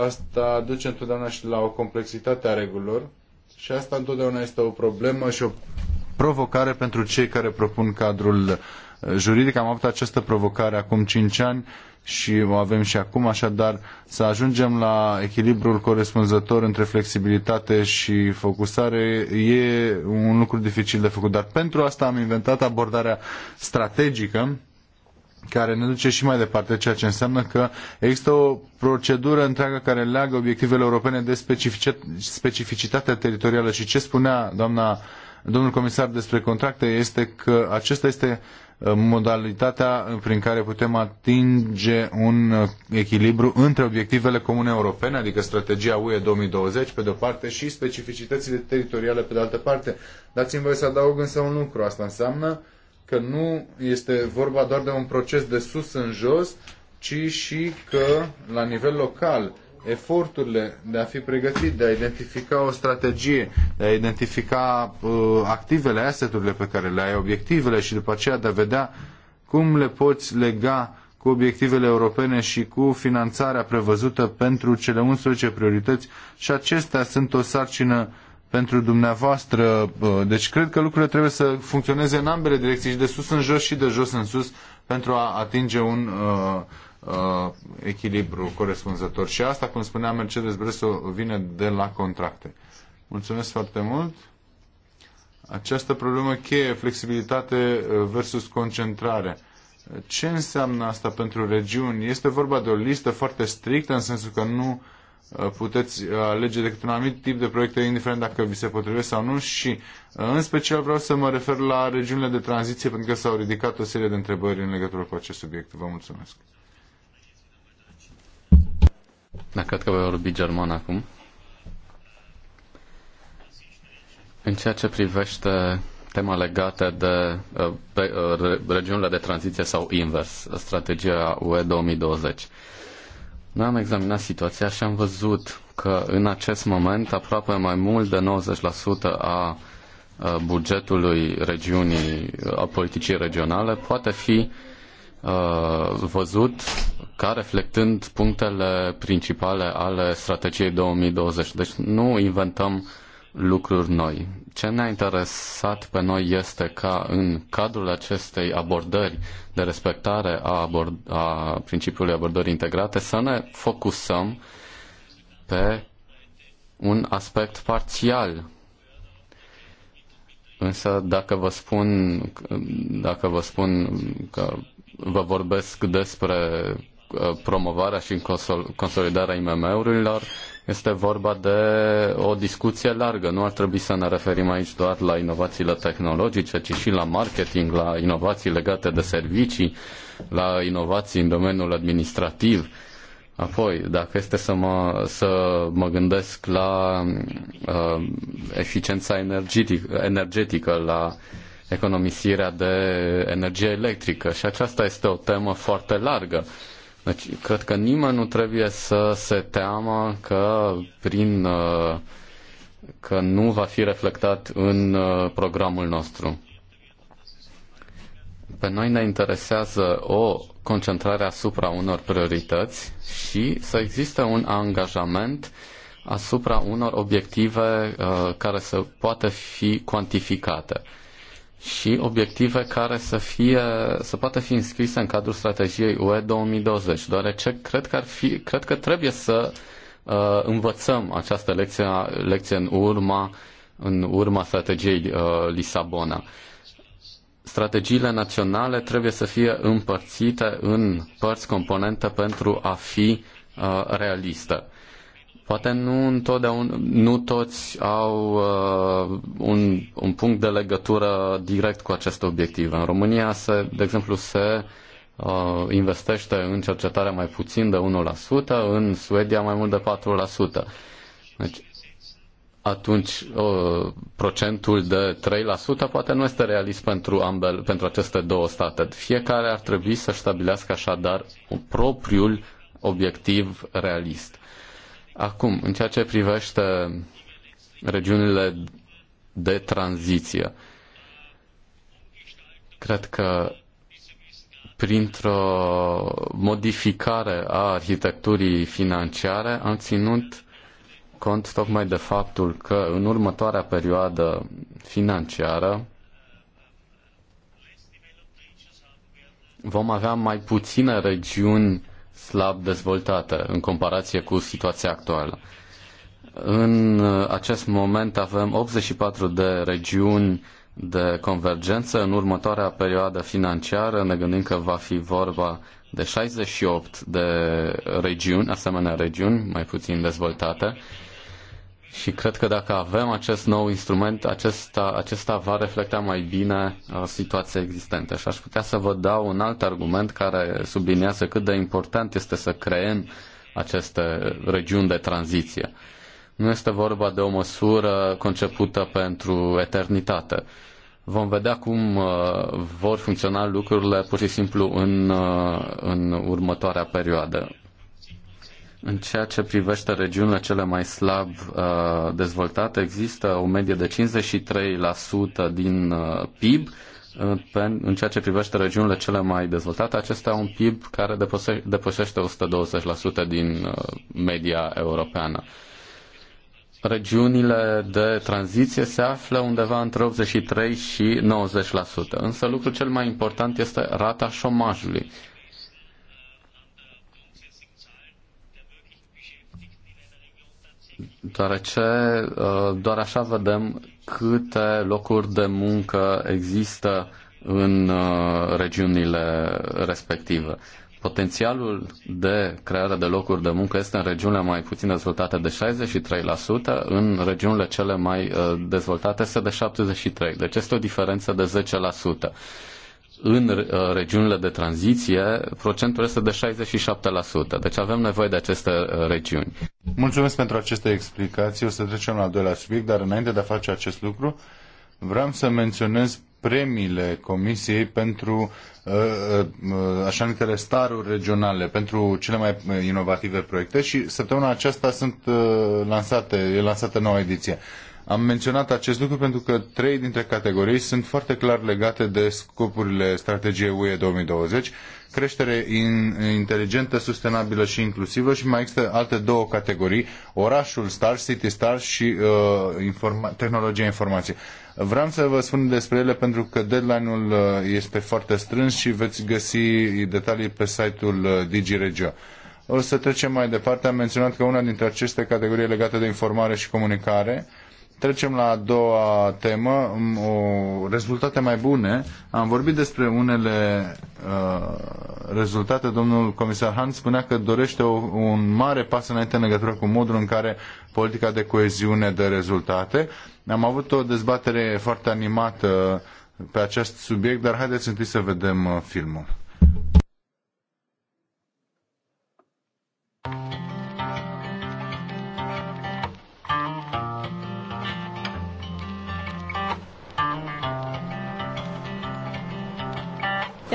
asta duce întotdeauna și la o complexitate a regulilor și asta întotdeauna este o problemă și o provocare pentru cei care propun cadrul Juridic Am avut această provocare acum 5 ani și o avem și acum, așadar să ajungem la echilibrul corespunzător între flexibilitate și focusare e un lucru dificil de făcut, dar pentru asta am inventat abordarea strategică care ne duce și mai departe, ceea ce înseamnă că există o procedură întreagă care leagă obiectivele europene de specificitatea teritorială și ce spunea doamna, domnul comisar despre contracte este că acesta este modalitatea prin care putem atinge un echilibru între obiectivele comune europene, adică strategia UE 2020 pe de-o parte și specificitățile teritoriale pe de altă parte. Dați-mi voi să adaug însă un lucru. Asta înseamnă că nu este vorba doar de un proces de sus în jos, ci și că la nivel local eforturile de a fi pregătit, de a identifica o strategie, de a identifica uh, activele, asseturile pe care le ai, obiectivele și după aceea de a vedea cum le poți lega cu obiectivele europene și cu finanțarea prevăzută pentru cele 11 priorități și acestea sunt o sarcină pentru dumneavoastră. Uh, deci cred că lucrurile trebuie să funcționeze în ambele direcții, și de sus în jos și de jos în sus, pentru a atinge un uh, uh, echilibru corespunzător. Și asta, cum spunea Mercedes Bresso, vine de la contracte. Mulțumesc foarte mult! Această problemă cheie, flexibilitate uh, versus concentrare. Ce înseamnă asta pentru regiuni? Este vorba de o listă foarte strictă, în sensul că nu uh, puteți uh, alege decât un anumit tip de proiecte, indiferent dacă vi se potrivesc sau nu și în special vreau să mă refer la regiunile de tranziție pentru că s-au ridicat o serie de întrebări în legătură cu acest subiect. Vă mulțumesc! Da, cred că voi vorbi german acum. În ceea ce privește tema legată de, uh, de uh, regiunile de tranziție sau invers, strategia UE 2020. Noi am examinat situația și am văzut că în acest moment aproape mai mult de 90% a uh, bugetului regiunii, a politicii regionale poate fi Uh, văzut ca reflectând punctele principale ale strategiei 2020. Deci nu inventăm lucruri noi. Ce ne-a interesat pe noi este ca în cadrul acestei abordări de respectare a, abord- a principiului abordării integrate să ne focusăm pe un aspect parțial Însă dacă vă spun, dacă vă spun că vă vorbesc despre uh, promovarea și consolidarea IMM-urilor, este vorba de o discuție largă. Nu ar trebui să ne referim aici doar la inovațiile tehnologice, ci și la marketing, la inovații legate de servicii, la inovații în domeniul administrativ. Apoi, dacă este să mă, să mă gândesc la uh, eficiența energetică, la uh, economisirea de energie electrică și aceasta este o temă foarte largă. Deci, cred că nimeni nu trebuie să se teamă că prin uh, că nu va fi reflectat în uh, programul nostru. Pe noi ne interesează o concentrare asupra unor priorități și să existe un angajament asupra unor obiective uh, care să poată fi cuantificate și obiective care să, fie, să poată fi înscrise în cadrul strategiei UE 2020, deoarece cred că, ar fi, cred că trebuie să uh, învățăm această lecție, lecție în, urma, în urma strategiei uh, Lisabona. Strategiile naționale trebuie să fie împărțite în părți componente pentru a fi uh, realistă Poate nu întotdeauna, nu toți au uh, un, un punct de legătură direct cu aceste obiective. În România, se, de exemplu, se uh, investește în cercetare mai puțin de 1%, în Suedia mai mult de 4%. Deci, atunci uh, procentul de 3% poate nu este realist pentru, ambele, pentru aceste două state. Fiecare ar trebui să stabilească așadar propriul obiectiv realist Acum, în ceea ce privește regiunile de tranziție, cred că printr-o modificare a arhitecturii financiare am ținut cont tocmai de faptul că în următoarea perioadă financiară vom avea mai puține regiuni slab dezvoltată în comparație cu situația actuală. În acest moment avem 84 de regiuni de convergență. În următoarea perioadă financiară ne gândim că va fi vorba de 68 de regiuni, asemenea regiuni mai puțin dezvoltate. Și cred că dacă avem acest nou instrument, acesta, acesta va reflecta mai bine uh, situația existentă. Și aș putea să vă dau un alt argument care subliniază cât de important este să creăm aceste regiuni de tranziție. Nu este vorba de o măsură concepută pentru eternitate. Vom vedea cum uh, vor funcționa lucrurile pur și simplu în, uh, în următoarea perioadă. În ceea ce privește regiunile cele mai slab uh, dezvoltate, există o medie de 53% din uh, PIB. Uh, în ceea ce privește regiunile cele mai dezvoltate, acestea au un PIB care depășește 120% din uh, media europeană. Regiunile de tranziție se află undeva între 83 și 90%. Însă lucrul cel mai important este rata șomajului. deoarece uh, doar așa vedem câte locuri de muncă există în uh, regiunile respective. Potențialul de creare de locuri de muncă este în regiunile mai puțin dezvoltate de 63%, în regiunile cele mai uh, dezvoltate este de 73%, deci este o diferență de 10% în uh, regiunile de tranziție, procentul este de 67%. Deci avem nevoie de aceste uh, regiuni. Mulțumesc pentru aceste explicații. O să trecem la al doilea subiect, dar înainte de a face acest lucru, vreau să menționez premiile Comisiei pentru uh, așa numitele staruri regionale, pentru cele mai inovative proiecte și săptămâna aceasta sunt lansate, e lansată noua ediție. Am menționat acest lucru pentru că trei dintre categorii sunt foarte clar legate de scopurile strategiei UE 2020, creștere inteligentă, sustenabilă și inclusivă și mai există alte două categorii, orașul Star, City Star și uh, informa- tehnologia informației. Vreau să vă spun despre ele pentru că deadline-ul uh, este foarte strâns și veți găsi detalii pe site-ul uh, DigiRegio. O să trecem mai departe. Am menționat că una dintre aceste categorii legate de informare și comunicare Trecem la a doua temă, um, o, rezultate mai bune. Am vorbit despre unele uh, rezultate. Domnul comisar Hans spunea că dorește o, un mare pas înainte în legătură cu modul în care politica de coeziune dă rezultate. Am avut o dezbatere foarte animată pe acest subiect, dar haideți întâi să vedem uh, filmul.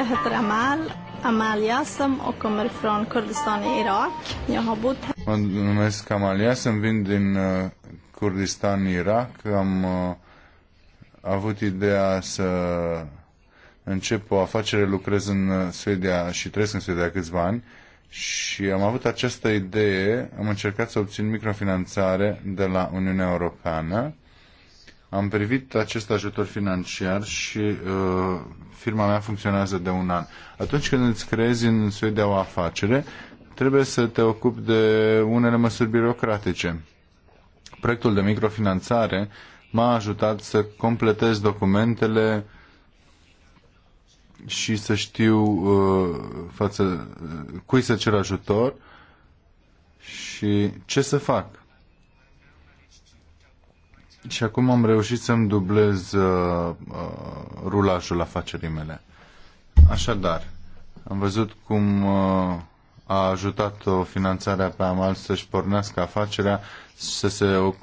Jag heter Amal, Amal Yasem och kommer från Kurdistan i Irak. Jag har bott här. Jag heter Amal Yasem, vin din uh, Kurdistan, Irak. Jag har uh, haft ideea att încep o afacere, lucrez în uh, Suedia și trăiesc în Suedia câțiva ani și am avut această idee, am încercat să obțin microfinanțare de la Uniunea Europeană am privit acest ajutor financiar și uh, firma mea funcționează de un an. Atunci când îți creezi în Suedia o afacere, trebuie să te ocupi de unele măsuri birocratice. Proiectul de microfinanțare m-a ajutat să completez documentele și să știu uh, față, uh, cui să cer ajutor și ce să fac și acum am reușit să-mi dublez uh, uh rulajul afacerii mele. Așadar, am văzut cum uh, a ajutat-o finanțarea pe Amal să-și pornească afacerea să, se, uh,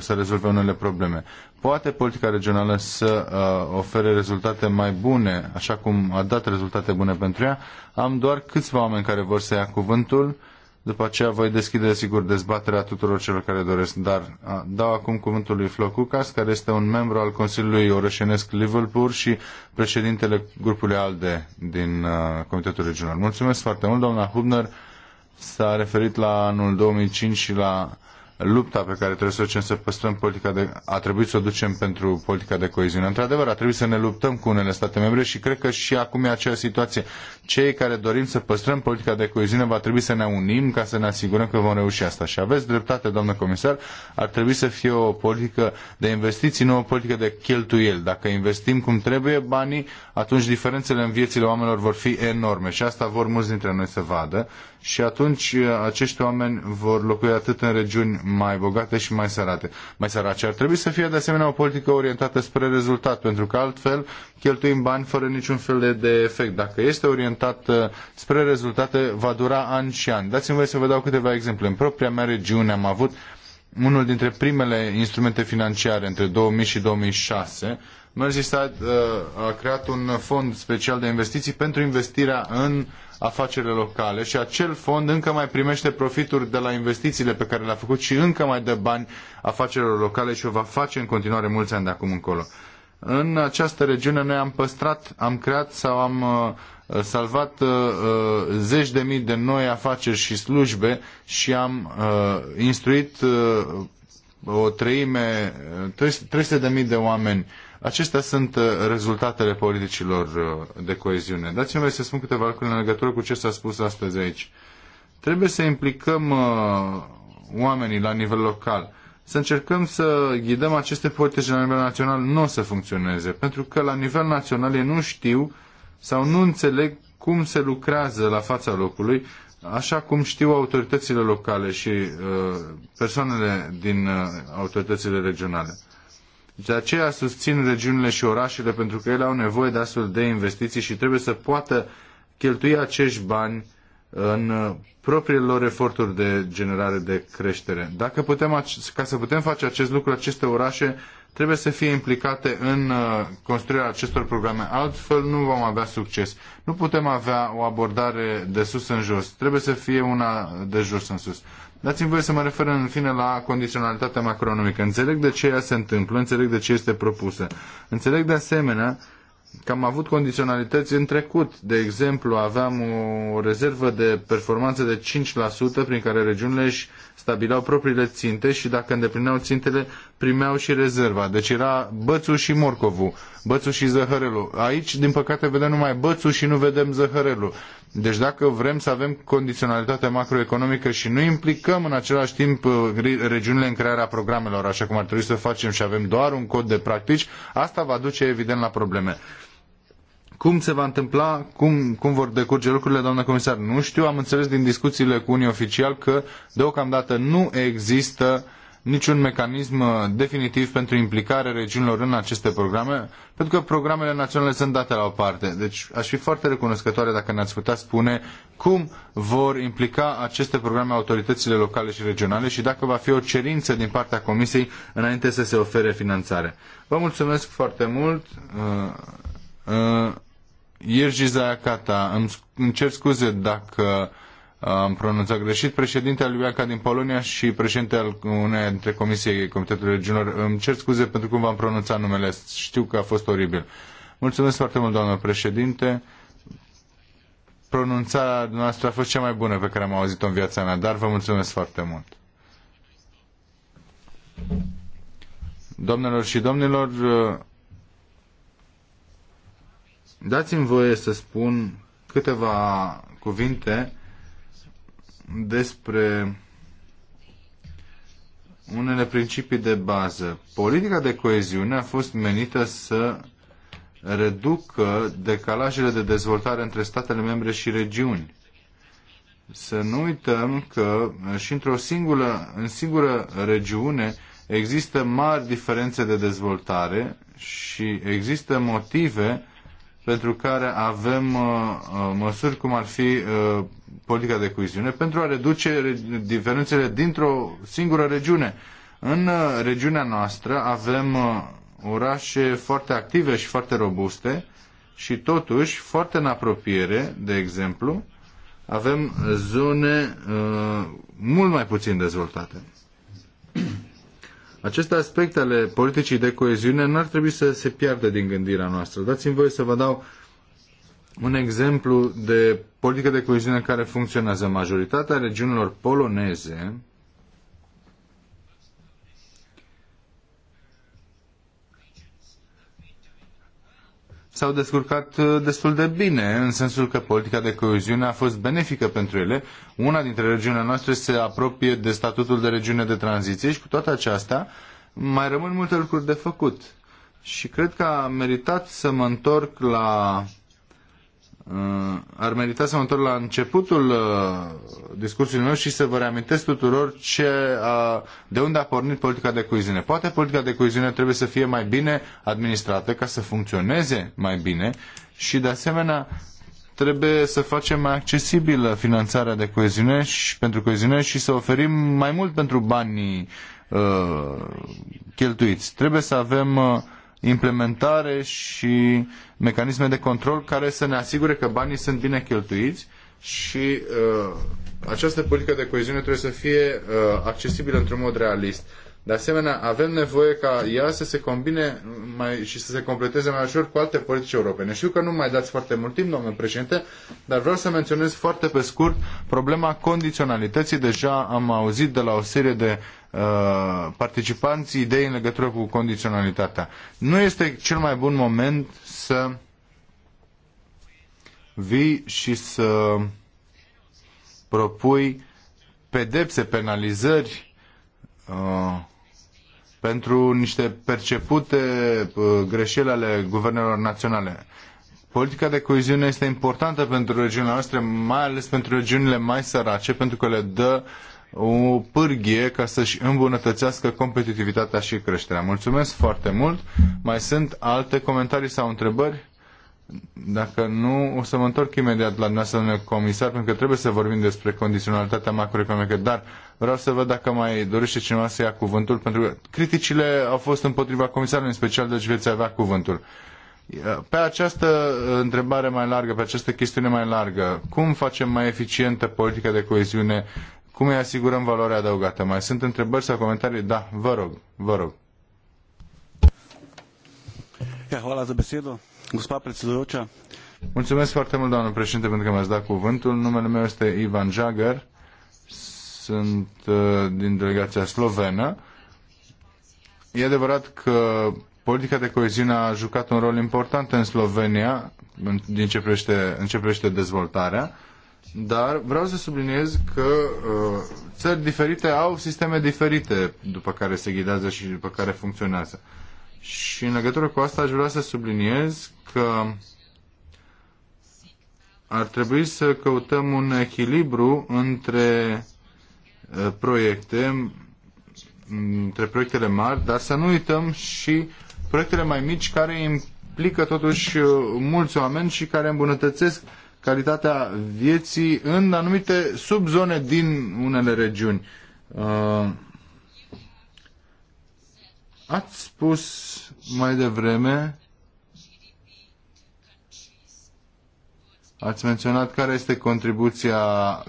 să rezolve unele probleme. Poate politica regională să uh, ofere rezultate mai bune, așa cum a dat rezultate bune pentru ea. Am doar câțiva oameni care vor să ia cuvântul după aceea voi deschide, sigur, dezbaterea tuturor celor care doresc. Dar a, dau acum cuvântul lui Flo Cucas, care este un membru al Consiliului Orășenesc Liverpool și președintele grupului ALDE din a, Comitetul Regional. Mulțumesc foarte mult, doamna Hubner s-a referit la anul 2005 și la lupta pe care trebuie să o ducem să păstrăm politica de, a trebuit să o ducem pentru politica de coeziune. Într-adevăr, a trebuit să ne luptăm cu unele state membre și cred că și acum e aceeași situație. Cei care dorim să păstrăm politica de coeziune va trebui să ne unim ca să ne asigurăm că vom reuși asta. Și aveți dreptate, doamnă comisar, ar trebui să fie o politică de investiții, nu o politică de cheltuieli. Dacă investim cum trebuie banii, atunci diferențele în viețile oamenilor vor fi enorme și asta vor mulți dintre noi să vadă și atunci uh, acești oameni vor locui atât în regiuni mai bogate și mai sărate. Mai sărace ar trebui să fie de asemenea o politică orientată spre rezultat, pentru că altfel cheltuim bani fără niciun fel de efect. Dacă este orientat uh, spre rezultate, va dura ani și ani. Dați-mi voi să vă dau câteva exemple. În propria mea regiune am avut unul dintre primele instrumente financiare între 2000 și 2006 Merseyside uh, a creat un fond special de investiții pentru investirea în afacerile locale și acel fond încă mai primește profituri de la investițiile pe care le-a făcut și încă mai dă bani afacerilor locale și o va face în continuare mulți ani de acum încolo. În această regiune noi am păstrat, am creat sau am uh, salvat uh, uh, zeci de mii de noi afaceri și slujbe și am uh, instruit uh, o treime, 300 de mii de oameni Acestea sunt uh, rezultatele politicilor uh, de coeziune. Dați-mi voie să spun câteva lucruri în legătură cu ce s-a spus astăzi aici. Trebuie să implicăm uh, oamenii la nivel local. Să încercăm să ghidăm aceste politici la nivel național nu o să funcționeze, pentru că la nivel național ei nu știu sau nu înțeleg cum se lucrează la fața locului, așa cum știu autoritățile locale și uh, persoanele din uh, autoritățile regionale. De aceea susțin regiunile și orașele pentru că ele au nevoie de astfel de investiții și trebuie să poată cheltui acești bani în uh, propriile lor eforturi de generare de creștere. Dacă putem, ca să putem face acest lucru, aceste orașe trebuie să fie implicate în uh, construirea acestor programe. Altfel nu vom avea succes. Nu putem avea o abordare de sus în jos. Trebuie să fie una de jos în sus. Dați-mi voie să mă refer în fine la condiționalitatea macroeconomică. Înțeleg de ce ea se întâmplă, înțeleg de ce este propusă. Înțeleg de asemenea că am avut condiționalități în trecut. De exemplu, aveam o rezervă de performanță de 5% prin care regiunile își stabileau propriile ținte și dacă îndeplineau țintele, primeau și rezerva. Deci era bățul și Morcovu, bățul și zăhărelul. Aici, din păcate, vedem numai bățul și nu vedem zăhărelul. Deci dacă vrem să avem condiționalitatea macroeconomică și nu implicăm în același timp uh, regiunile în crearea programelor, așa cum ar trebui să facem și avem doar un cod de practici, asta va duce evident la probleme. Cum se va întâmpla, cum, cum vor decurge lucrurile, doamnă comisar? Nu știu, am înțeles din discuțiile cu unii oficiali că deocamdată nu există uh, niciun mecanism uh, definitiv pentru implicarea regiunilor în aceste programe, pentru că programele naționale sunt date la o parte. Deci aș fi foarte recunoscătoare dacă ne-ați putea spune cum vor implica aceste programe autoritățile locale și regionale și dacă va fi o cerință din partea Comisiei înainte să se ofere finanțare. Vă mulțumesc foarte mult. Uh, uh, Irgi Zayakata, îmi, îmi cer scuze dacă am pronunțat greșit, președintele lui Iaca din Polonia și președinte al unei dintre comisiei Comitetului Regiunilor. Îmi cer scuze pentru cum v-am pronunțat numele. Știu că a fost oribil. Mulțumesc foarte mult, doamnă președinte. Pronunțarea noastră a fost cea mai bună pe care am auzit-o în viața mea, dar vă mulțumesc foarte mult. domnilor și domnilor, dați-mi voie să spun câteva cuvinte despre unele principii de bază. Politica de coeziune a fost menită să reducă decalajele de dezvoltare între statele membre și regiuni. Să nu uităm că și într-o singură, în singură regiune există mari diferențe de dezvoltare și există motive pentru care avem uh, uh, măsuri cum ar fi uh, politica de coeziune pentru a reduce diferențele dintr-o singură regiune. În regiunea noastră avem orașe foarte active și foarte robuste și totuși foarte în apropiere, de exemplu, avem zone uh, mult mai puțin dezvoltate. Aceste aspecte ale politicii de coeziune n-ar trebui să se piardă din gândirea noastră. Dați-mi voi să vă dau un exemplu de politică de coeziune care funcționează. Majoritatea regiunilor poloneze s-au descurcat uh, destul de bine, în sensul că politica de coeziune a fost benefică pentru ele. Una dintre regiunile noastre se apropie de statutul de regiune de tranziție și cu toate acestea mai rămân multe lucruri de făcut. Și cred că a meritat să mă întorc la Mm, ar merita să mă întorc la începutul uh, discursului meu și să vă reamintesc tuturor ce, uh, de unde a pornit politica de coeziune. Poate politica de coeziune trebuie să fie mai bine administrată ca să funcționeze mai bine și de asemenea trebuie să facem mai accesibilă finanțarea de coeziune și pentru coeziune și să oferim mai mult pentru banii uh, cheltuiți. Trebuie să avem uh, implementare și mecanisme de control care să ne asigure că banii sunt bine cheltuiți și uh, această politică de coeziune trebuie să fie uh, accesibilă într-un mod realist. De asemenea, avem nevoie ca ea să se combine mai, și să se completeze mai ușor cu alte politici europene. Știu că nu mai dați foarte mult timp, domnule președinte, dar vreau să menționez foarte pe scurt problema condiționalității. Deja am auzit de la o serie de Uh, participanții idei în legătură cu condiționalitatea. Nu este cel mai bun moment să vii și să propui pedepse, penalizări uh, pentru niște percepute uh, greșeli ale guvernelor naționale. Politica de coeziune este importantă pentru regiunile noastre, mai ales pentru regiunile mai sărace, pentru că le dă uh, o pârghie ca să-și îmbunătățească competitivitatea și creșterea. Mulțumesc foarte mult. Mai sunt alte comentarii sau întrebări? Dacă nu, o să mă întorc imediat la dumneavoastră, domnule comisar, pentru că trebuie să vorbim despre condiționalitatea macroeconomică, dar vreau să văd dacă mai dorește cineva să ia cuvântul, pentru că criticile au fost împotriva comisarului în special, deci veți avea cuvântul. Pe această întrebare mai largă, pe această chestiune mai largă, cum facem mai eficientă politica de coeziune cum îi asigurăm valoarea adăugată? Mai sunt întrebări sau comentarii? Da, vă rog, vă rog. Mulțumesc foarte mult, doamnă președinte, pentru că mi-ați dat cuvântul. Numele meu este Ivan Jagger, sunt uh, din delegația slovenă. E adevărat că politica de coeziune a jucat un rol important în Slovenia, în ce privește, în ce privește dezvoltarea dar vreau să subliniez că uh, țări diferite au sisteme diferite după care se ghidează și după care funcționează. Și în legătură cu asta aș vrea să subliniez că ar trebui să căutăm un echilibru între uh, proiecte, între proiectele mari, dar să nu uităm și proiectele mai mici care implică totuși uh, mulți oameni și care îmbunătățesc uh, calitatea vieții în anumite subzone din unele regiuni. Uh, ați spus mai devreme, ați menționat care este contribuția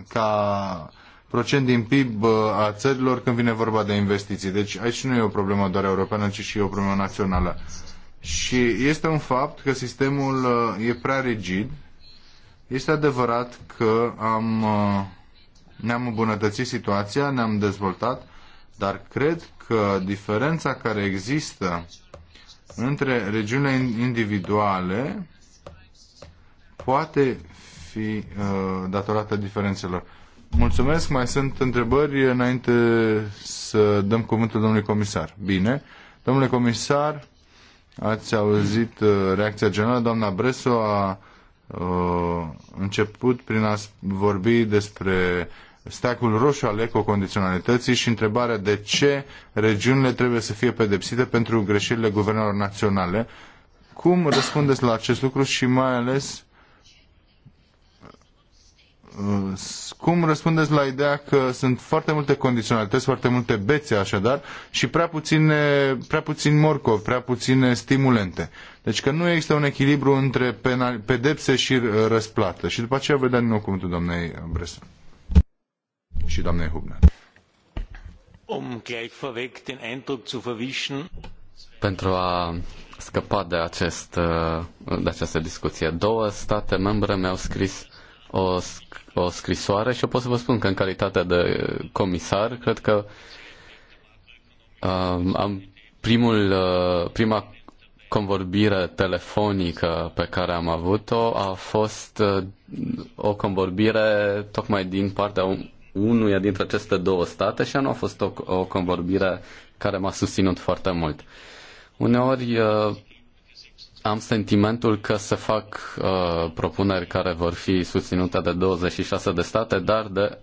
ca procent din PIB uh, a țărilor când vine vorba de investiții. Deci aici nu e o problemă doar europeană, ci și o problemă națională. Și este un fapt că sistemul uh, e prea rigid este adevărat că am, uh, ne-am îmbunătățit situația, ne-am dezvoltat, dar cred că diferența care există între regiunile individuale poate fi uh, datorată diferențelor. Mulțumesc, mai sunt întrebări înainte să dăm cuvântul domnului comisar. Bine. Domnule comisar, ați auzit uh, reacția generală, doamna Bresu a Uh, început prin a vorbi despre stacul roșu al ecocondiționalității și întrebarea de ce regiunile trebuie să fie pedepsite pentru greșelile guvernelor naționale. Cum răspundeți la acest lucru și mai ales uh, cum răspundeți la ideea că sunt foarte multe condiționalități, foarte multe bețe așadar și prea puține, prea puțin morcovi, prea puține stimulente. Deci că nu există un echilibru între penal, pedepse și uh, răsplată. Și după aceea vedem da din nou cuvântul doamnei Bresan și doamnei Hubner. Um gleich vorweg den Eindruck zu verwischen. Pentru a scăpa de, acest, uh, de această discuție, două state membre mi-au scris o, o scrisoare și eu pot să vă spun că în calitate de comisar, cred că um, am primul, prima convorbire telefonică pe care am avut-o a fost uh, o convorbire tocmai din partea unuia dintre aceste două state și nu a fost o, o convorbire care m-a susținut foarte mult. Uneori uh, am sentimentul că se fac uh, propuneri care vor fi susținute de 26 de state, dar de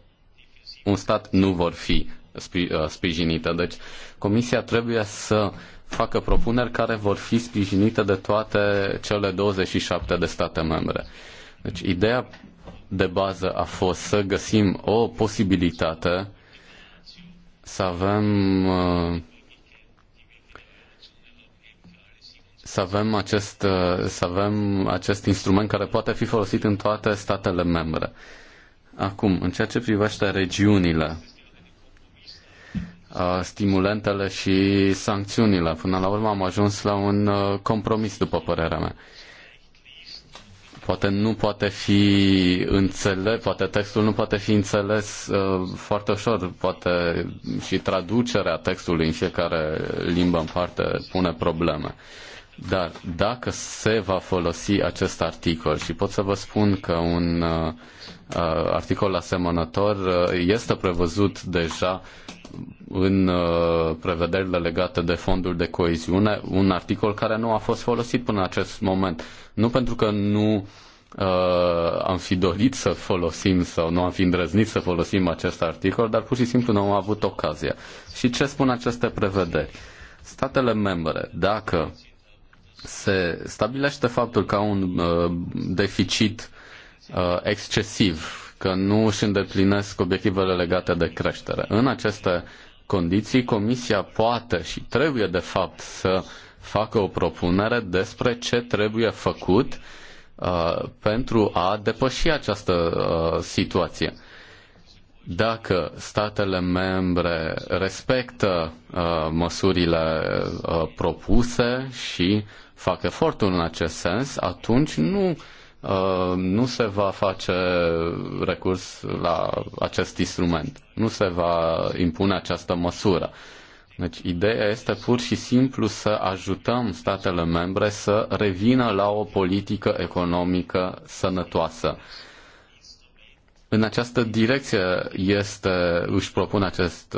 un stat nu vor fi uh, sprijinite. Deci Comisia trebuie să facă propuneri care vor fi sprijinite de toate cele 27 de state membre. Deci ideea de bază a fost să găsim o posibilitate să avem uh, să avem acest, uh, să avem acest instrument care poate fi folosit în toate statele membre. Acum, în ceea ce privește regiunile, Uh, stimulentele și sancțiunile. Până la urmă am ajuns la un uh, compromis, după părerea mea. Poate nu poate fi înțeles, poate textul nu poate fi înțeles uh, foarte ușor, poate și traducerea textului în fiecare limbă în parte pune probleme. Uh, dar dacă se va folosi acest articol și pot să vă spun că un uh, articol asemănător uh, este prevăzut deja în uh, prevederile legate de fondul de coeziune, un articol care nu a fost folosit până în acest moment. Nu pentru că nu uh, am fi dorit să folosim sau nu am fi îndrăznit să folosim acest articol, dar pur și simplu nu am avut ocazia. Și ce spun aceste prevederi? Statele membre, dacă se stabilește faptul că au un uh, deficit uh, excesiv, că nu își îndeplinesc obiectivele legate de creștere. În aceste condiții, Comisia poate și trebuie, de fapt, să facă o propunere despre ce trebuie făcut uh, pentru a depăși această situație dacă statele membre respectă uh, măsurile uh, propuse și fac efortul în acest sens, atunci nu, uh, nu se va face recurs la acest instrument, nu se va impune această măsură. Deci ideea este pur și simplu să ajutăm statele membre să revină la o politică economică sănătoasă. Uh, în această direcție este, își propun acest,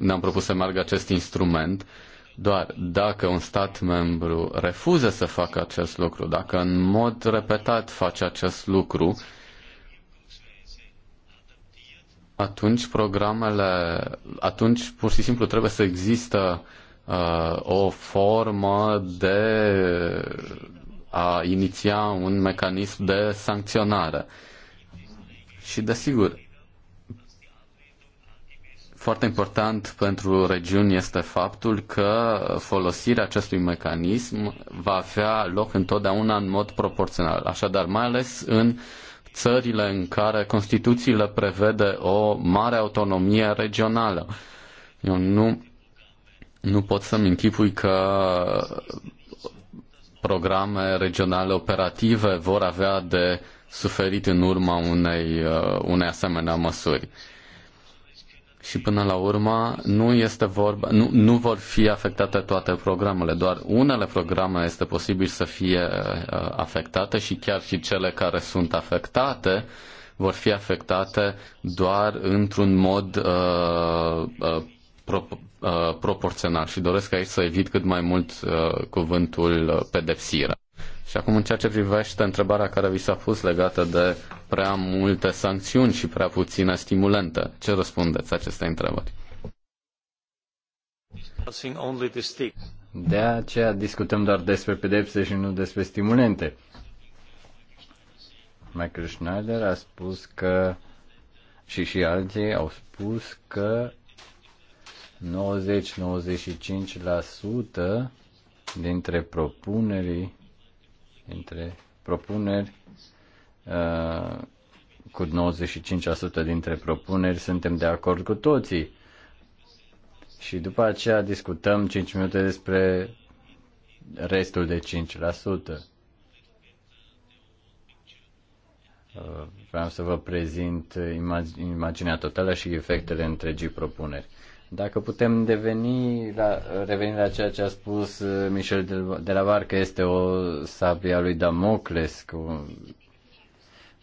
ne-am propus să meargă acest instrument, doar dacă un stat membru refuză să facă acest lucru, dacă în mod repetat face acest lucru, atunci programele, atunci pur și simplu trebuie să există uh, o formă de a iniția un mecanism de sancționare. Uh, și desigur, foarte important pentru regiuni este faptul că folosirea acestui mecanism va avea loc întotdeauna în mod proporțional. Așadar, mai ales în țările în care Constituțiile prevede o mare autonomie regională. Eu nu, nu pot să-mi închipui că programe regionale operative vor avea de suferit în urma unei, uh, unei asemenea măsuri. Și până la urmă nu, este vorba, nu, nu vor fi afectate toate programele, doar unele programe este posibil să fie uh, afectate și chiar și cele care sunt afectate vor fi afectate doar într-un mod uh, uh, pro, uh, proporțional. Și doresc aici să evit cât mai mult uh, cuvântul pedepsire. Și acum în ceea ce privește întrebarea care vi s-a pus legată de prea multe sancțiuni și prea puține stimulente, ce răspundeți acestei întrebări? De aceea discutăm doar despre pedepse și nu despre stimulente. Michael Schneider a spus că și și alții au spus că 90-95% dintre propunerii dintre propuneri. Uh, cu 95% dintre propuneri suntem de acord cu toții. Și după aceea discutăm 5 minute despre restul de 5%. Uh, vreau să vă prezint imaginea totală și efectele întregii propuneri. Dacă putem deveni la, reveni la ceea ce a spus uh, Michel de la Var, că este o sabia lui Damocles, că,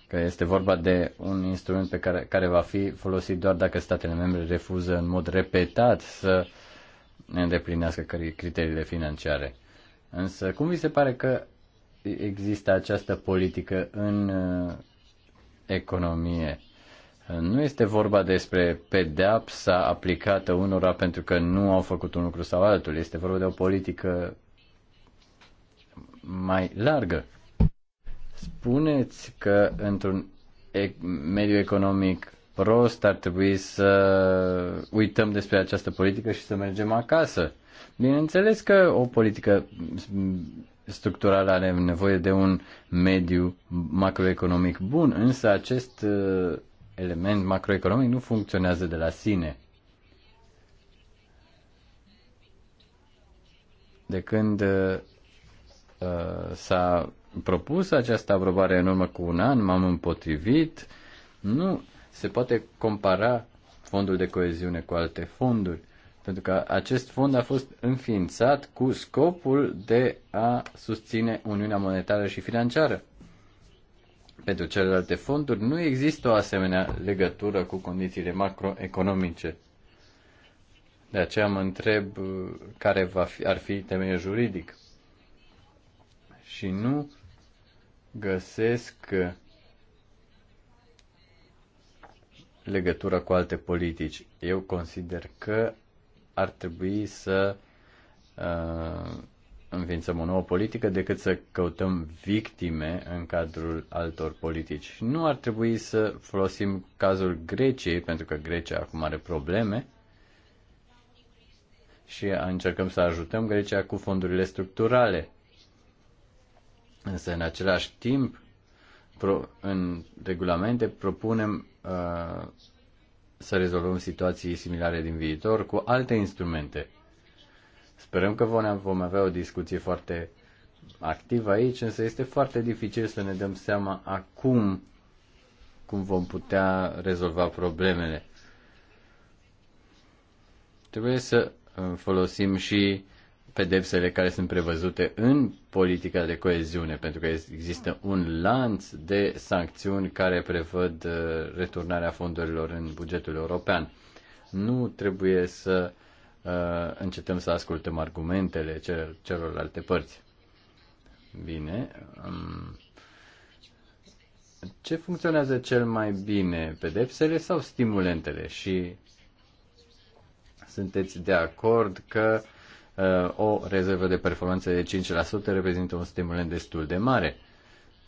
că este vorba de un instrument pe care, care va fi folosit doar dacă statele membre refuză în mod repetat să îndeplinească criteriile financiare. Însă, cum vi se pare că există această politică în uh, economie? Nu este vorba despre pedeapsa aplicată unora pentru că nu au făcut un lucru sau altul. Este vorba de o politică mai largă. Spuneți că într-un mediu economic prost ar trebui să uităm despre această politică și să mergem acasă. Bineînțeles că o politică structurală are nevoie de un mediu macroeconomic bun, însă acest element macroeconomic nu funcționează de la sine. De când uh, uh, s-a propus această aprobare în urmă cu un an, m-am împotrivit, nu se poate compara fondul de coeziune cu alte fonduri, pentru că acest fond a fost înființat cu scopul de a susține Uniunea Monetară și Financiară pentru celelalte fonduri nu există o asemenea legătură cu condițiile macroeconomice. De aceea mă întreb uh, care va fi, ar fi temeiul juridic. Și nu găsesc uh, legătură cu alte politici. Eu consider că ar trebui să uh, înființăm o nouă politică decât să căutăm victime în cadrul altor politici. Nu ar trebui să folosim cazul Greciei, pentru că Grecia acum are probleme și încercăm să ajutăm Grecia cu fondurile structurale. Însă, în același timp, pro, în regulamente propunem uh, să rezolvăm situații similare din viitor cu alte instrumente Sperăm că vom avea o discuție foarte activă aici, însă este foarte dificil să ne dăm seama acum cum vom putea rezolva problemele. Trebuie să uh, folosim și pedepsele care sunt prevăzute în politica de coeziune, pentru că există un lanț de sancțiuni care prevăd uh, returnarea fondurilor în bugetul european. Nu trebuie să Uh, încetăm să ascultăm argumentele celor celorlalte părți. Bine. Um, ce funcționează cel mai bine, pedepsele sau stimulentele? Și sunteți de acord că uh, o rezervă de performanță de 5% reprezintă un stimulent destul de mare.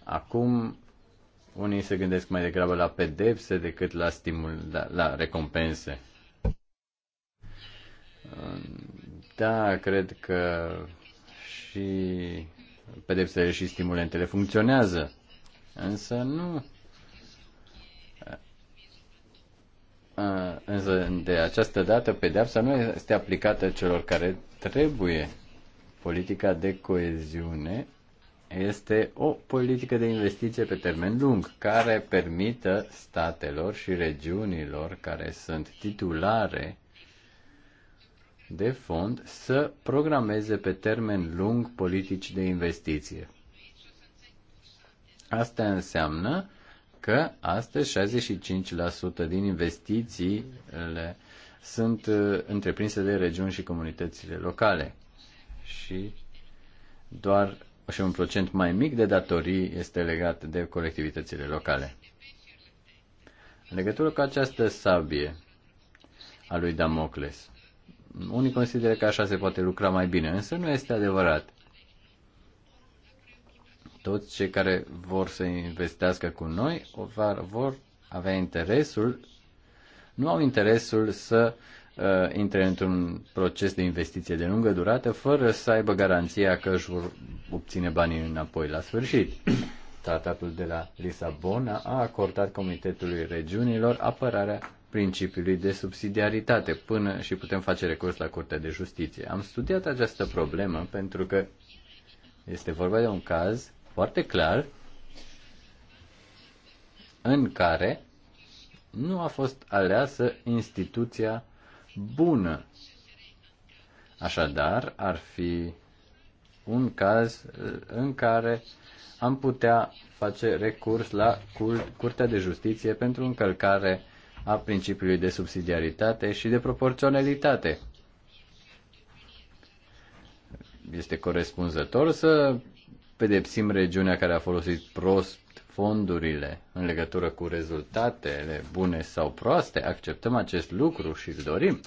Acum, unii se gândesc mai degrabă la pedepse decât la, stimul, la, la recompense. Da, cred că și pedepsele și stimulentele funcționează. Însă nu. Însă de această dată pedepsa nu este aplicată celor care trebuie. Politica de coeziune este o politică de investiție pe termen lung care permită statelor și regiunilor care sunt titulare de fond să programeze pe termen lung politici de investiție. Asta înseamnă că astăzi 65% din investițiile sunt uh, întreprinse de regiuni și comunitățile locale și doar și un procent mai mic de datorii este legat de colectivitățile locale. În legătură cu această sabie a lui Damocles, unii consideră că așa se poate lucra mai bine, însă nu este adevărat. Toți cei care vor să investească cu noi vor avea interesul, nu au interesul să uh, intre într-un proces de investiție de lungă durată fără să aibă garanția că își vor obține banii înapoi la sfârșit. Tratatul de la Lisabona a acordat Comitetului Regiunilor apărarea principiului de subsidiaritate până și putem face recurs la Curtea de Justiție. Am studiat această problemă pentru că este vorba de un caz foarte clar în care nu a fost aleasă instituția bună. Așadar, ar fi un caz uh, în care am putea face recurs la Curtea de Justiție pentru încălcare a principiului de subsidiaritate și de proporționalitate. Este corespunzător să pedepsim regiunea care a folosit prost fondurile în legătură cu rezultatele bune sau proaste. Acceptăm acest lucru și îl dorim.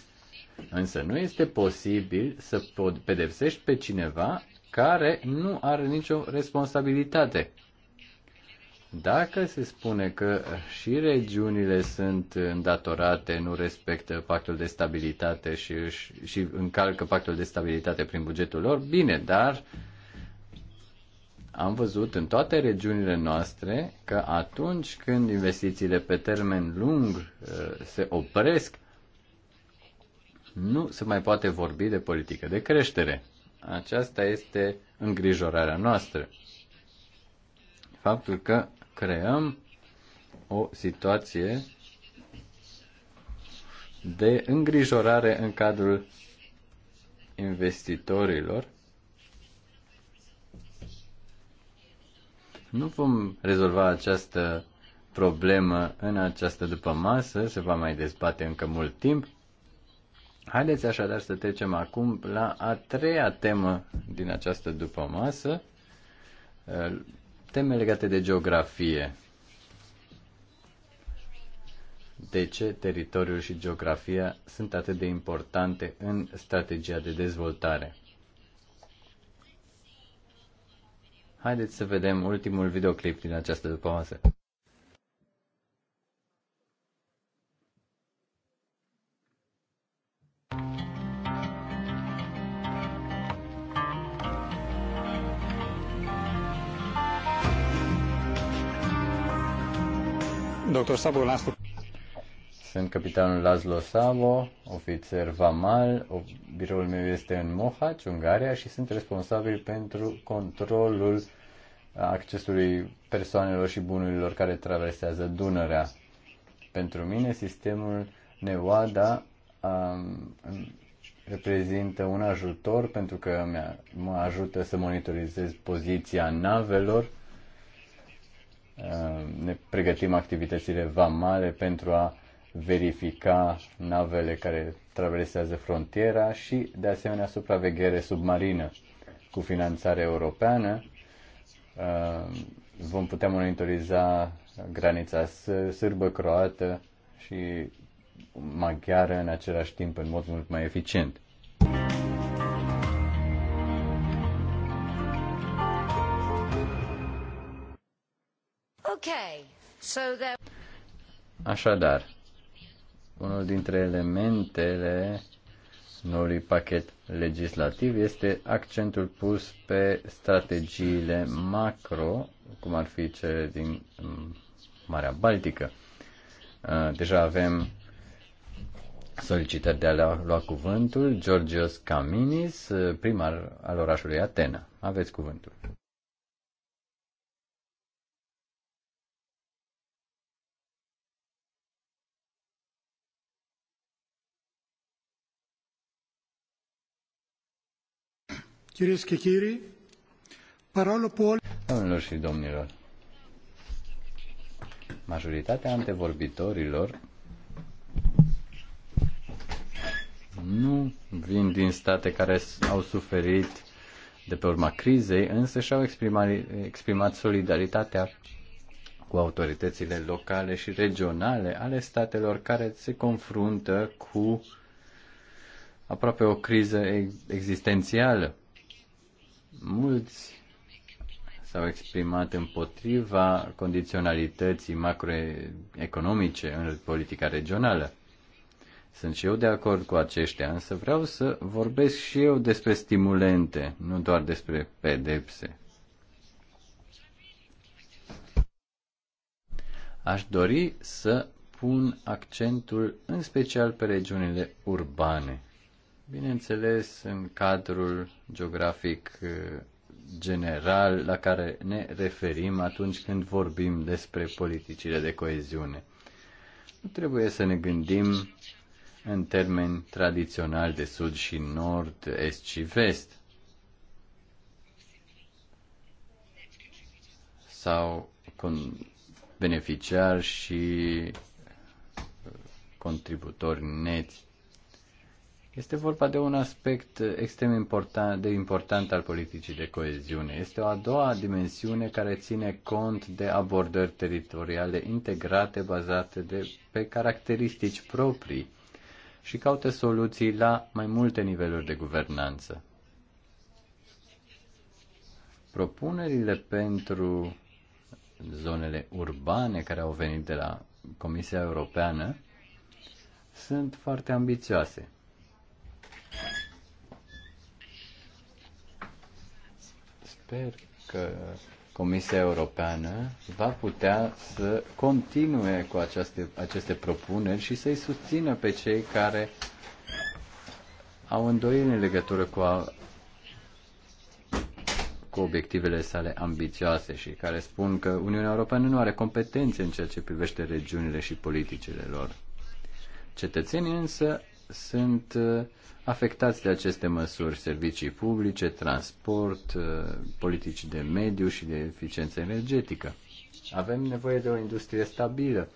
Însă nu este posibil să pedepsești pe cineva care nu are nicio responsabilitate dacă se spune că și regiunile sunt îndatorate, nu respectă pactul de stabilitate și, și, încalcă pactul de stabilitate prin bugetul lor, bine, dar am văzut în toate regiunile noastre că atunci când investițiile pe termen lung uh, se opresc, nu se mai poate vorbi de politică de creștere. Aceasta este îngrijorarea noastră faptul că creăm o situație de îngrijorare în cadrul investitorilor. Nu vom rezolva această problemă în această după masă, se va mai dezbate încă mult timp. Haideți așadar să trecem acum la a treia temă din această după masă, teme legate de geografie. De ce teritoriul și geografia sunt atât de importante în strategia de dezvoltare? Haideți să vedem ultimul videoclip din această masă. Dr. Sabo Laslo. Sunt capitanul Laszlo Savo, ofițer Vamal, biroul meu este în Mohaci, Ungaria și sunt responsabil pentru controlul accesului persoanelor și bunurilor care traversează Dunărea. Pentru mine, sistemul Nevada um, reprezintă un ajutor pentru că mă ajută să monitorizez poziția navelor Uh, ne pregătim activitățile vamale pentru a verifica navele care traversează frontiera și, de asemenea, supraveghere submarină cu finanțare europeană. Uh, vom putea monitoriza granița sârbă-croată și maghiară în același timp, în mod mult mai eficient. Așadar, unul dintre elementele noului pachet legislativ este accentul pus pe strategiile macro, cum ar fi cele din mm, Marea Baltică. Uh, deja avem solicitări de a lua cuvântul Georgios Caminis, uh, primar al orașului Atena. Aveți cuvântul. Κυρίες și domnilor, majoritatea antevorbitorilor nu vin din state care au suferit de pe urma crizei, însă și-au exprimat solidaritatea cu autoritățile locale și regionale ale statelor care se confruntă cu aproape o criză existențială. Mulți s-au exprimat împotriva condiționalității macroeconomice în politica regională. Sunt și eu de acord cu aceștia, însă vreau să vorbesc și eu despre stimulente, nu doar despre pedepse. Aș dori să pun accentul în special pe regiunile urbane bineînțeles, în cadrul geografic eh, general la care ne referim atunci când vorbim despre politicile de coeziune. Nu trebuie să ne gândim în termeni tradițional de sud și nord, est și vest. Sau beneficiari și eh, contributori neți este vorba de un aspect extrem important, de important al politicii de coeziune. Este o a doua dimensiune care ține cont de abordări teritoriale integrate bazate de, pe caracteristici proprii și caută soluții la mai multe niveluri de guvernanță. Propunerile pentru zonele urbane care au venit de la Comisia Europeană sunt foarte ambițioase sper că Comisia Europeană va putea să continue cu aceste, aceste propuneri și să-i susțină pe cei care au îndoieli în legătură cu, a, cu obiectivele sale ambițioase și care spun că Uniunea Europeană nu are competențe în ceea ce privește regiunile și politicile lor. Cetățenii însă sunt uh, afectați de aceste măsuri, servicii publice, transport, uh, politici de mediu și de eficiență energetică. Avem nevoie de o industrie stabilă.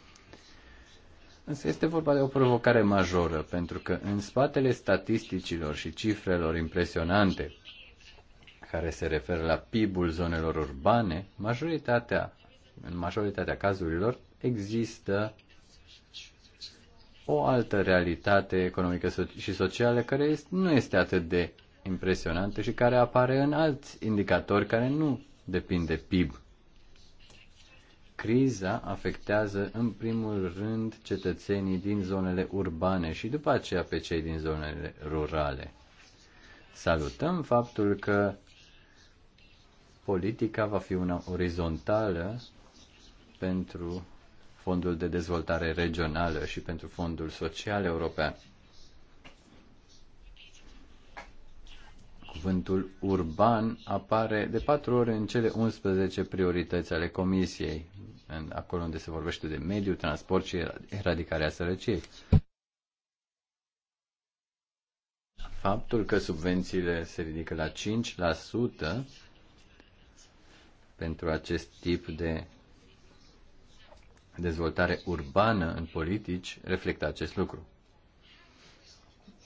Însă este vorba de o provocare majoră, pentru că în spatele statisticilor și cifrelor impresionante care se referă la PIB-ul zonelor urbane, majoritatea, în majoritatea cazurilor există o altă realitate economică și socială care nu este atât de impresionantă și care apare în alți indicatori care nu depind de PIB. Criza afectează în primul rând cetățenii din zonele urbane și după aceea pe cei din zonele rurale. Salutăm faptul că politica va fi una orizontală pentru Fondul de Dezvoltare Regională și pentru Fondul Social European. Cuvântul urban apare de patru ori în cele 11 priorități ale Comisiei, în, acolo unde se vorbește de mediu, transport și eradicarea sărăciei. Faptul că subvențiile se ridică la 5% pentru acest tip de dezvoltare urbană în politici reflectă acest lucru.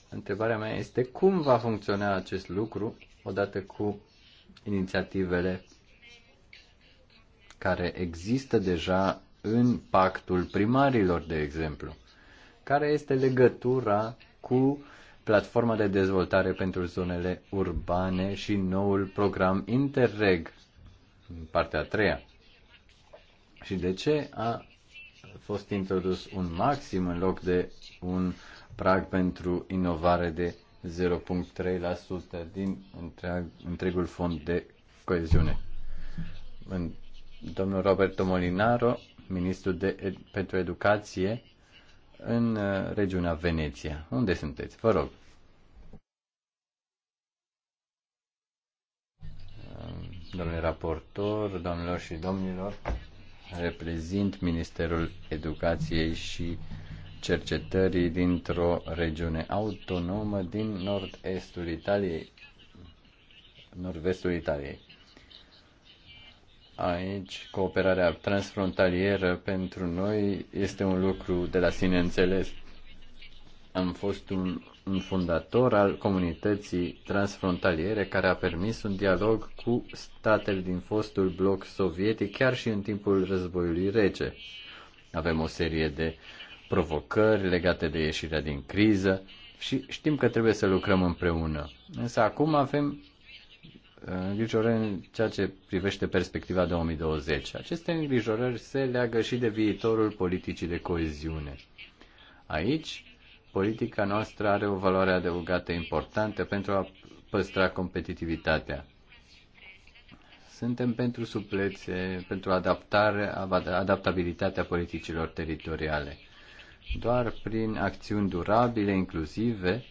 Întrebarea mea este cum va funcționa acest lucru odată cu inițiativele care există deja în pactul primarilor, de exemplu. Care este legătura cu platforma de dezvoltare pentru zonele urbane și noul program Interreg, în partea a treia? Și de ce a fost introdus un maxim în loc de un prag pentru inovare de 0,3% din întreag, întregul fond de coeziune. domnul Roberto Molinaro, ministru de, pentru educație în uh, regiunea Veneția. Unde sunteți? Vă rog. Domnule raportor, domnilor și domnilor, reprezint Ministerul Educației și Cercetării dintr-o regiune autonomă din nord-estul Italiei, nord-vestul Italiei. Aici, cooperarea transfrontalieră pentru noi este un lucru de la sine înțeles. Am fost un un fondator al comunității transfrontaliere care a permis un dialog cu statele din fostul bloc sovietic chiar și în timpul războiului rece. Avem o serie de provocări legate de ieșirea din criză și știm că trebuie să lucrăm împreună. Însă acum avem uh, îngrijorări în ceea ce privește perspectiva 2020. Aceste îngrijorări se leagă și de viitorul politicii de coeziune. Aici politica noastră are o valoare adăugată importantă pentru a păstra competitivitatea. Suntem pentru suplețe, pentru adaptare, adaptabilitatea politicilor teritoriale. Doar prin acțiuni durabile, inclusive,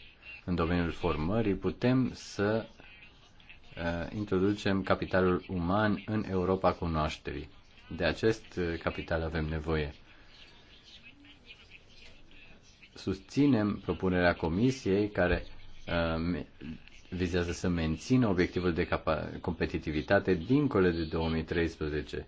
în domeniul formării, putem să uh, introducem capitalul uman în Europa cunoașterii. De acest uh, capital avem nevoie susținem propunerea Comisiei care uh, vizează să mențină obiectivul de competitivitate dincolo de 2013.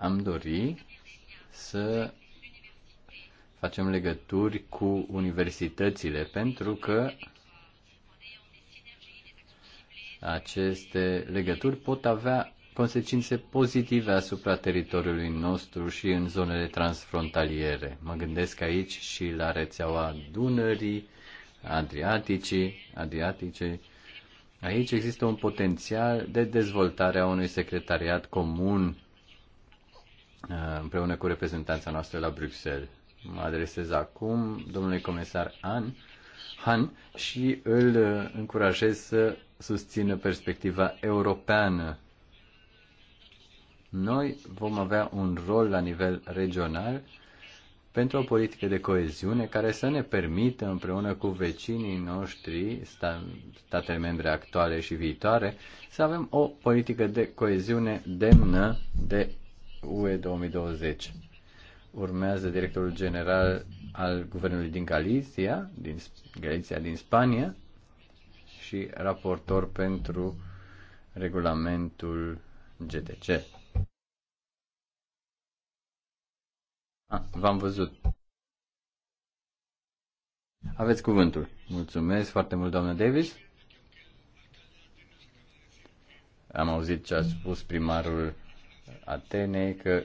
Am dori să facem legături cu universitățile, pentru că aceste legături pot avea consecințe pozitive asupra teritoriului nostru și în zonele transfrontaliere. Mă gândesc aici și la rețeaua Dunării, Adriaticii, Adriatice. Aici există un potențial de dezvoltare a unui secretariat comun uh, împreună cu reprezentanța noastră la Bruxelles mă adresez acum domnului comisar An, Han și îl uh, încurajez să susțină perspectiva europeană. Noi vom avea un rol la nivel regional pentru o politică de coeziune care să ne permită împreună cu vecinii noștri, statele membre actuale și viitoare, să avem o politică de coeziune demnă de UE 2020 urmează directorul general al guvernului din Galicia, din Galicia din Spania și raportor pentru regulamentul GTC. Ah, v-am văzut. Aveți cuvântul. Mulțumesc foarte mult, doamnă Davis. Am auzit ce a spus primarul Atenei că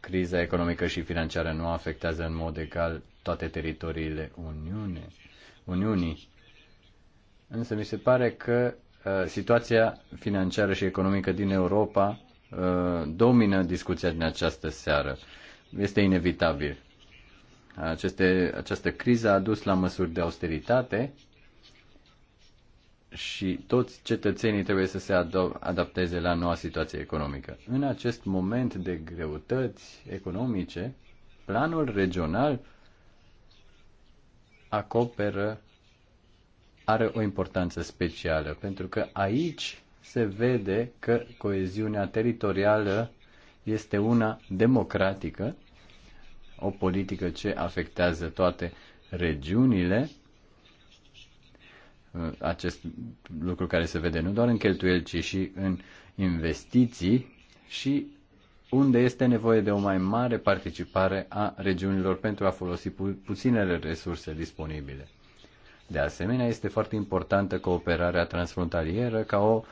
criza economică și financiară nu afectează în mod egal toate teritoriile Uniune, Uniunii. Însă mi se pare că uh, situația financiară și economică din Europa uh, domină discuția din această seară. Este inevitabil. Aceste, această criză a dus la măsuri de austeritate și toți cetățenii trebuie să se adapteze la noua situație economică. În acest moment de greutăți economice, planul regional acoperă, are o importanță specială, pentru că aici se vede că coeziunea teritorială este una democratică, o politică ce afectează toate regiunile Uh, acest lucru care se vede nu doar în cheltuieli, ci și în investiții și unde este nevoie de o mai mare participare a regiunilor pentru a folosi pu- puținele resurse disponibile. De asemenea, este foarte importantă cooperarea transfrontalieră ca o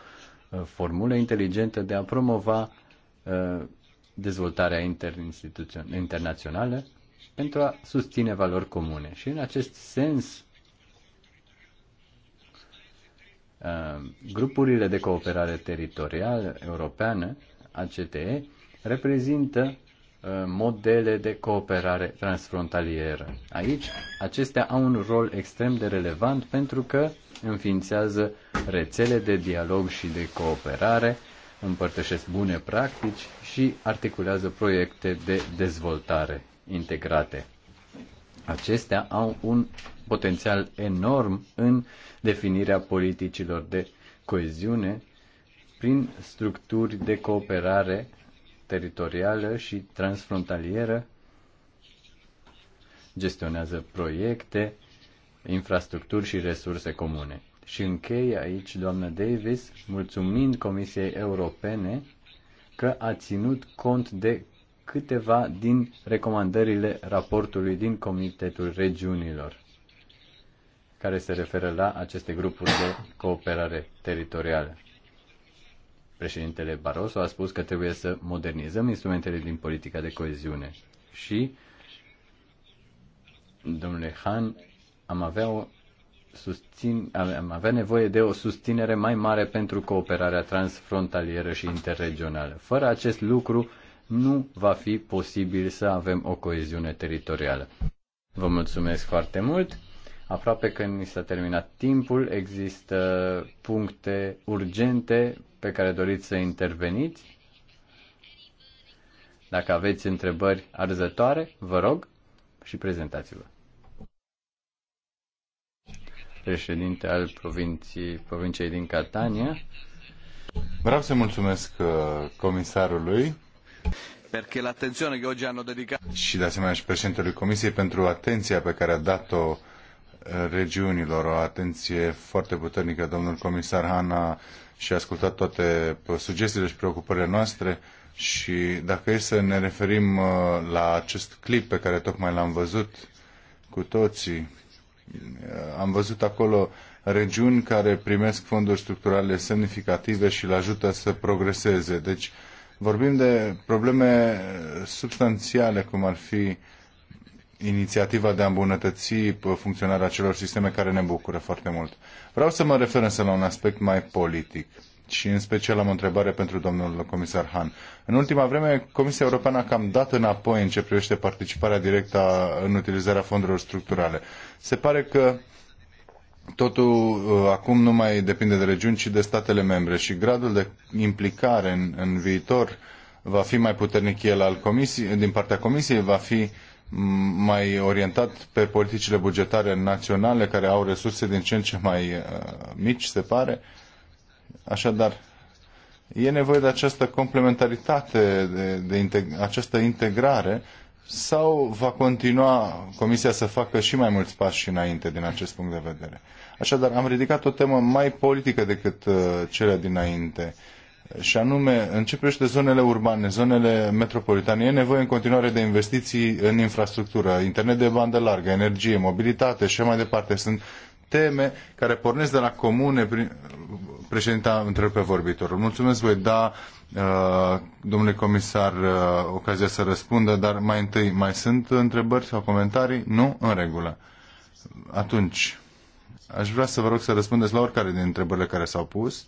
uh, formulă inteligentă de a promova uh, dezvoltarea internațională pentru a susține valori comune. Și în acest sens, Uh, grupurile de cooperare teritorială europeană, ACTE, reprezintă uh, modele de cooperare transfrontalieră. Aici, acestea au un rol extrem de relevant pentru că înființează rețele de dialog și de cooperare, împărtășesc bune practici și articulează proiecte de dezvoltare integrate. Acestea au un potențial enorm în definirea politicilor de coeziune prin structuri de cooperare teritorială și transfrontalieră, gestionează proiecte, infrastructuri și resurse comune. Și închei aici, doamnă Davis, mulțumind Comisiei Europene că a ținut cont de câteva din recomandările raportului din Comitetul Regiunilor care se referă la aceste grupuri de cooperare teritorială. Președintele Barroso a spus că trebuie să modernizăm instrumentele din politica de coeziune și, domnule Han, am avea, o susțin, am avea nevoie de o susținere mai mare pentru cooperarea transfrontalieră și interregională. Fără acest lucru, nu va fi posibil să avem o coeziune teritorială. Vă mulțumesc foarte mult! Aproape când ni s-a terminat timpul, există puncte urgente pe care doriți să interveniți. Dacă aveți întrebări arzătoare, vă rog și prezentați-vă. Președinte al provinții, provinciei din Catania. Vreau să mulțumesc uh, comisarului perché l'attenzione che oggi hanno dedicato și de asemenea și președintelui Comisiei pentru atenția pe care a dat-o regiunilor, o atenție foarte puternică. Domnul comisar Hanna, și a ascultat toate sugestiile și preocupările noastre și dacă e să ne referim uh, la acest clip pe care tocmai l-am văzut cu toții, uh, am văzut acolo regiuni care primesc fonduri structurale semnificative și le ajută să progreseze. Deci vorbim de probleme uh, substanțiale, cum ar fi inițiativa de a îmbunătăți uh, funcționarea celor sisteme care ne bucură foarte mult. Vreau să mă refer însă la un aspect mai politic și în special am o întrebare pentru domnul comisar Han. În ultima vreme, Comisia Europeană a cam dat înapoi în ce privește participarea directă în utilizarea fondurilor structurale. Se pare că totul uh, acum nu mai depinde de regiuni, ci de statele membre și gradul de implicare în, în viitor va fi mai puternic el al din partea Comisiei, va fi mai orientat pe politicile bugetare naționale care au resurse din ce în ce mai uh, mici, se pare. Așadar, e nevoie de această complementaritate, de, de integ- această integrare sau va continua Comisia să facă și mai mulți pași înainte din acest punct de vedere? Așadar, am ridicat o temă mai politică decât uh, cele dinainte. Uh, și anume începește zonele urbane, zonele metropolitane. E nevoie în continuare de investiții în infrastructură, internet de bandă largă, energie, mobilitate și mai departe. Sunt teme care pornesc de la comune. Prin... Președinta întrerupe vorbitorul. Mulțumesc, voi da uh, domnule comisar uh, ocazia să răspundă, dar mai întâi, mai sunt întrebări sau comentarii? Nu? În regulă. Atunci, aș vrea să vă rog să răspundeți la oricare din întrebările care s-au pus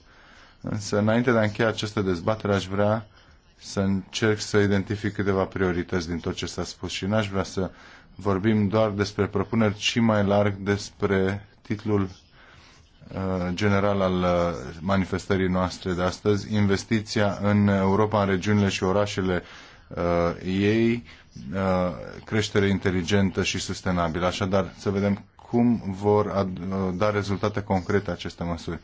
Însă, înainte de a încheia această dezbatere, aș vrea să încerc să identific câteva priorități din tot ce s-a spus și n-aș vrea să vorbim doar despre propuneri, ci mai larg despre titlul uh, general al uh, manifestării noastre de astăzi, investiția în Europa, în regiunile și orașele uh, ei, uh, creștere inteligentă și sustenabilă. Așadar, să vedem cum vor uh, da rezultate concrete aceste măsuri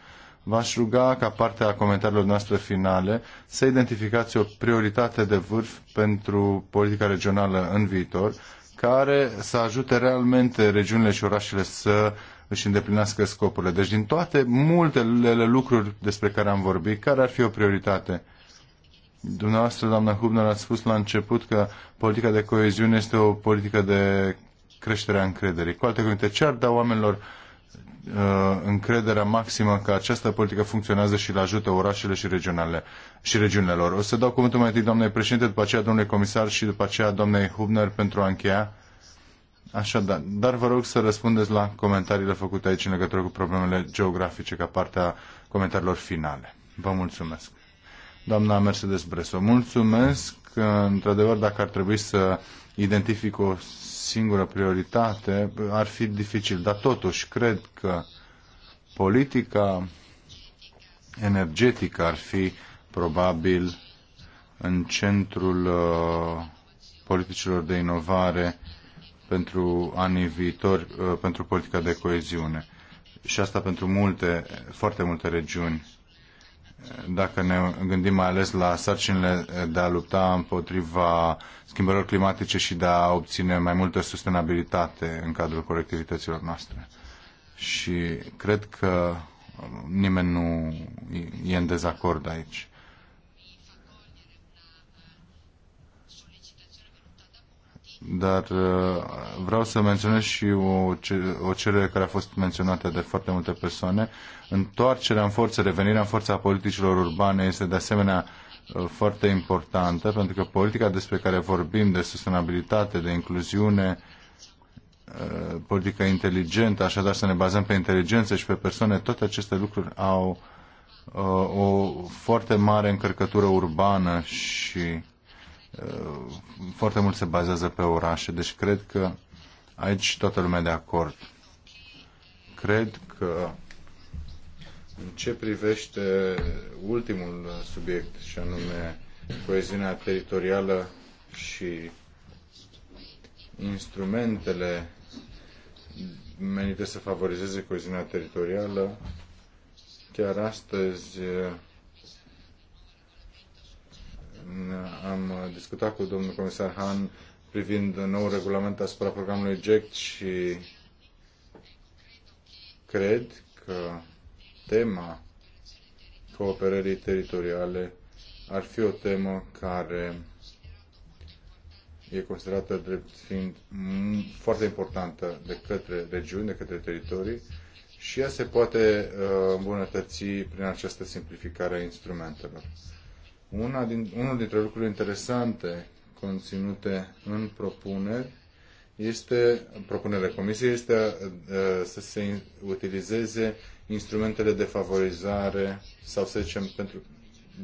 v-aș ruga ca parte a comentariilor noastre finale să identificați o prioritate de vârf pentru politica regională în viitor, care să ajute realmente regiunile și orașele să își îndeplinească scopurile. Deci din toate multele lucruri despre care am vorbit, care ar fi o prioritate? Dumneavoastră, doamna Hubner, ați spus la început că politica de coeziune este o politică de creștere încrederii. Cu alte cuvinte, ce ar da oamenilor uh, Uh, încrederea maximă că această politică funcționează și le ajută orașele și, regionale, și regiunile lor. O să dau cuvântul mai întâi doamnei președinte, după aceea domnului comisar și după aceea doamnei Hubner pentru a încheia. da. dar vă rog să răspundeți la comentariile făcute aici în legătură cu problemele geografice ca partea comentariilor finale. Vă mulțumesc. Doamna Mercedes Breso, mulțumesc. Într-adevăr, dacă ar trebui să identific o singură prioritate ar fi dificil, dar totuși cred că politica energetică ar fi probabil în centrul uh, politicilor de inovare pentru anii viitori, uh, pentru politica de coeziune. Și asta pentru multe, foarte multe regiuni dacă ne gândim mai ales la sarcinile de a lupta împotriva schimbărilor climatice și de a obține mai multă sustenabilitate în cadrul colectivităților noastre. Și cred că nimeni nu e în dezacord aici. dar uh, vreau să menționez și o, o cerere care a fost menționată de foarte multe persoane. Întoarcerea în forță, revenirea în forța a politicilor urbane este de asemenea uh, foarte importantă, pentru că politica despre care vorbim, de sustenabilitate, de incluziune, uh, politică inteligentă, așadar să ne bazăm pe inteligență și pe persoane, toate aceste lucruri au o foarte mare încărcătură urbană și foarte mult se bazează pe orașe, deci cred că aici toată lumea de acord. Cred că în ce privește ultimul subiect, și anume coeziunea teritorială și instrumentele menite să favorizeze coeziunea teritorială, chiar astăzi am discutat cu domnul comisar Han privind nou regulament asupra programului GECT și cred că tema cooperării teritoriale ar fi o temă care e considerată drept fiind foarte importantă de către regiuni, de către teritorii și ea se poate uh, îmbunătăți prin această simplificare a instrumentelor. Una din, unul dintre lucrurile interesante conținute în propuneri este, propunerea Comisiei este uh, să se utilizeze instrumentele de favorizare sau să zicem pentru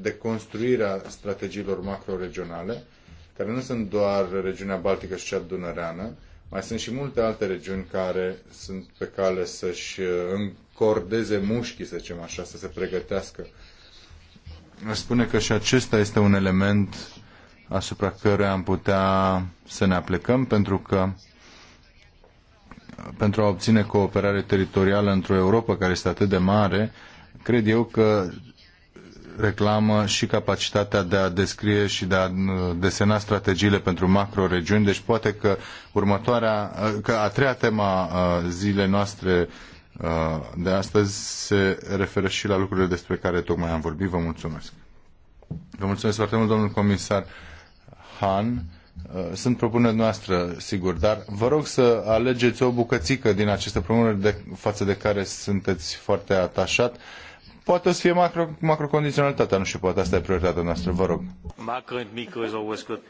deconstruirea strategiilor macroregionale, care nu sunt doar regiunea Baltică și cea dunăreană, mai sunt și multe alte regiuni care sunt pe cale să-și uh, încordeze mușchii, să zicem așa, să se pregătească Aș spune că și acesta este un element asupra căruia am putea să ne aplicăm, pentru că pentru a obține cooperare teritorială într-o Europa care este atât de mare, cred eu că reclamă și capacitatea de a descrie și de a uh, desena strategiile pentru macro-regiuni. Deci poate că următoarea, uh, că a treia tema uh, zilei noastre Uh, de astăzi se referă și la lucrurile despre care tocmai am vorbit. Vă mulțumesc. Vă mulțumesc foarte mult, domnul comisar Han. Uh, sunt propuneri noastre, sigur, dar vă rog să alegeți o bucățică din aceste propuneri de, față de care sunteți foarte atașat. Poate o să fie macro, macrocondiționalitatea, nu știu, poate asta e prioritatea noastră, vă rog. Macro and micro is always good.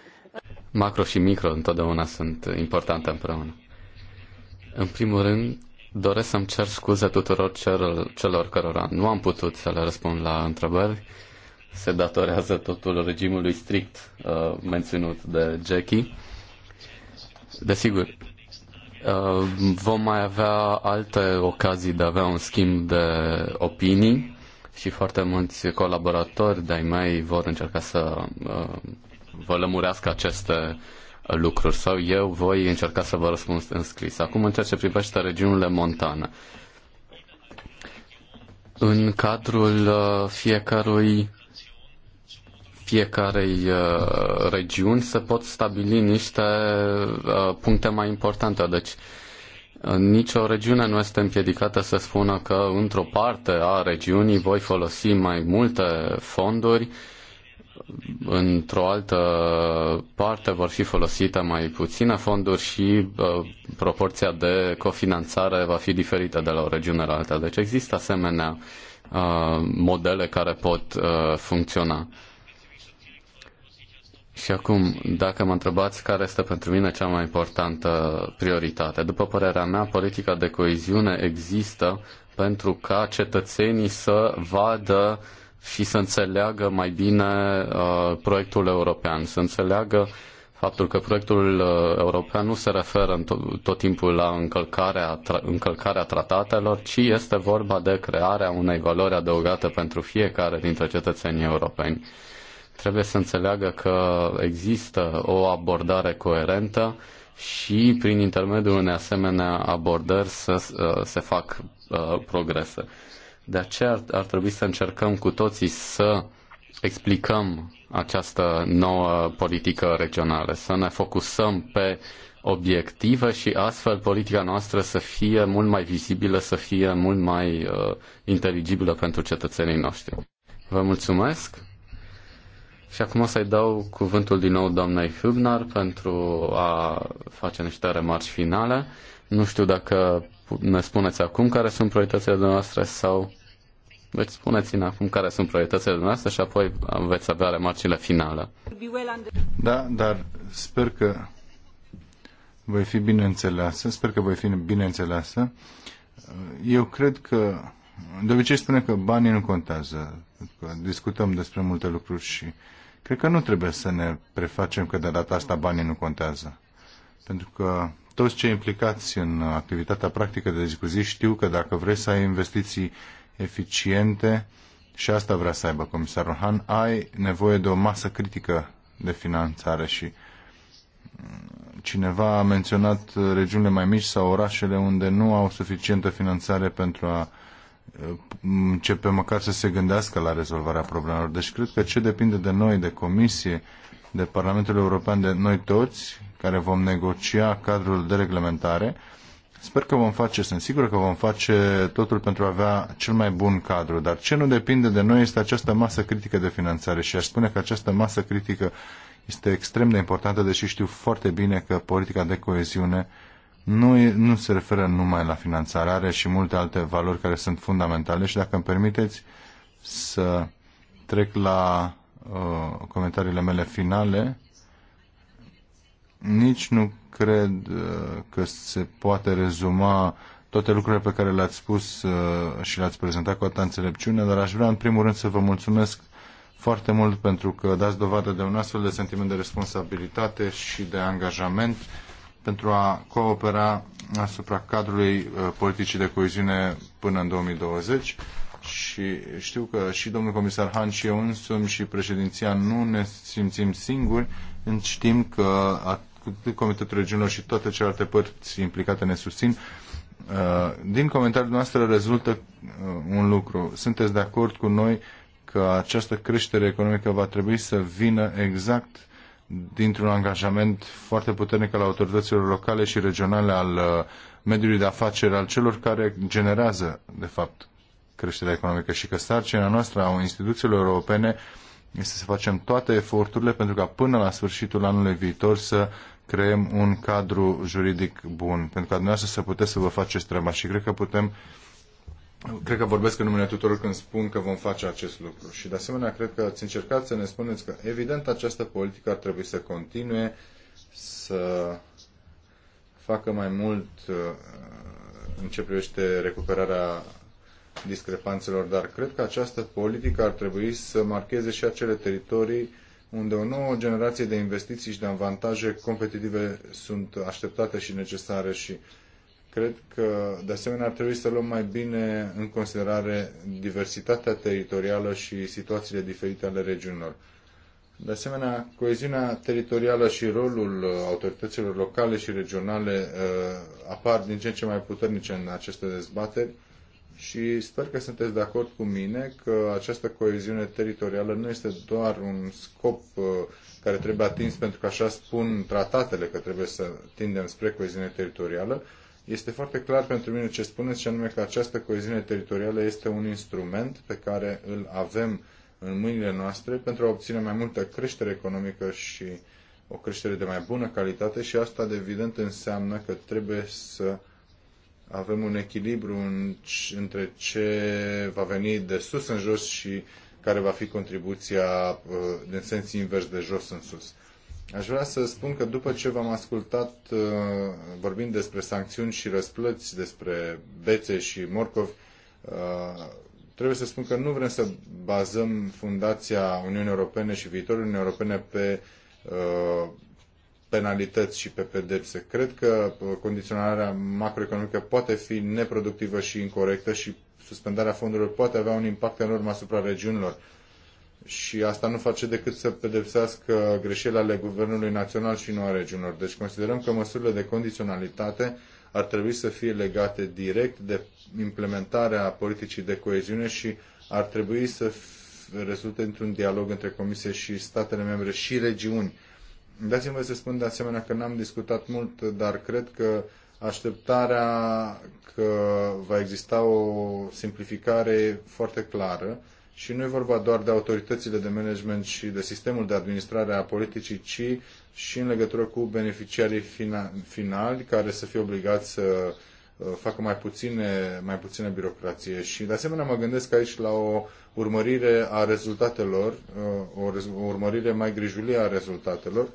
Macro și micro întotdeauna sunt importante împreună. În primul rând, Doresc să-mi cer scuze tuturor celor celor cărora nu am putut să le răspund la întrebări. Se datorează totul regimului strict uh, menținut de Jackie. Desigur, uh, vom mai avea alte ocazii de a avea un schimb de opinii și foarte mulți colaboratori de-ai mei vor încerca să uh, vă lămurească aceste lucruri sau eu voi încerca să vă răspund în scris. Acum, în ceea ce privește regiunile montane, în cadrul uh, fiecărui fiecarei uh, regiuni se pot stabili niște uh, puncte mai importante. Deci, nicio regiune nu este împiedicată să spună că într-o parte a regiunii voi folosi mai multe fonduri uh, într-o altă parte vor fi folosite mai puține fonduri și proporția de cofinanțare va fi diferită de la o regiune la alta. Deci există asemenea uh, modele care pot uh, funcționa. Și acum, dacă mă întrebați care este pentru mine cea mai importantă prioritate, după părerea mea, politica de coeziune există pentru ca cetățenii să vadă uh, și să înțeleagă mai bine uh, proiectul european, să înțeleagă faptul că proiectul uh, european nu se referă în tot timpul la încălcarea, tra- încălcarea tratatelor, ci este vorba de crearea unei valori adăugate pentru fiecare dintre cetățenii europeni. Trebuie să înțeleagă că există o abordare coerentă și prin intermediul unei asemenea abordări să uh, se fac uh, progrese. De aceea ar, ar trebui să încercăm cu toții să explicăm această nouă politică regională, să ne focusăm pe obiective și astfel politica noastră să fie mult mai vizibilă, să fie mult mai uh, inteligibilă pentru cetățenii noștri. Vă mulțumesc și acum o să-i dau cuvântul din nou doamnei Hübner pentru a face niște remarci finale. Nu știu dacă ne spuneți acum care sunt prioritățile noastre sau... Deci spuneți-ne acum care sunt prioritățile noastre și apoi veți avea remarcile finale. Da, dar sper că voi fi bine înțeleasă. Sper că voi fi bine înțeleasă. Eu cred că de obicei spune că banii nu contează, că discutăm despre multe lucruri și cred că nu trebuie să ne prefacem că de data asta banii nu contează. Pentru că toți cei implicați în activitatea practică de zi cu zi știu că dacă vrei să ai investiții eficiente, și asta vrea să aibă comisarul Han, ai nevoie de o masă critică de finanțare și mm, cineva a menționat regiunile mai mici sau orașele unde nu au suficientă finanțare pentru a mm, începe măcar să se gândească la rezolvarea problemelor. Deci cred că ce depinde de noi, de comisie, de Parlamentul European, de noi toți, care vom negocia cadrul de reglementare. Sper că vom face, sunt sigur că vom face totul pentru a avea cel mai bun cadru, dar ce nu depinde de noi este această masă critică de finanțare și aș spune că această masă critică este extrem de importantă, deși știu foarte bine că politica de coeziune nu, e, nu se referă numai la finanțare, are și multe alte valori care sunt fundamentale și dacă îmi permiteți să trec la uh, comentariile mele finale, nici nu cred uh, că se poate rezuma toate lucrurile pe care le-ați spus uh, și le-ați prezentat cu atâta înțelepciune, dar aș vrea în primul rând să vă mulțumesc foarte mult pentru că dați dovadă de un astfel de sentiment de responsabilitate și de angajament pentru a coopera asupra cadrului uh, politicii de coeziune până în 2020 și știu că și domnul comisar Han și eu însumi și președinția nu ne simțim singuri, știm că Comitetul Regiunilor și toate celelalte părți implicate ne susțin. Uh, din comentariul noastră rezultă uh, un lucru. Sunteți de acord cu noi că această creștere economică va trebui să vină exact dintr-un angajament foarte puternic al autorităților locale și regionale al uh, mediului de afaceri, al celor care generează, de fapt, creșterea economică și că sarcina noastră a instituțiilor europene este să facem toate eforturile pentru ca până la sfârșitul anului viitor să creăm un cadru juridic bun, pentru ca dumneavoastră să puteți să vă faceți treaba și cred că putem Cred că vorbesc în numele tuturor când spun că vom face acest lucru și de asemenea cred că ați încercat să ne spuneți că evident această politică ar trebui să continue să facă mai mult uh, în ce privește recuperarea discrepanțelor, dar cred că această politică ar trebui să marcheze și acele teritorii unde o nouă generație de investiții și de avantaje competitive sunt așteptate și necesare și cred că, de asemenea, ar trebui să luăm mai bine în considerare diversitatea teritorială și situațiile diferite ale regiunilor. De asemenea, coeziunea teritorială și rolul uh, autorităților locale și regionale uh, apar din ce în ce mai puternice în aceste dezbateri și sper că sunteți de acord cu mine că această coeziune teritorială nu este doar un scop uh, care trebuie atins pentru că așa spun tratatele că trebuie să tindem spre coeziune teritorială. Este foarte clar pentru mine ce spuneți și anume că această coeziune teritorială este un instrument pe care îl avem în mâinile noastre pentru a obține mai multă creștere economică și o creștere de mai bună calitate și asta, evident, înseamnă că trebuie să avem un echilibru în, între ce va veni de sus în jos și care va fi contribuția uh, în sens invers de jos în sus. Aș vrea să spun că după ce v-am ascultat uh, vorbind despre sancțiuni și răsplăți, despre bețe și morcovi, uh, trebuie să spun că nu vrem să bazăm fundația Uniunii Europene și viitorul Uniunii Europene pe penalități și pe pedepse. Cred că uh, condiționarea macroeconomică poate fi neproductivă și incorrectă și suspendarea fondurilor poate avea un impact enorm asupra regiunilor. Și asta nu face decât să pedepsească greșelile ale Guvernului Național și nu a regiunilor. Deci considerăm că măsurile de condiționalitate ar trebui să fie legate direct de implementarea politicii de coeziune și ar trebui să rezulte într-un dialog între Comisie și statele membre și regiuni Dați-mi voi să spun de asemenea că n-am discutat mult, dar cred că așteptarea că va exista o simplificare foarte clară și nu e vorba doar de autoritățile de management și de sistemul de administrare a politicii, ci și în legătură cu beneficiarii finali care să fie obligați să uh, facă mai puține, mai puține birocrație. Și de asemenea mă gândesc aici la o urmărire a rezultatelor, uh, o urmărire mai grijulie a rezultatelor,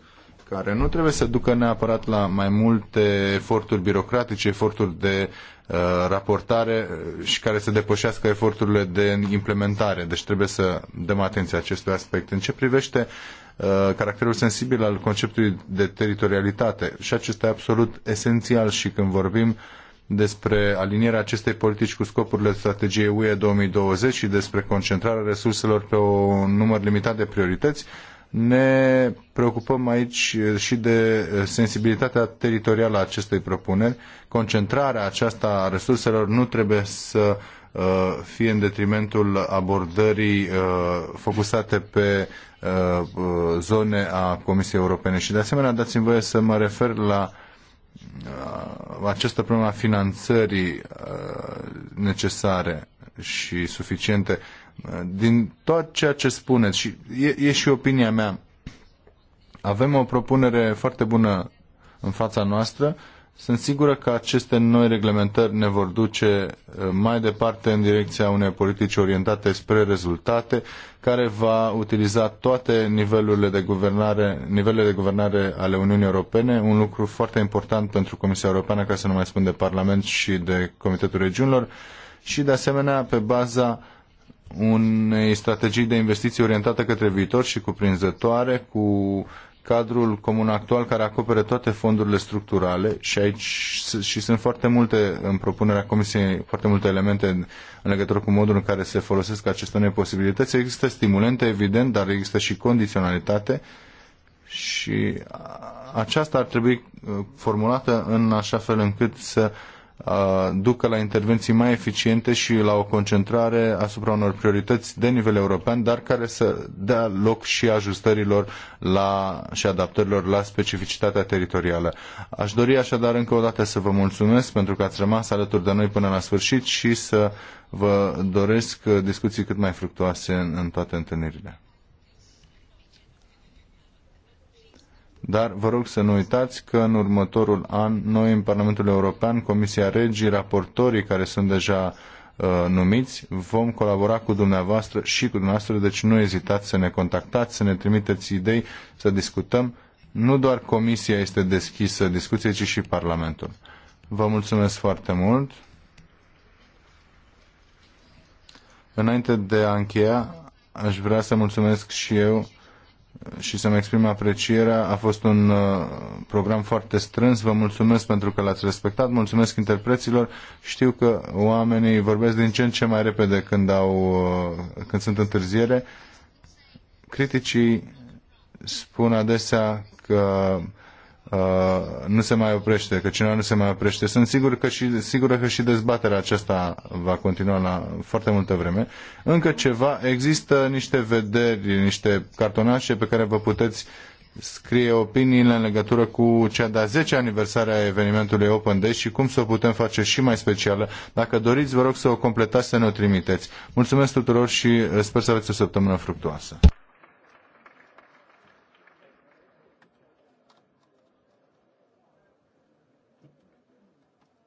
care nu trebuie să ducă neapărat la mai multe eforturi birocratice, eforturi de uh, raportare uh, și care să depășească eforturile de implementare. Deci trebuie să dăm atenție acestui aspect. În ce privește uh, caracterul sensibil al conceptului de teritorialitate. Și acesta e absolut esențial și când vorbim despre alinierea acestei politici cu scopurile strategiei UE 2020 și despre concentrarea resurselor pe un număr limitat de priorități, ne preocupăm aici și de sensibilitatea teritorială a acestei propuneri. Concentrarea aceasta a resurselor nu trebuie să uh, fie în detrimentul abordării uh, focusate pe uh, zone a Comisiei Europene. Și de asemenea dați-mi voie să mă refer la această problemă a finanțării necesare și suficiente. Din tot ceea ce spuneți, și e, e și opinia mea, avem o propunere foarte bună în fața noastră. Sunt sigură că aceste noi reglementări ne vor duce uh, mai departe în direcția unei politici orientate spre rezultate, care va utiliza toate nivelurile de guvernare, nivelurile de guvernare ale Uniunii Europene, un lucru foarte important pentru Comisia Europeană, ca să nu mai spun de Parlament și de Comitetul Regiunilor, și de asemenea pe baza uh, unei strategii de investiții orientată către viitor și cuprinzătoare cu cadrul comun actual care acopere toate fondurile structurale și aici și sunt foarte multe în propunerea Comisiei, foarte multe elemente în, în legătură cu modul în care se folosesc aceste noi posibilități. Există stimulente, evident, dar există și condiționalitate și aceasta ar trebui uh, formulată în așa fel încât să uh, ducă la intervenții mai eficiente și la o concentrare asupra unor priorități de nivel european, dar care să dea loc și ajustărilor la, și adaptărilor la specificitatea teritorială. Aș dori așadar încă o dată să vă mulțumesc pentru că ați rămas alături de noi până la sfârșit și să vă doresc discuții cât mai fructuoase în toate întâlnirile. Dar vă rog să nu uitați că în următorul an noi în Parlamentul European, Comisia Regii, raportorii care sunt deja uh, numiți, vom colabora cu dumneavoastră și cu dumneavoastră, deci nu ezitați să ne contactați, să ne trimiteți idei, să discutăm. Nu doar Comisia este deschisă discuției, ci și Parlamentul. Vă mulțumesc foarte mult. Înainte de a încheia, aș vrea să mulțumesc și eu și să-mi exprim aprecierea. A fost un uh, program foarte strâns. Vă mulțumesc pentru că l-ați respectat. Mulțumesc interpreților. Știu că oamenii vorbesc din ce în ce mai repede când, au, uh, când sunt întârziere. Criticii spun adesea că Uh, nu se mai oprește, că cineva nu se mai oprește. Sunt sigur că și, sigură că și dezbaterea aceasta va continua la foarte multă vreme. Încă ceva, există niște vederi, niște cartonașe pe care vă puteți scrie opiniile în legătură cu cea de-a 10 aniversare a evenimentului Open Day și cum să o putem face și mai specială. Dacă doriți, vă rog să o completați, să ne o trimiteți. Mulțumesc tuturor și sper să aveți o săptămână fructuoasă.